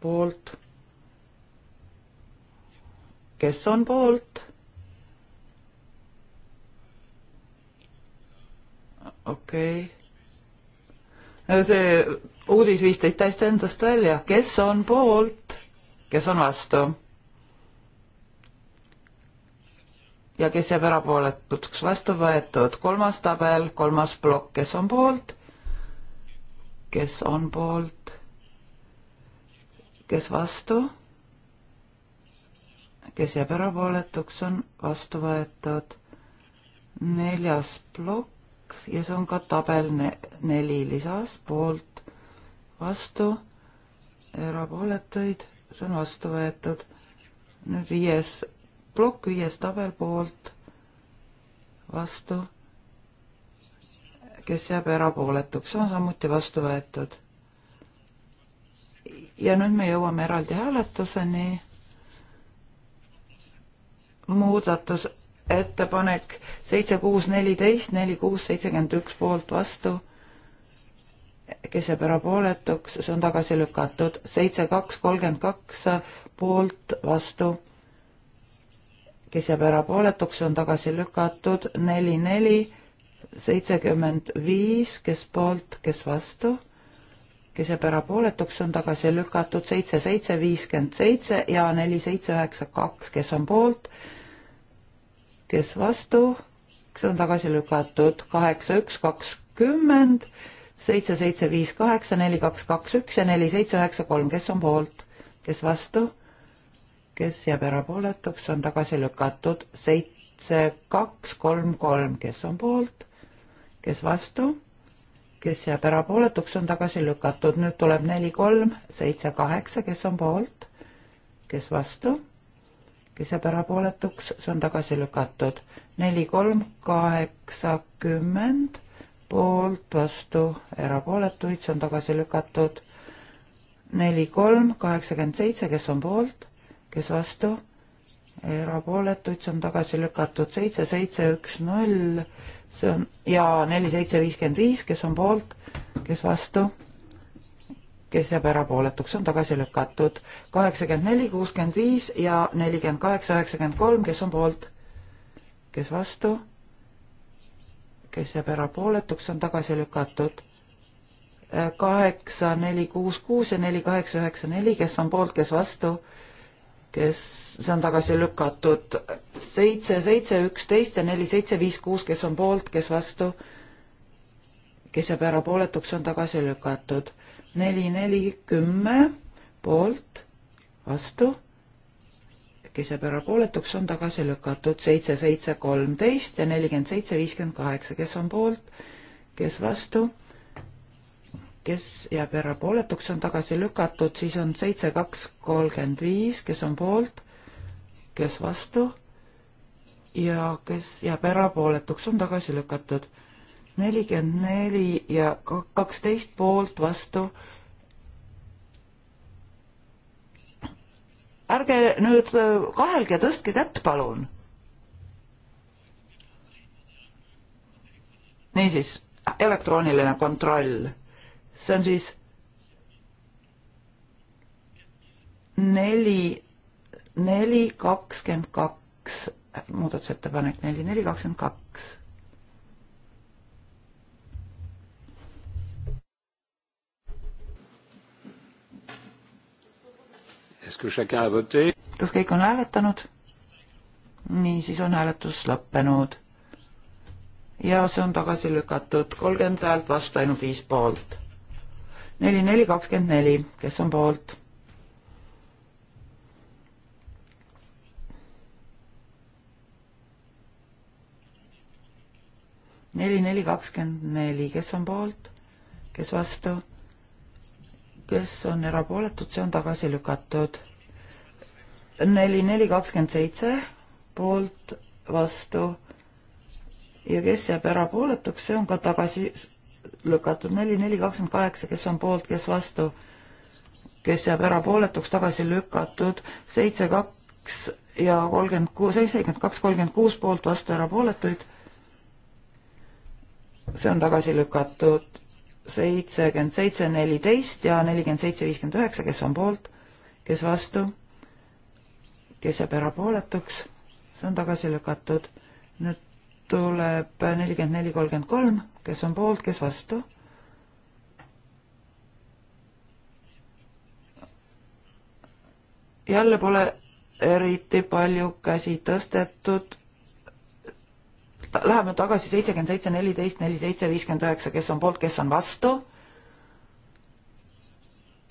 poolt. kes on poolt? okei okay.. see uudis viis teid täiesti endast välja, kes on poolt, kes on vastu. ja kes jääb erapooletuks, vastu võetud, kolmas tabel, kolmas plokk, kes on poolt, kes on poolt, kes vastu, kes jääb erapooletuks, on vastu võetud, neljas plokk ja see on ka tabel ne neli lisas, poolt, vastu, erapooletuid, see on vastu võetud. nüüd viies plokk, viies tabel poolt, vastu, kes jääb erapooletuks, see on samuti vastu võetud. ja nüüd me jõuame eraldi hääletuseni. muudatusettepanek seitse, kuus, neliteist, neli, kuus, seitsekümmend üks poolt, vastu kes jääb erapooletuks, see on tagasi lükatud. seitse, kaks, kolmkümmend kaks poolt, vastu. kes jääb erapooletuks, see on tagasi lükatud. neli, neli, seitsekümmend viis, kes poolt, kes vastu. kes jääb erapooletuks, see on tagasi lükatud. seitse, seitse, viiskümmend seitse ja neli, seitse, üheksa, kaks, kes on poolt, kes vastu, see on tagasi lükatud. kaheksa, üks, kakskümmend seitse, seitse, viis, kaheksa, neli, kaks, kaks, üks ja neli, seitse, üheksa, kolm, kes on poolt, kes vastu, kes jääb erapooletuks, on tagasi lükatud, seitse, kaks, kolm, kolm, kes on poolt, kes vastu, kes jääb erapooletuks, on tagasi lükatud, nüüd tuleb neli, kolm, seitse, kaheksa, kes on poolt, kes vastu, kes jääb erapooletuks, see on tagasi lükatud, neli, kolm, kaheksakümmend poolt, vastu, erapooletuid, see on tagasi lükatud. neli, kolm, kaheksakümmend seitse, kes on poolt, kes vastu, erapooletuid, see on tagasi lükatud. seitse, seitse, üks, null, see on ja neli, seitse, viiskümmend viis, kes on poolt, kes vastu, kes jääb erapooletuks, on tagasi lükatud. kaheksakümmend neli, kuuskümmend viis ja nelikümmend kaheksa, üheksakümmend kolm, kes on poolt, kes vastu kes jääb erapooletuks, on tagasi lükatud. kaheksa, neli, kuus, kuus ja neli, kaheksa, üheksa, neli, kes on poolt, kes vastu, kes, see on tagasi lükatud. seitse, seitse, üksteist ja neli, seitse, viis, kuus, kes on poolt, kes vastu, kes jääb erapooletuks, on tagasi lükatud. neli, neli, kümme, poolt, vastu märkiseb erapooletuks, on tagasi lükatud seitse, seitse, kolmteist ja nelikümmend seitse, viiskümmend kaheksa, kes on poolt, kes vastu, kes jääb erapooletuks, on tagasi lükatud, siis on seitse, kaks, kolmkümmend viis, kes on poolt, kes vastu ja kes jääb erapooletuks, on tagasi lükatud. nelikümmend neli ja kaksteist poolt, vastu ärge nüüd äh, kahelge, tõstke kätt, palun. niisiis, elektrooniline kontroll, see on siis neli, neli kakskümmend kaks, muudatusettepanek neli, neli kakskümmend kaks kas kõik on hääletanud? nii, siis on hääletus lõppenud. ja see on tagasi lükatud, kolmkümmend häält vastu, ainult viis poolt. neli, neli, kakskümmend neli, kes on poolt? neli, neli, kakskümmend neli, kes on poolt, kes vastu? kes on erapooletud, see on tagasi lükatud. neli, neli, kakskümmend seitse poolt, vastu ja kes jääb erapooletuks, see on ka tagasi lükatud. neli, neli, kakskümmend kaheksa, kes on poolt, kes vastu, kes jääb erapooletuks, tagasi lükatud. seitse, kaks ja kolmkümmend kuus, seitsekümmend kaks, kolmkümmend kuus poolt, vastu erapooletuid. see on tagasi lükatud seitsekümmend seitse, neliteist ja nelikümmend seitse, viiskümmend üheksa, kes on poolt, kes vastu, kes jääb erapooletuks, see on tagasi lükatud. nüüd tuleb nelikümmend neli, kolmkümmend kolm, kes on poolt, kes vastu. jälle pole eriti palju käsi tõstetud läheme tagasi seitsekümmend seitse, neliteist, neli, seitse, viiskümmend üheksa, kes on poolt, kes on vastu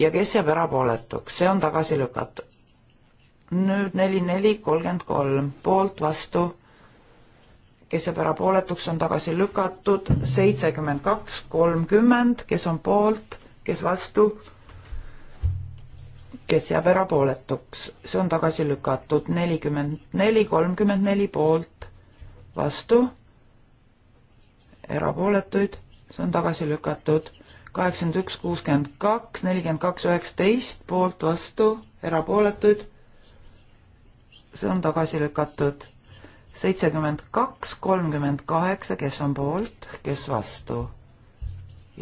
ja kes jääb erapooletuks, see on tagasi lükatud. nüüd neli, neli, kolmkümmend kolm, poolt, vastu, kes jääb erapooletuks, on tagasi lükatud, seitsekümmend kaks, kolmkümmend, kes on poolt, kes vastu, kes jääb erapooletuks, see on tagasi lükatud, nelikümmend neli, kolmkümmend neli poolt vastu, erapooletuid, see on tagasi lükatud. kaheksakümmend üks, kuuskümmend kaks, nelikümmend kaks, üheksateist, poolt, vastu, erapooletuid, see on tagasi lükatud. seitsekümmend kaks, kolmkümmend kaheksa, kes on poolt, kes vastu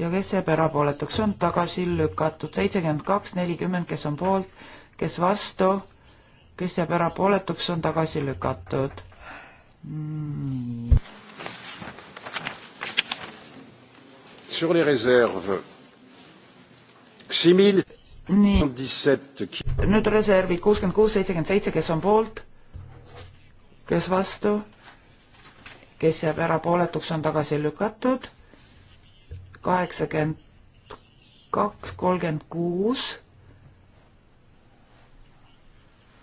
ja kes jääb erapooletuks, on tagasi lükatud. seitsekümmend kaks, nelikümmend, kes on poolt, kes vastu, kes jääb erapooletuks, on tagasi lükatud nii. Sur les réserves, six mille nüüd reservid kuuskümmend kuus, seitsekümmend seitse, kes on poolt, kes vastu, kes jääb erapooletuks, on tagasi lükatud, kaheksakümmend kaks, kolmkümmend kuus.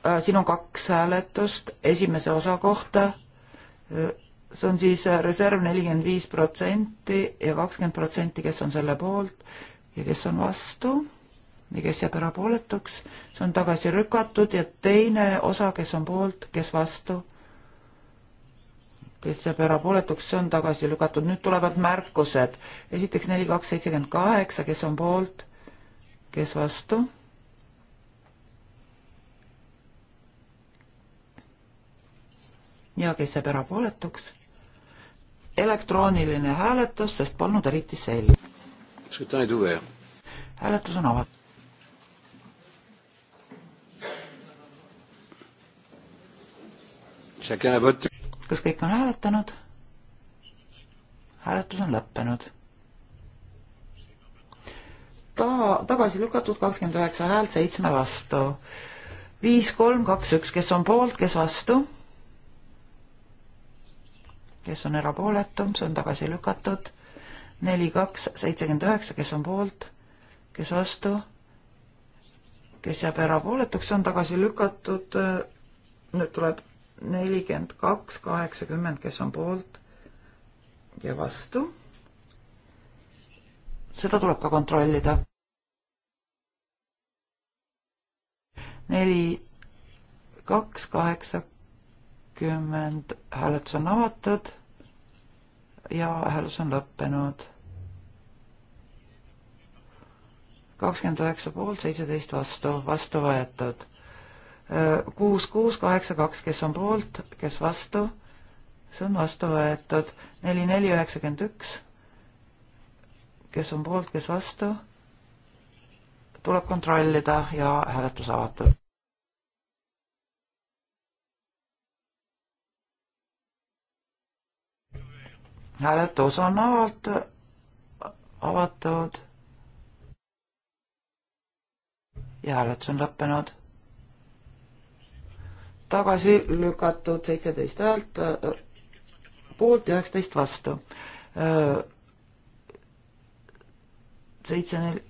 Äh, siin on kaks hääletust esimese osa kohta see on siis reserv nelikümmend viis protsenti ja kakskümmend protsenti, kes on selle poolt ja kes on vastu ja kes jääb erapooletuks, see on tagasi lükatud ja teine osa, kes on poolt, kes vastu, kes jääb erapooletuks, see on tagasi lükatud. nüüd tulevad märkused. esiteks neli, kaks, seitsekümmend kaheksa, kes on poolt, kes vastu ja kes jääb erapooletuks. elektrooniline hääletus, sest polnud eriti selge. hääletus on avatud. kas kõik on hääletanud? hääletus on lõppenud ta-, tagasi lükatud kakskümmend üheksa häält seitsme vastu. viis, kolm, kaks, üks, kes on poolt, kes vastu? kes on erapooletu, see on tagasi lükatud. neli, kaks, seitsekümmend üheksa, kes on poolt, kes vastu, kes jääb erapooletuks, see on tagasi lükatud. nüüd tuleb nelikümmend kaks, kaheksakümmend, kes on poolt ja vastu. seda tuleb ka kontrollida. neli, kaks, kaheksa kakskümmend, hääletus on avatud ja hääletus on lõppenud. kakskümmend üheksa poolt, seitseteist vastu, vastu võetud. kuus, kuus, kaheksa, kaks, kes on poolt, kes vastu, see on vastu võetud. neli, neli, üheksakümmend üks, kes on poolt, kes vastu, tuleb kontrollida ja hääletus avatud. hääletus on avatud, avatud. ja hääletus on lõppenud. tagasi lükatud seitseteist häält, äh, poolt üheksateist vastu. Äh, seitse nel-,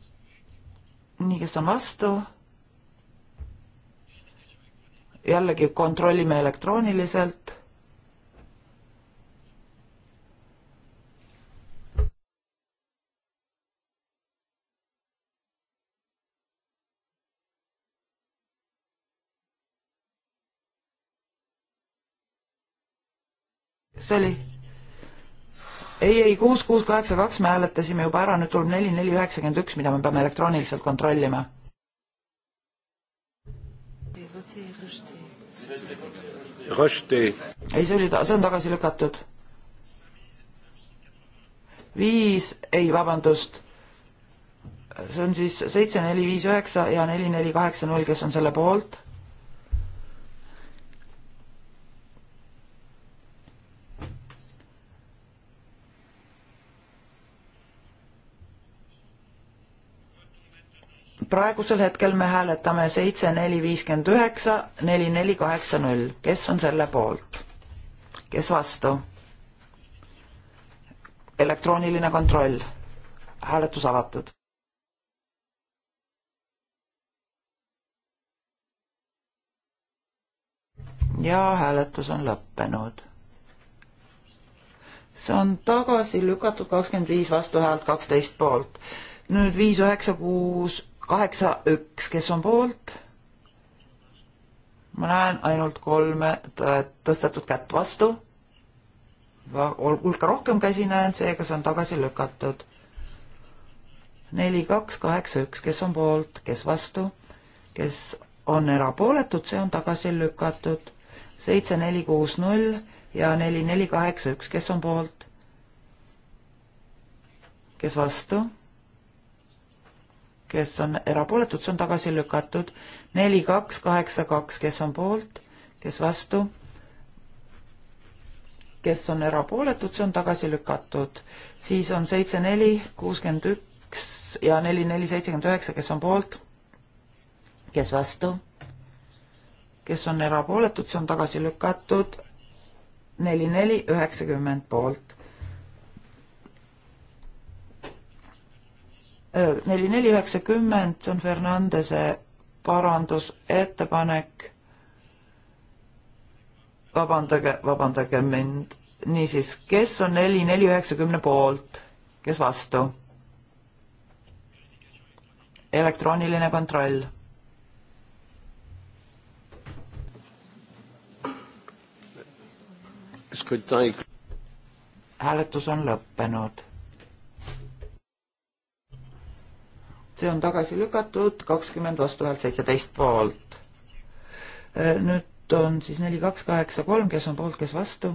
nii, kes on vastu? jällegi kontrollime elektrooniliselt see oli? ei, ei, kuus, kuus, kaheksa, kaks me hääletasime juba ära, nüüd tuleb neli, neli, üheksakümmend üks, mida me peame elektrooniliselt kontrollima. ei, see oli, see on tagasi lükatud. viis, ei, vabandust. see on siis seitse, neli, viis, üheksa ja neli, neli, kaheksa, null, kes on selle poolt praegusel hetkel me hääletame seitse, neli, viiskümmend üheksa, neli, neli, kaheksa, null. kes on selle poolt? kes vastu? elektrooniline kontroll. hääletus avatud. ja hääletus on lõppenud. see on tagasi lükatud kakskümmend viis vastuhäält, kaksteist poolt. nüüd viis, üheksa, kuus, kaheksa, üks, kes on poolt? ma näen ainult kolme tõstetud kätt vastu. hulka rohkem käsi näen, seega see on tagasi lükatud. neli, kaks, kaheksa, üks, kes on poolt, kes vastu, kes on erapooletud, see on tagasi lükatud. seitse, neli, kuus, null ja neli, neli, kaheksa, üks, kes on poolt, kes vastu kes on erapooletud, see on tagasi lükatud. neli, kaks, kaheksa, kaks, kes on poolt, kes vastu, kes on erapooletud, see on tagasi lükatud. siis on seitse, neli, kuuskümmend üks ja neli, neli, seitsekümmend üheksa, kes on poolt, kes vastu, kes on erapooletud, see on tagasi lükatud. neli, neli, üheksakümmend poolt neli, neli üheksakümmend, see on Fernandese parandusettepanek. vabandage, vabandage mind. niisiis, kes on neli, neli üheksakümne poolt, kes vastu? elektrooniline kontroll. hääletus on lõppenud see on tagasi lükatud, kakskümmend vastu häält seitseteist poolt. Äh, nüüd on siis neli, kaks, kaheksa, kolm, kes on poolt, kes vastu,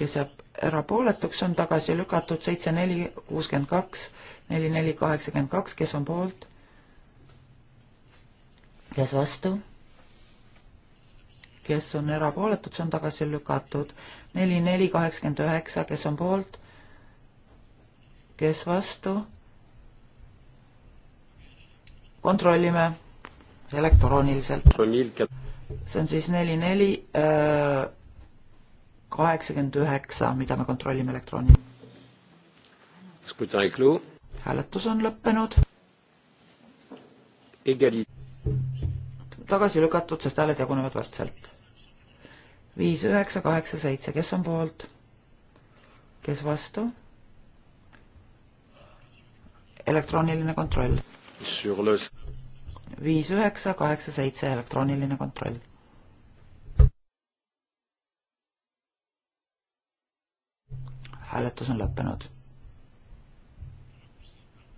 kes jääb erapooletuks, on tagasi lükatud seitse, neli, kuuskümmend kaks, neli, neli, kaheksakümmend kaks, kes on poolt, kes vastu, kes on erapooletud, see on tagasi lükatud, neli, neli, kaheksakümmend üheksa, kes on poolt, kes vastu kontrollime elektrooniliselt. see on siis neli, neli, äh, kaheksakümmend üheksa, mida me kontrollime elektrooniliselt. hääletus on lõppenud. tagasi lükatud, sest hääled jagunevad võrdselt. viis, üheksa, kaheksa, seitse, kes on poolt? kes vastu? elektrooniline kontroll viis üheksa kaheksa seitse elektrooniline kontroll. hääletus on lõppenud.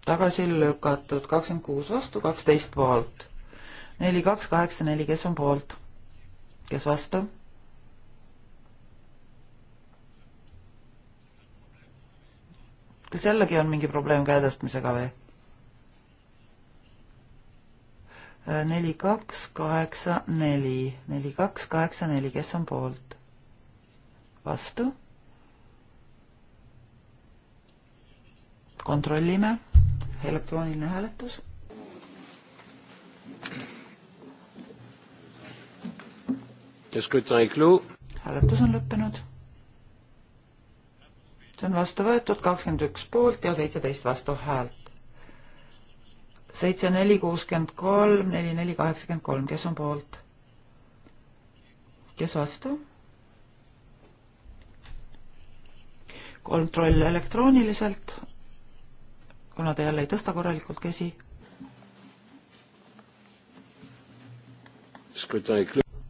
tagasi lükatud kakskümmend kuus vastu, kaksteist poolt. neli, kaks, kaheksa, neli, kes on poolt? kes vastu? kas jällegi on mingi probleem käe tõstmisega või? neli, kaks, kaheksa, neli, neli, kaks, kaheksa, neli, kes on poolt? vastu? kontrollime, elektrooniline hääletus. hääletus on lõppenud. see on vastu võetud kakskümmend üks poolt ja seitseteist vastuhäält seitse, neli, kuuskümmend kolm, neli, neli, kaheksakümmend kolm, kes on poolt? kes vastu? kontroll elektrooniliselt, kuna te jälle ei tõsta korralikult käsi.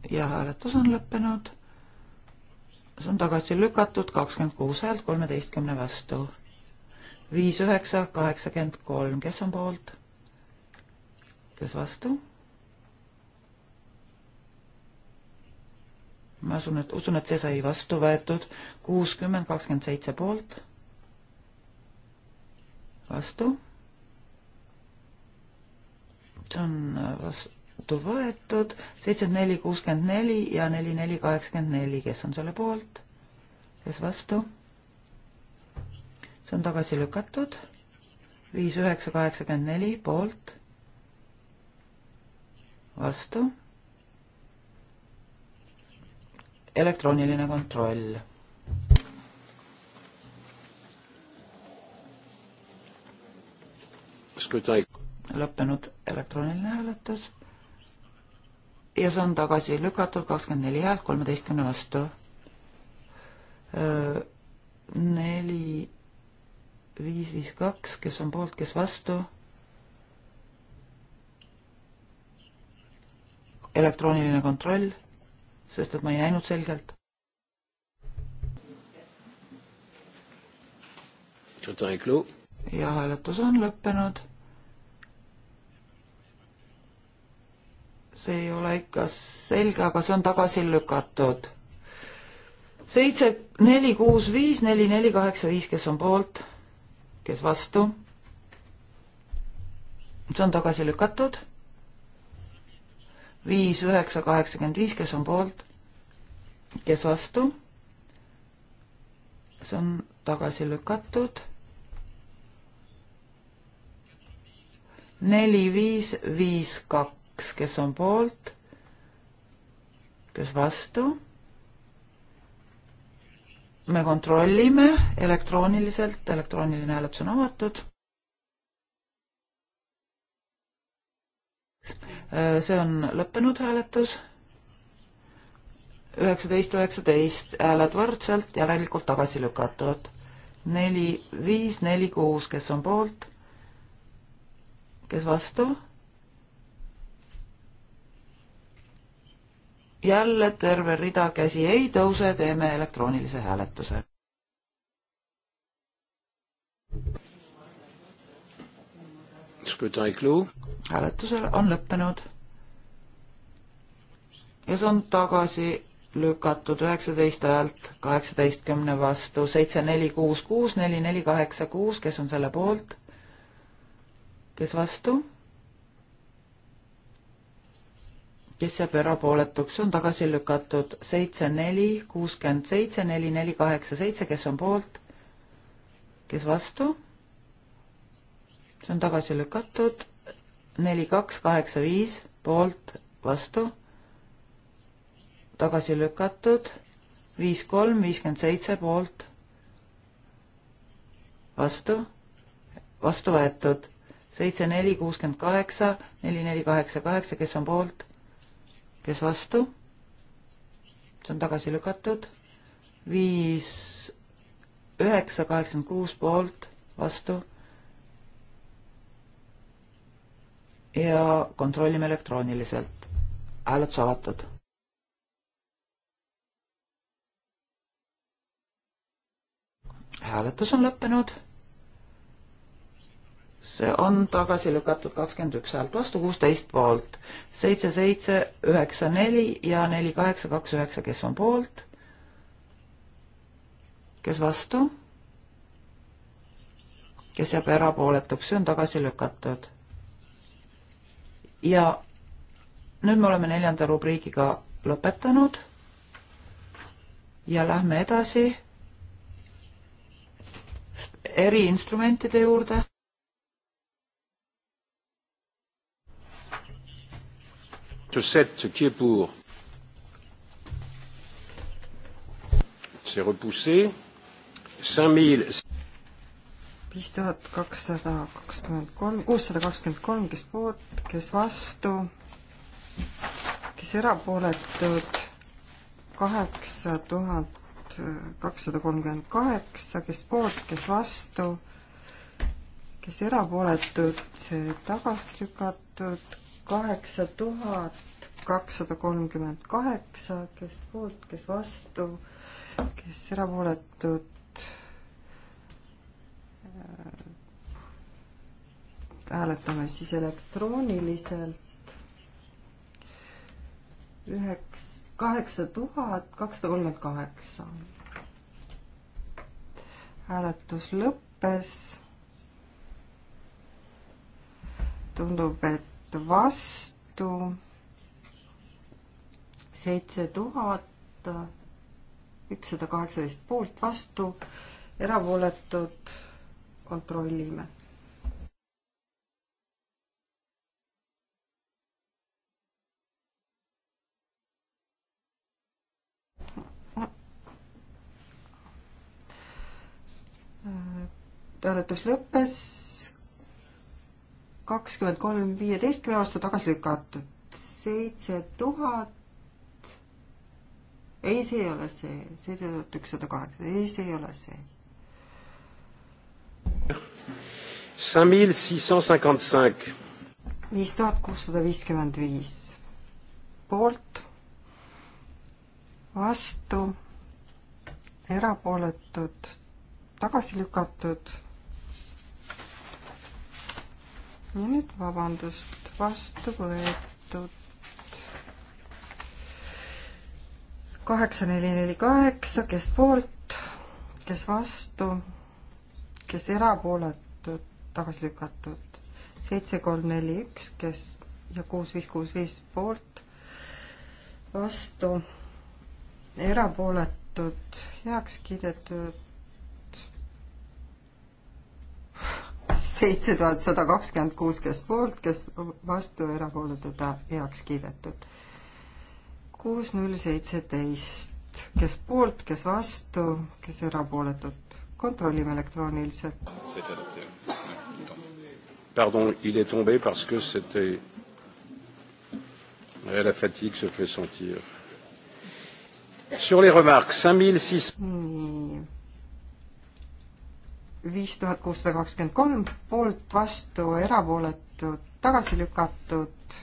ja hääletus on lõppenud. see on tagasi lükatud, kakskümmend kuus häält kolmeteistkümne vastu. viis üheksa, kaheksakümmend kolm, kes on poolt? kes vastu? ma usun, et usun, et see sai vastu võetud kuuskümmend, kakskümmend seitse poolt. vastu. see on äh, vastu võetud seitsekümmend neli, kuuskümmend neli ja neli, neli, kaheksakümmend neli, kes on selle poolt, kes vastu? see on tagasi lükatud. viis, üheksa, kaheksakümmend neli poolt vastu. elektrooniline kontroll. lõppenud elektrooniline hääletus ja see on tagasi lükatud kakskümmend neli häält kolmeteistkümne vastu. neli, viis, viis, kaks, kes on poolt, kes vastu elektrooniline kontroll, sest et ma ei näinud selgelt. ja hääletus on lõppenud. see ei ole ikka selge, aga see on tagasi lükatud. seitse, neli, kuus, viis, neli, neli, kaheksa, viis, kes on poolt, kes vastu. see on tagasi lükatud viis üheksa kaheksakümmend viis, kes on poolt, kes vastu. see on tagasi lükatud. neli, viis, viis, kaks, kes on poolt, kes vastu. me kontrollime elektrooniliselt, elektrooniline hääletus on avatud. Äh, see on lõppenud hääletus. üheksateist, üheksateist hääled võrdselt, järelikult tagasi lükatud. neli, viis, neli, kuus, kes on poolt, kes vastu? jälle terve rida käsi ei tõuse, teeme elektroonilise hääletuse hääletusel on lõppenud. ja see on tagasi lükatud üheksateist häält kaheksateistkümne vastu, seitse, neli, kuus, kuus, neli, neli, kaheksa, kuus, kes on selle poolt? kes vastu? kes jääb erapooletuks, on tagasi lükatud seitse, neli, kuuskümmend seitse, neli, neli, kaheksa, seitse, kes on poolt? kes vastu? see on tagasi lükatud. neli, kaks, kaheksa, viis poolt, vastu, tagasi lükatud. viis, kolm, viiskümmend seitse poolt, vastu, vastu võetud. seitse, neli, kuuskümmend kaheksa, neli, neli, kaheksa, kaheksa, kes on poolt, kes vastu? see on tagasi lükatud. viis, üheksa, kaheksakümmend kuus poolt, vastu ja kontrollime elektrooniliselt. hääletus avatud. hääletus on lõppenud. see on tagasi lükatud kakskümmend üks häält vastu, kuusteist poolt, seitse, seitse, üheksa, neli ja neli, kaheksa, kaks, üheksa, kes on poolt? kes vastu? kes jääb erapooletuks, see on tagasi lükatud ja nüüd me oleme neljanda rubriigiga lõpetanud ja lähme edasi eriinstrumentide juurde. C'est repoussé. 5000 viis tuhat kakssada kakskümmend kolm, kuussada kakskümmend kolm, kes poolt, kes vastu, kes erapooletud, kaheksa tuhat kakssada kolmkümmend kaheksa, kes poolt, kes vastu, kes erapooletud, see tagasi lükatud, kaheksa tuhat kakssada kolmkümmend kaheksa, kes poolt, kes vastu, kes erapooletud, Äh, hääletame siis elektrooniliselt. üheks, kaheksa tuhat kakssada kolmkümmend kaheksa. hääletus lõppes. tundub, et vastu seitse tuhat, äh, ükssada kaheksateist poolt vastu, erapooletud kontrollime. hääletus lõppes kakskümmend kolm viieteistkümne aasta tagasi lükatud. seitse tuhat ei, see ei ole see, seitse tuhat ükssada kaheksa, ei, see ei ole see viis tuhat kuussada viiskümmend viis poolt, vastu, erapooletud, tagasi lükatud. ja nüüd vabandust, vastu võetud kaheksa, neli, neli, kaheksa, kes poolt, kes vastu, kes erapooletud, tagasi lükatud. seitse, kolm, neli, üks, kes ja kuus, viis, kuus, viis poolt, vastu, erapooletud, heaks kiidetud seitse tuhat sada kakskümmend kuus, kes poolt, kes vastu, erapooletud, heaks kiidetud. kuus, null, seitseteist, kes poolt, kes vastu, kes erapooletud, kontrollime elektrooniliselt. seitse tuhat jah Pardon, il est tombé parce que c'était. Ouais, la fatigue se fait sentir. Sur les remarques, 5600. nii. viis tuhat kuussada kakskümmend kolm poolt, vastu, erapooletud, tagasi lükatud.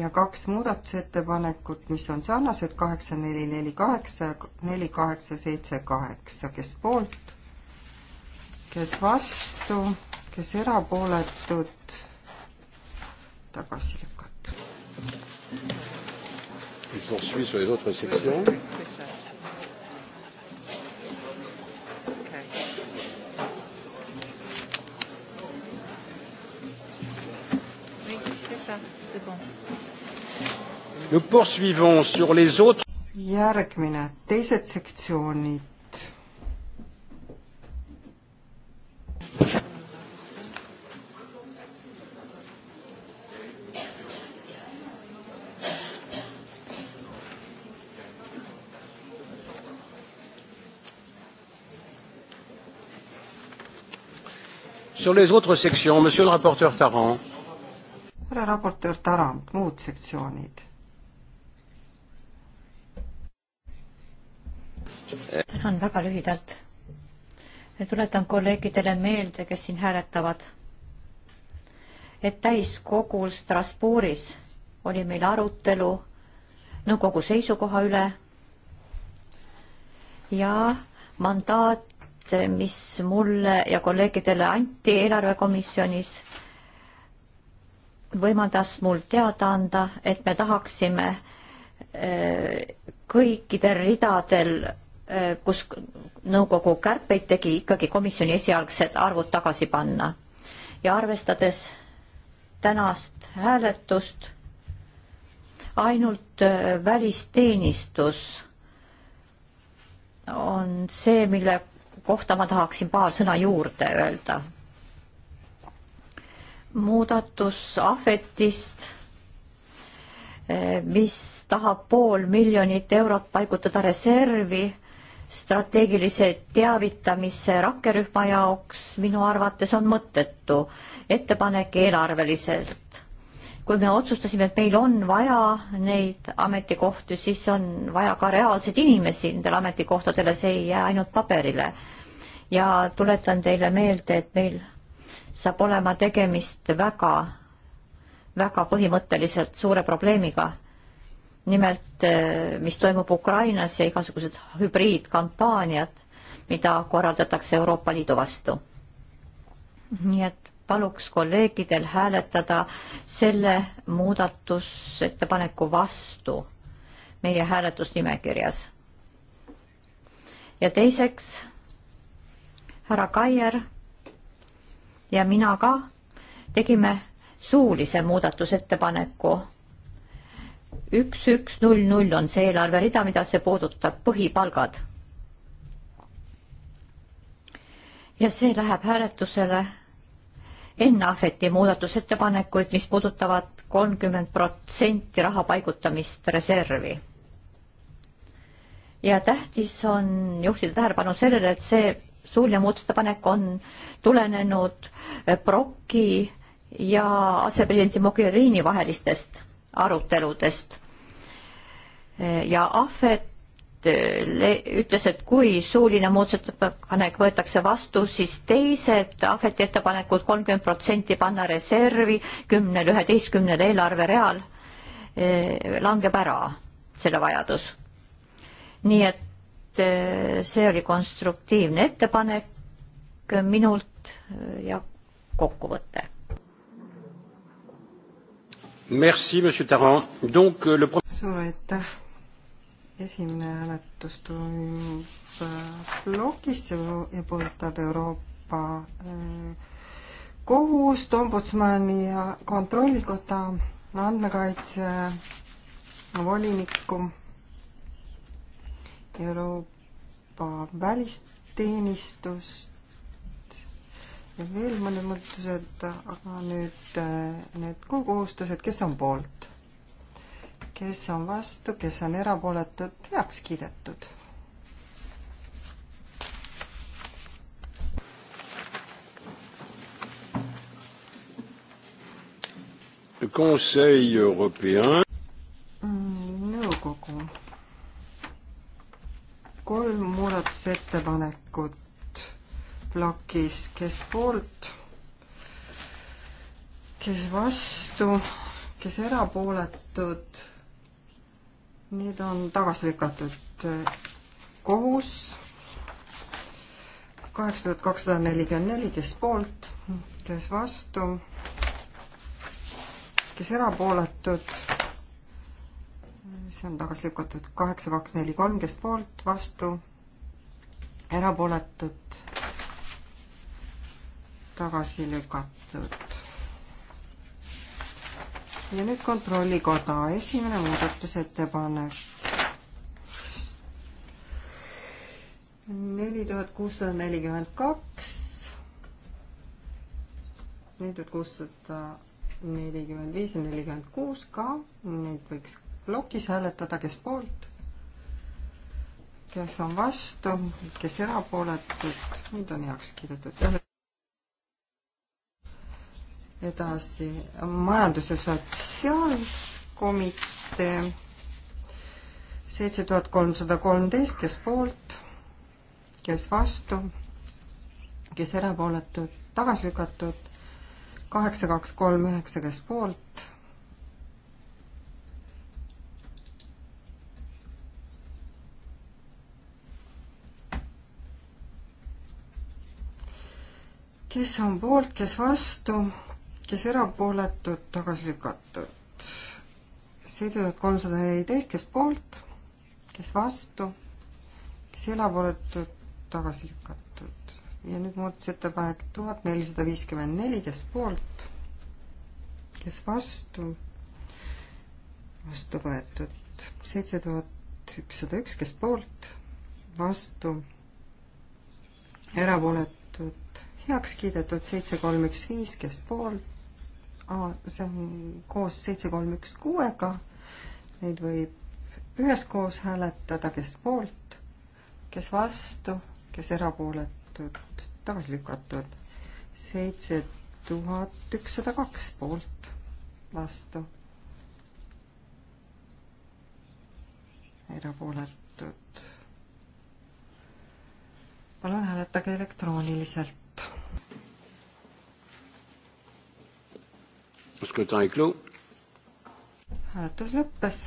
ja kaks muudatusettepanekut, mis on sarnased, kaheksa, neli, neli, kaheksa, neli, kaheksa, seitse, kaheksa, kes poolt kes vastu, kes erapooletud, tagasi lükatud. Il poursuit sur les autres sections. Nous poursuivons sur les autres. järgmine, teised sektsioonid. Sur les autres sections, monsieur le rapporteur Tarand. härra raportöör Tarand, muud sektsioonid. tänan väga lühidalt. tuletan kolleegidele meelde, kes siin hääletavad, et täiskogul Strasbourgis oli meil arutelu nõukogu seisukoha üle ja mandaat Eh, mis mulle ja kolleegidele anti eelarvekomisjonis, võimaldas mul teada anda, et me tahaksime eh, kõikidel ridadel, eh, kus nõukogu kärpeid tegi, ikkagi komisjoni esialgsed arvud tagasi panna. ja arvestades tänast hääletust, ainult välisteenistus on see, mille kohta ma tahaksin paar sõna juurde öelda. muudatus ahvetist, mis tahab pool miljonit eurot paigutada reservi strateegilise teavitamise rakkerühma jaoks, minu arvates on mõttetu ettepanek eelarveliselt kui me otsustasime, et meil on vaja neid ametikohti, siis on vaja ka reaalseid inimesi nendele ametikohtadele, see ei jää ainult paberile. ja tuletan teile meelde, et meil saab olema tegemist väga, väga põhimõtteliselt suure probleemiga. nimelt, eh, mis toimub Ukrainas ja igasugused hübriidkampaaniad, mida korraldatakse Euroopa Liidu vastu. nii et paluks kolleegidel hääletada selle muudatusettepaneku vastu meie hääletusnimekirjas. ja teiseks härra Kaier ja mina ka tegime suulise muudatusettepaneku. üks, üks, null, null on see eelarverida, mida see puudutab, põhipalgad. ja see läheb hääletusele enne Ahveti muudatusettepanekuid, mis puudutavad kolmkümmend protsenti raha paigutamist reservi. ja tähtis on juhtida tähelepanu sellele, et see suuline muudatusettepanek on tulenenud Brocki ja asepresidendi Mogherini vahelistest aruteludest. ja Ahvet ütles, et kui suuline muudatusettepanek võetakse vastu, siis teised ahveti ettepanekud kolmkümmend protsenti panna reservi kümnel, üheteistkümnel eelarvereal eh, langeb ära, selle vajadus. nii et eh, see oli konstruktiivne ettepanek minult eh, ja kokkuvõte. Merci, monsieur Tarand. Donc le... suur aitäh esimene hääletus toimub äh, plokis, see puudutab Euroopa äh, kohust, ombudsmani ja kontrollikoda, andmekaitse volinikku, Euroopa välisteenistust ja veel mõned mõtlused, aga nüüd äh, need kohustused, kes on poolt? kes on vastu, kes on erapooletud, heaks kiidetud. Conseil européen. Mm, nõukogu. kolm muudatusettepanekut plokis, kes poolt, kes vastu, kes erapooletud Need on tagasi lükatud kohus kaheksa tuhat kakssada nelikümmend neli, kes poolt, kes vastu, kes erapooletud, see on tagasi lükatud, kaheksa, kaks, neli, kolm, kes poolt, vastu, erapooletud, tagasi lükatud ja nüüd Kontrollikoda, esimene muudatusettepanek. neli tuhat kuussada nelikümmend kaks, neli tuhat kuussada nelikümmend viis ja nelikümmend kuus ka, neid võiks plokis hääletada, kes poolt, kes on vastu, kes erapooletud, nüüd on heaks kiidetud edasi majandus- ja sotsiaalkomitee seitse tuhat kolmsada kolmteist, kes poolt, kes vastu, kes erapooletud, tagasi lükatud, kaheksa, kaks, kolm, üheksa, kes poolt kes on poolt, kes vastu, kes erapooletud, tagasi lükatud. seitse tuhat kolmsada neliteist, kes poolt, kes vastu, kes erapooletud, tagasi lükatud. ja nüüd muudatusettepanek tuhat nelisada viiskümmend neli, kes poolt, kes vastu, vastu võetud. seitse tuhat ükssada üks, kes poolt, vastu, erapooletud, heaks kiidetud, seitse kolm üks viis, kes poolt, see on koos seitse, kolm, üks, kuuega. Neid võib üheskoos hääletada, kes poolt, kes vastu, kes erapooletud, tagasi lükatud. seitse tuhat ükssada kaks poolt, vastu. erapooletud. palun hääletage elektrooniliselt. hääletus äh, lõppes.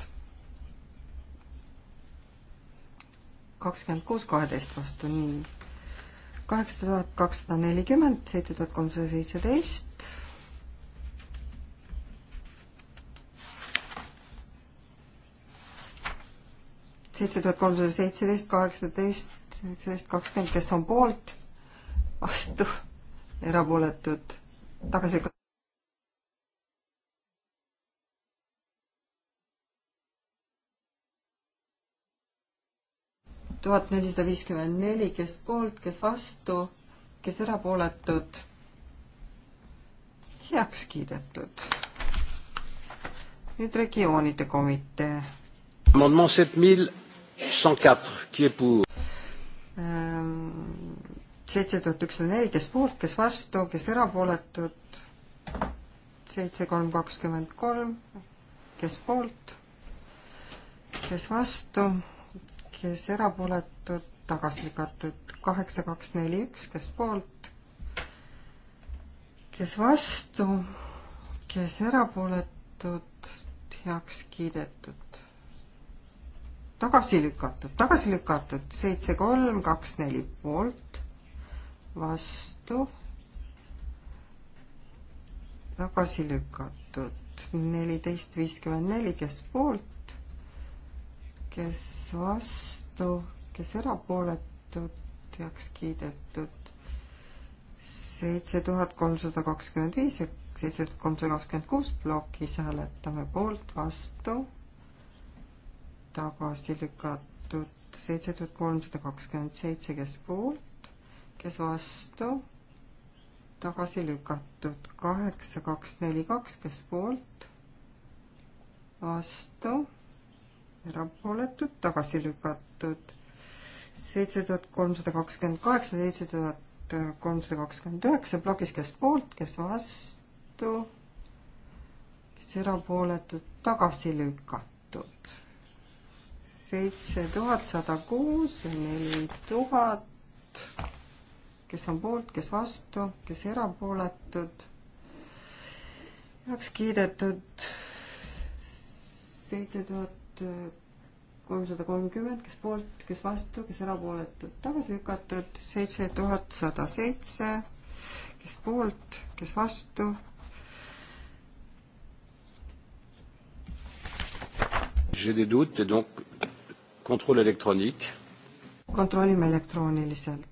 kakskümmend kuus, kaheteist vastu, nii. kaheksa tuhat kakssada nelikümmend, seitse tuhat kolmsada seitseteist. seitse tuhat kolmsada seitseteist, kaheksateist, üheksateist, kakskümmend, kes on poolt, vastu, erapooletud, tagasi lükatud. tuhat nelisada viiskümmend neli, kes poolt, kes vastu, kes erapooletud, heaks kiidetud. nüüd regioonide komitee. Amendement sept mille cent quatre, qui est pour? Ähm, seitse tuhat ükssada neli, kes poolt, kes vastu, kes erapooletud, seitse kolm kakskümmend kolm, kes poolt, kes vastu kes erapooletud, tagasi lükatud. kaheksa, kaks, neli, üks, kes poolt, kes vastu, kes erapooletud, heaks kiidetud. tagasi lükatud, tagasi lükatud, seitse, kolm, kaks, neli poolt, vastu, tagasi lükatud, neliteist, viiskümmend neli, kes poolt, kes vastu, kes erapooletud, heaks kiidetud. seitse tuhat kolmsada kakskümmend viis ja seitse tuhat kolmsada kakskümmend kuus plokis hääletame poolt, vastu, tagasi lükatud. seitse tuhat kolmsada kakskümmend seitse, kes poolt, kes vastu, tagasi lükatud. kaheksa, kaks, neli, kaks, kes poolt, vastu erapooletud, tagasi lükatud. seitse tuhat kolmsada kakskümmend kaheksa, seitse tuhat kolmsada kakskümmend üheksa plokis, kes poolt, kes vastu, kes erapooletud, tagasi lükatud. seitse tuhat sada kuus ja neli tuhat, kes on poolt, kes vastu, kes erapooletud, heaks kiidetud seitse tuhat Äh, kolmsada kolmkümmend, kes poolt, kes vastu, kes erapooletud, tagasi lükatud, seitse tuhat sada seitse, kes poolt, kes vastu. J'ai des doutes et donc contrôle électronique. kontrollime elektrooniliselt.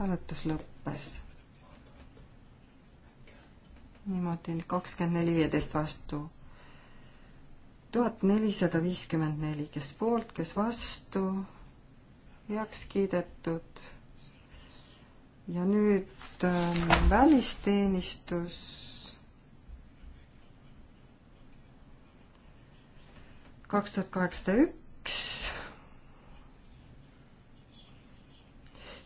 hääletus lõppes niimoodi kakskümmend neli, viieteist vastu. tuhat nelisada viiskümmend neli, kes poolt, kes vastu, heaks kiidetud. ja nüüd ähm, välisteenistus. kaks tuhat kaheksasada üks.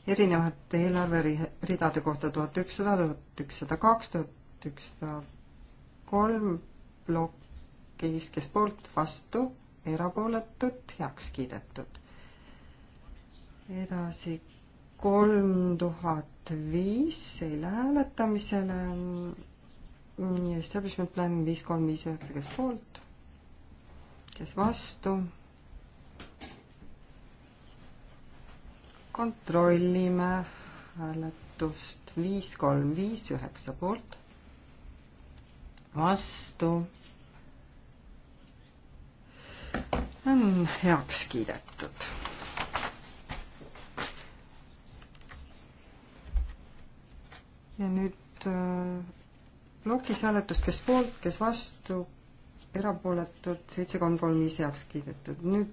erinevate eelarveridade kohta tuhat ükssada, tuhat ükssada kaks, tuhat tuhat ükssada kolm plokis, kes poolt, vastu, erapooletud, heaks kiidetud. edasi kolm tuhat viis selle hääletamisele. Establishment plan viis, kolm, viis, üheksa, kes poolt, kes vastu. kontrollime hääletust viis, kolm, viis, üheksa poolt vastu on heaks kiidetud. ja nüüd plokis äh, hääletus, kes poolt, kes vastu, erapooletud, seitse kolm kolm viis heaks kiidetud. nüüd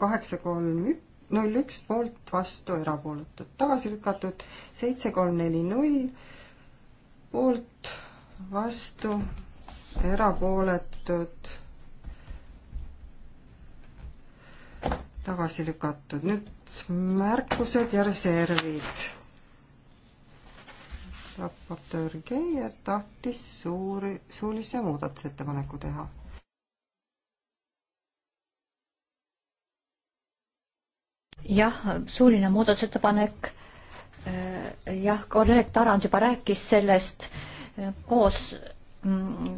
kaheksa kolm üks, null üks poolt, vastu, erapooletud, tagasi lükatud, seitse kolm neli null poolt vastu, erapooletud, tagasi lükatud. nüüd märkused ja reservid. raportöör Keier tahtis suuri, suulise muudatusettepaneku teha jah, suuline muudatusettepanek. Äh, jah, kolleeg Tarand juba rääkis sellest koos mm,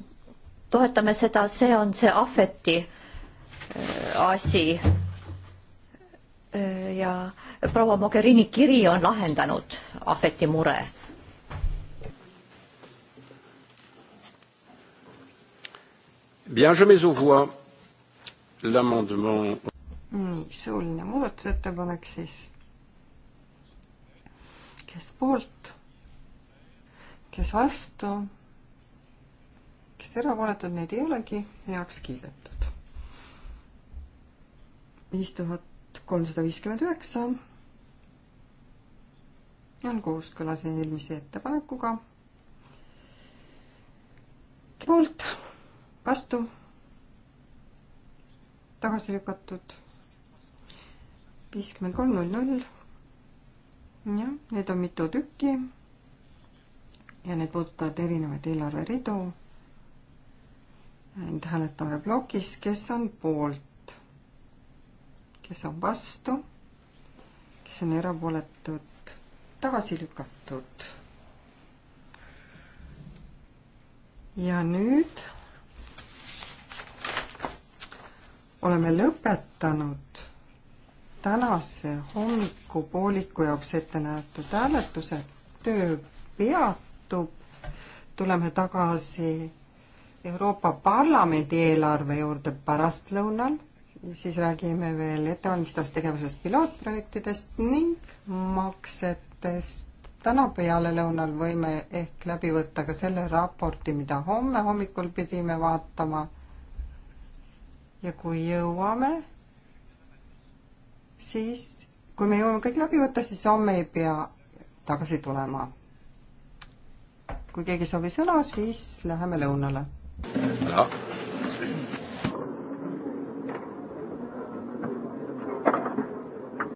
toetame seda, see on see ahveti äh, asi. Äh, ja proua Mogherini kiri on lahendanud ahveti mure. Bien, je mets au voix l'amendement. nii, suuline muudatusettepanek siis. kes poolt? kes vastu, kes erapooletud, neid ei olegi heaks kiidetud. viis tuhat kolmsada viiskümmend üheksa on kooskõlas eelmise ettepanekuga. poolt, vastu, tagasi lükatud viiskümmend kolm null null. jah, need on mitu tükki ja need puudutavad erinevaid eelarveridu. nüüd hääletame plokis, kes on poolt, kes on vastu, kes on erapooletud, tagasi lükatud. ja nüüd oleme lõpetanud tänase hommikupooliku jaoks ette nähtud hääletused. töö peatub muutub, tuleme tagasi Euroopa Parlamendi eelarve juurde pärastlõunal, siis räägime veel ettevalmistavast tegevusest, pilootprojektidest ning maksetest. täna pealelõunal võime ehk läbi võtta ka selle raporti, mida homme hommikul pidime vaatama. ja kui jõuame, siis kui me jõuame kõik läbi võtta, siis homme ei pea tagasi tulema kui keegi ei soovi sõna, siis läheme lõunale.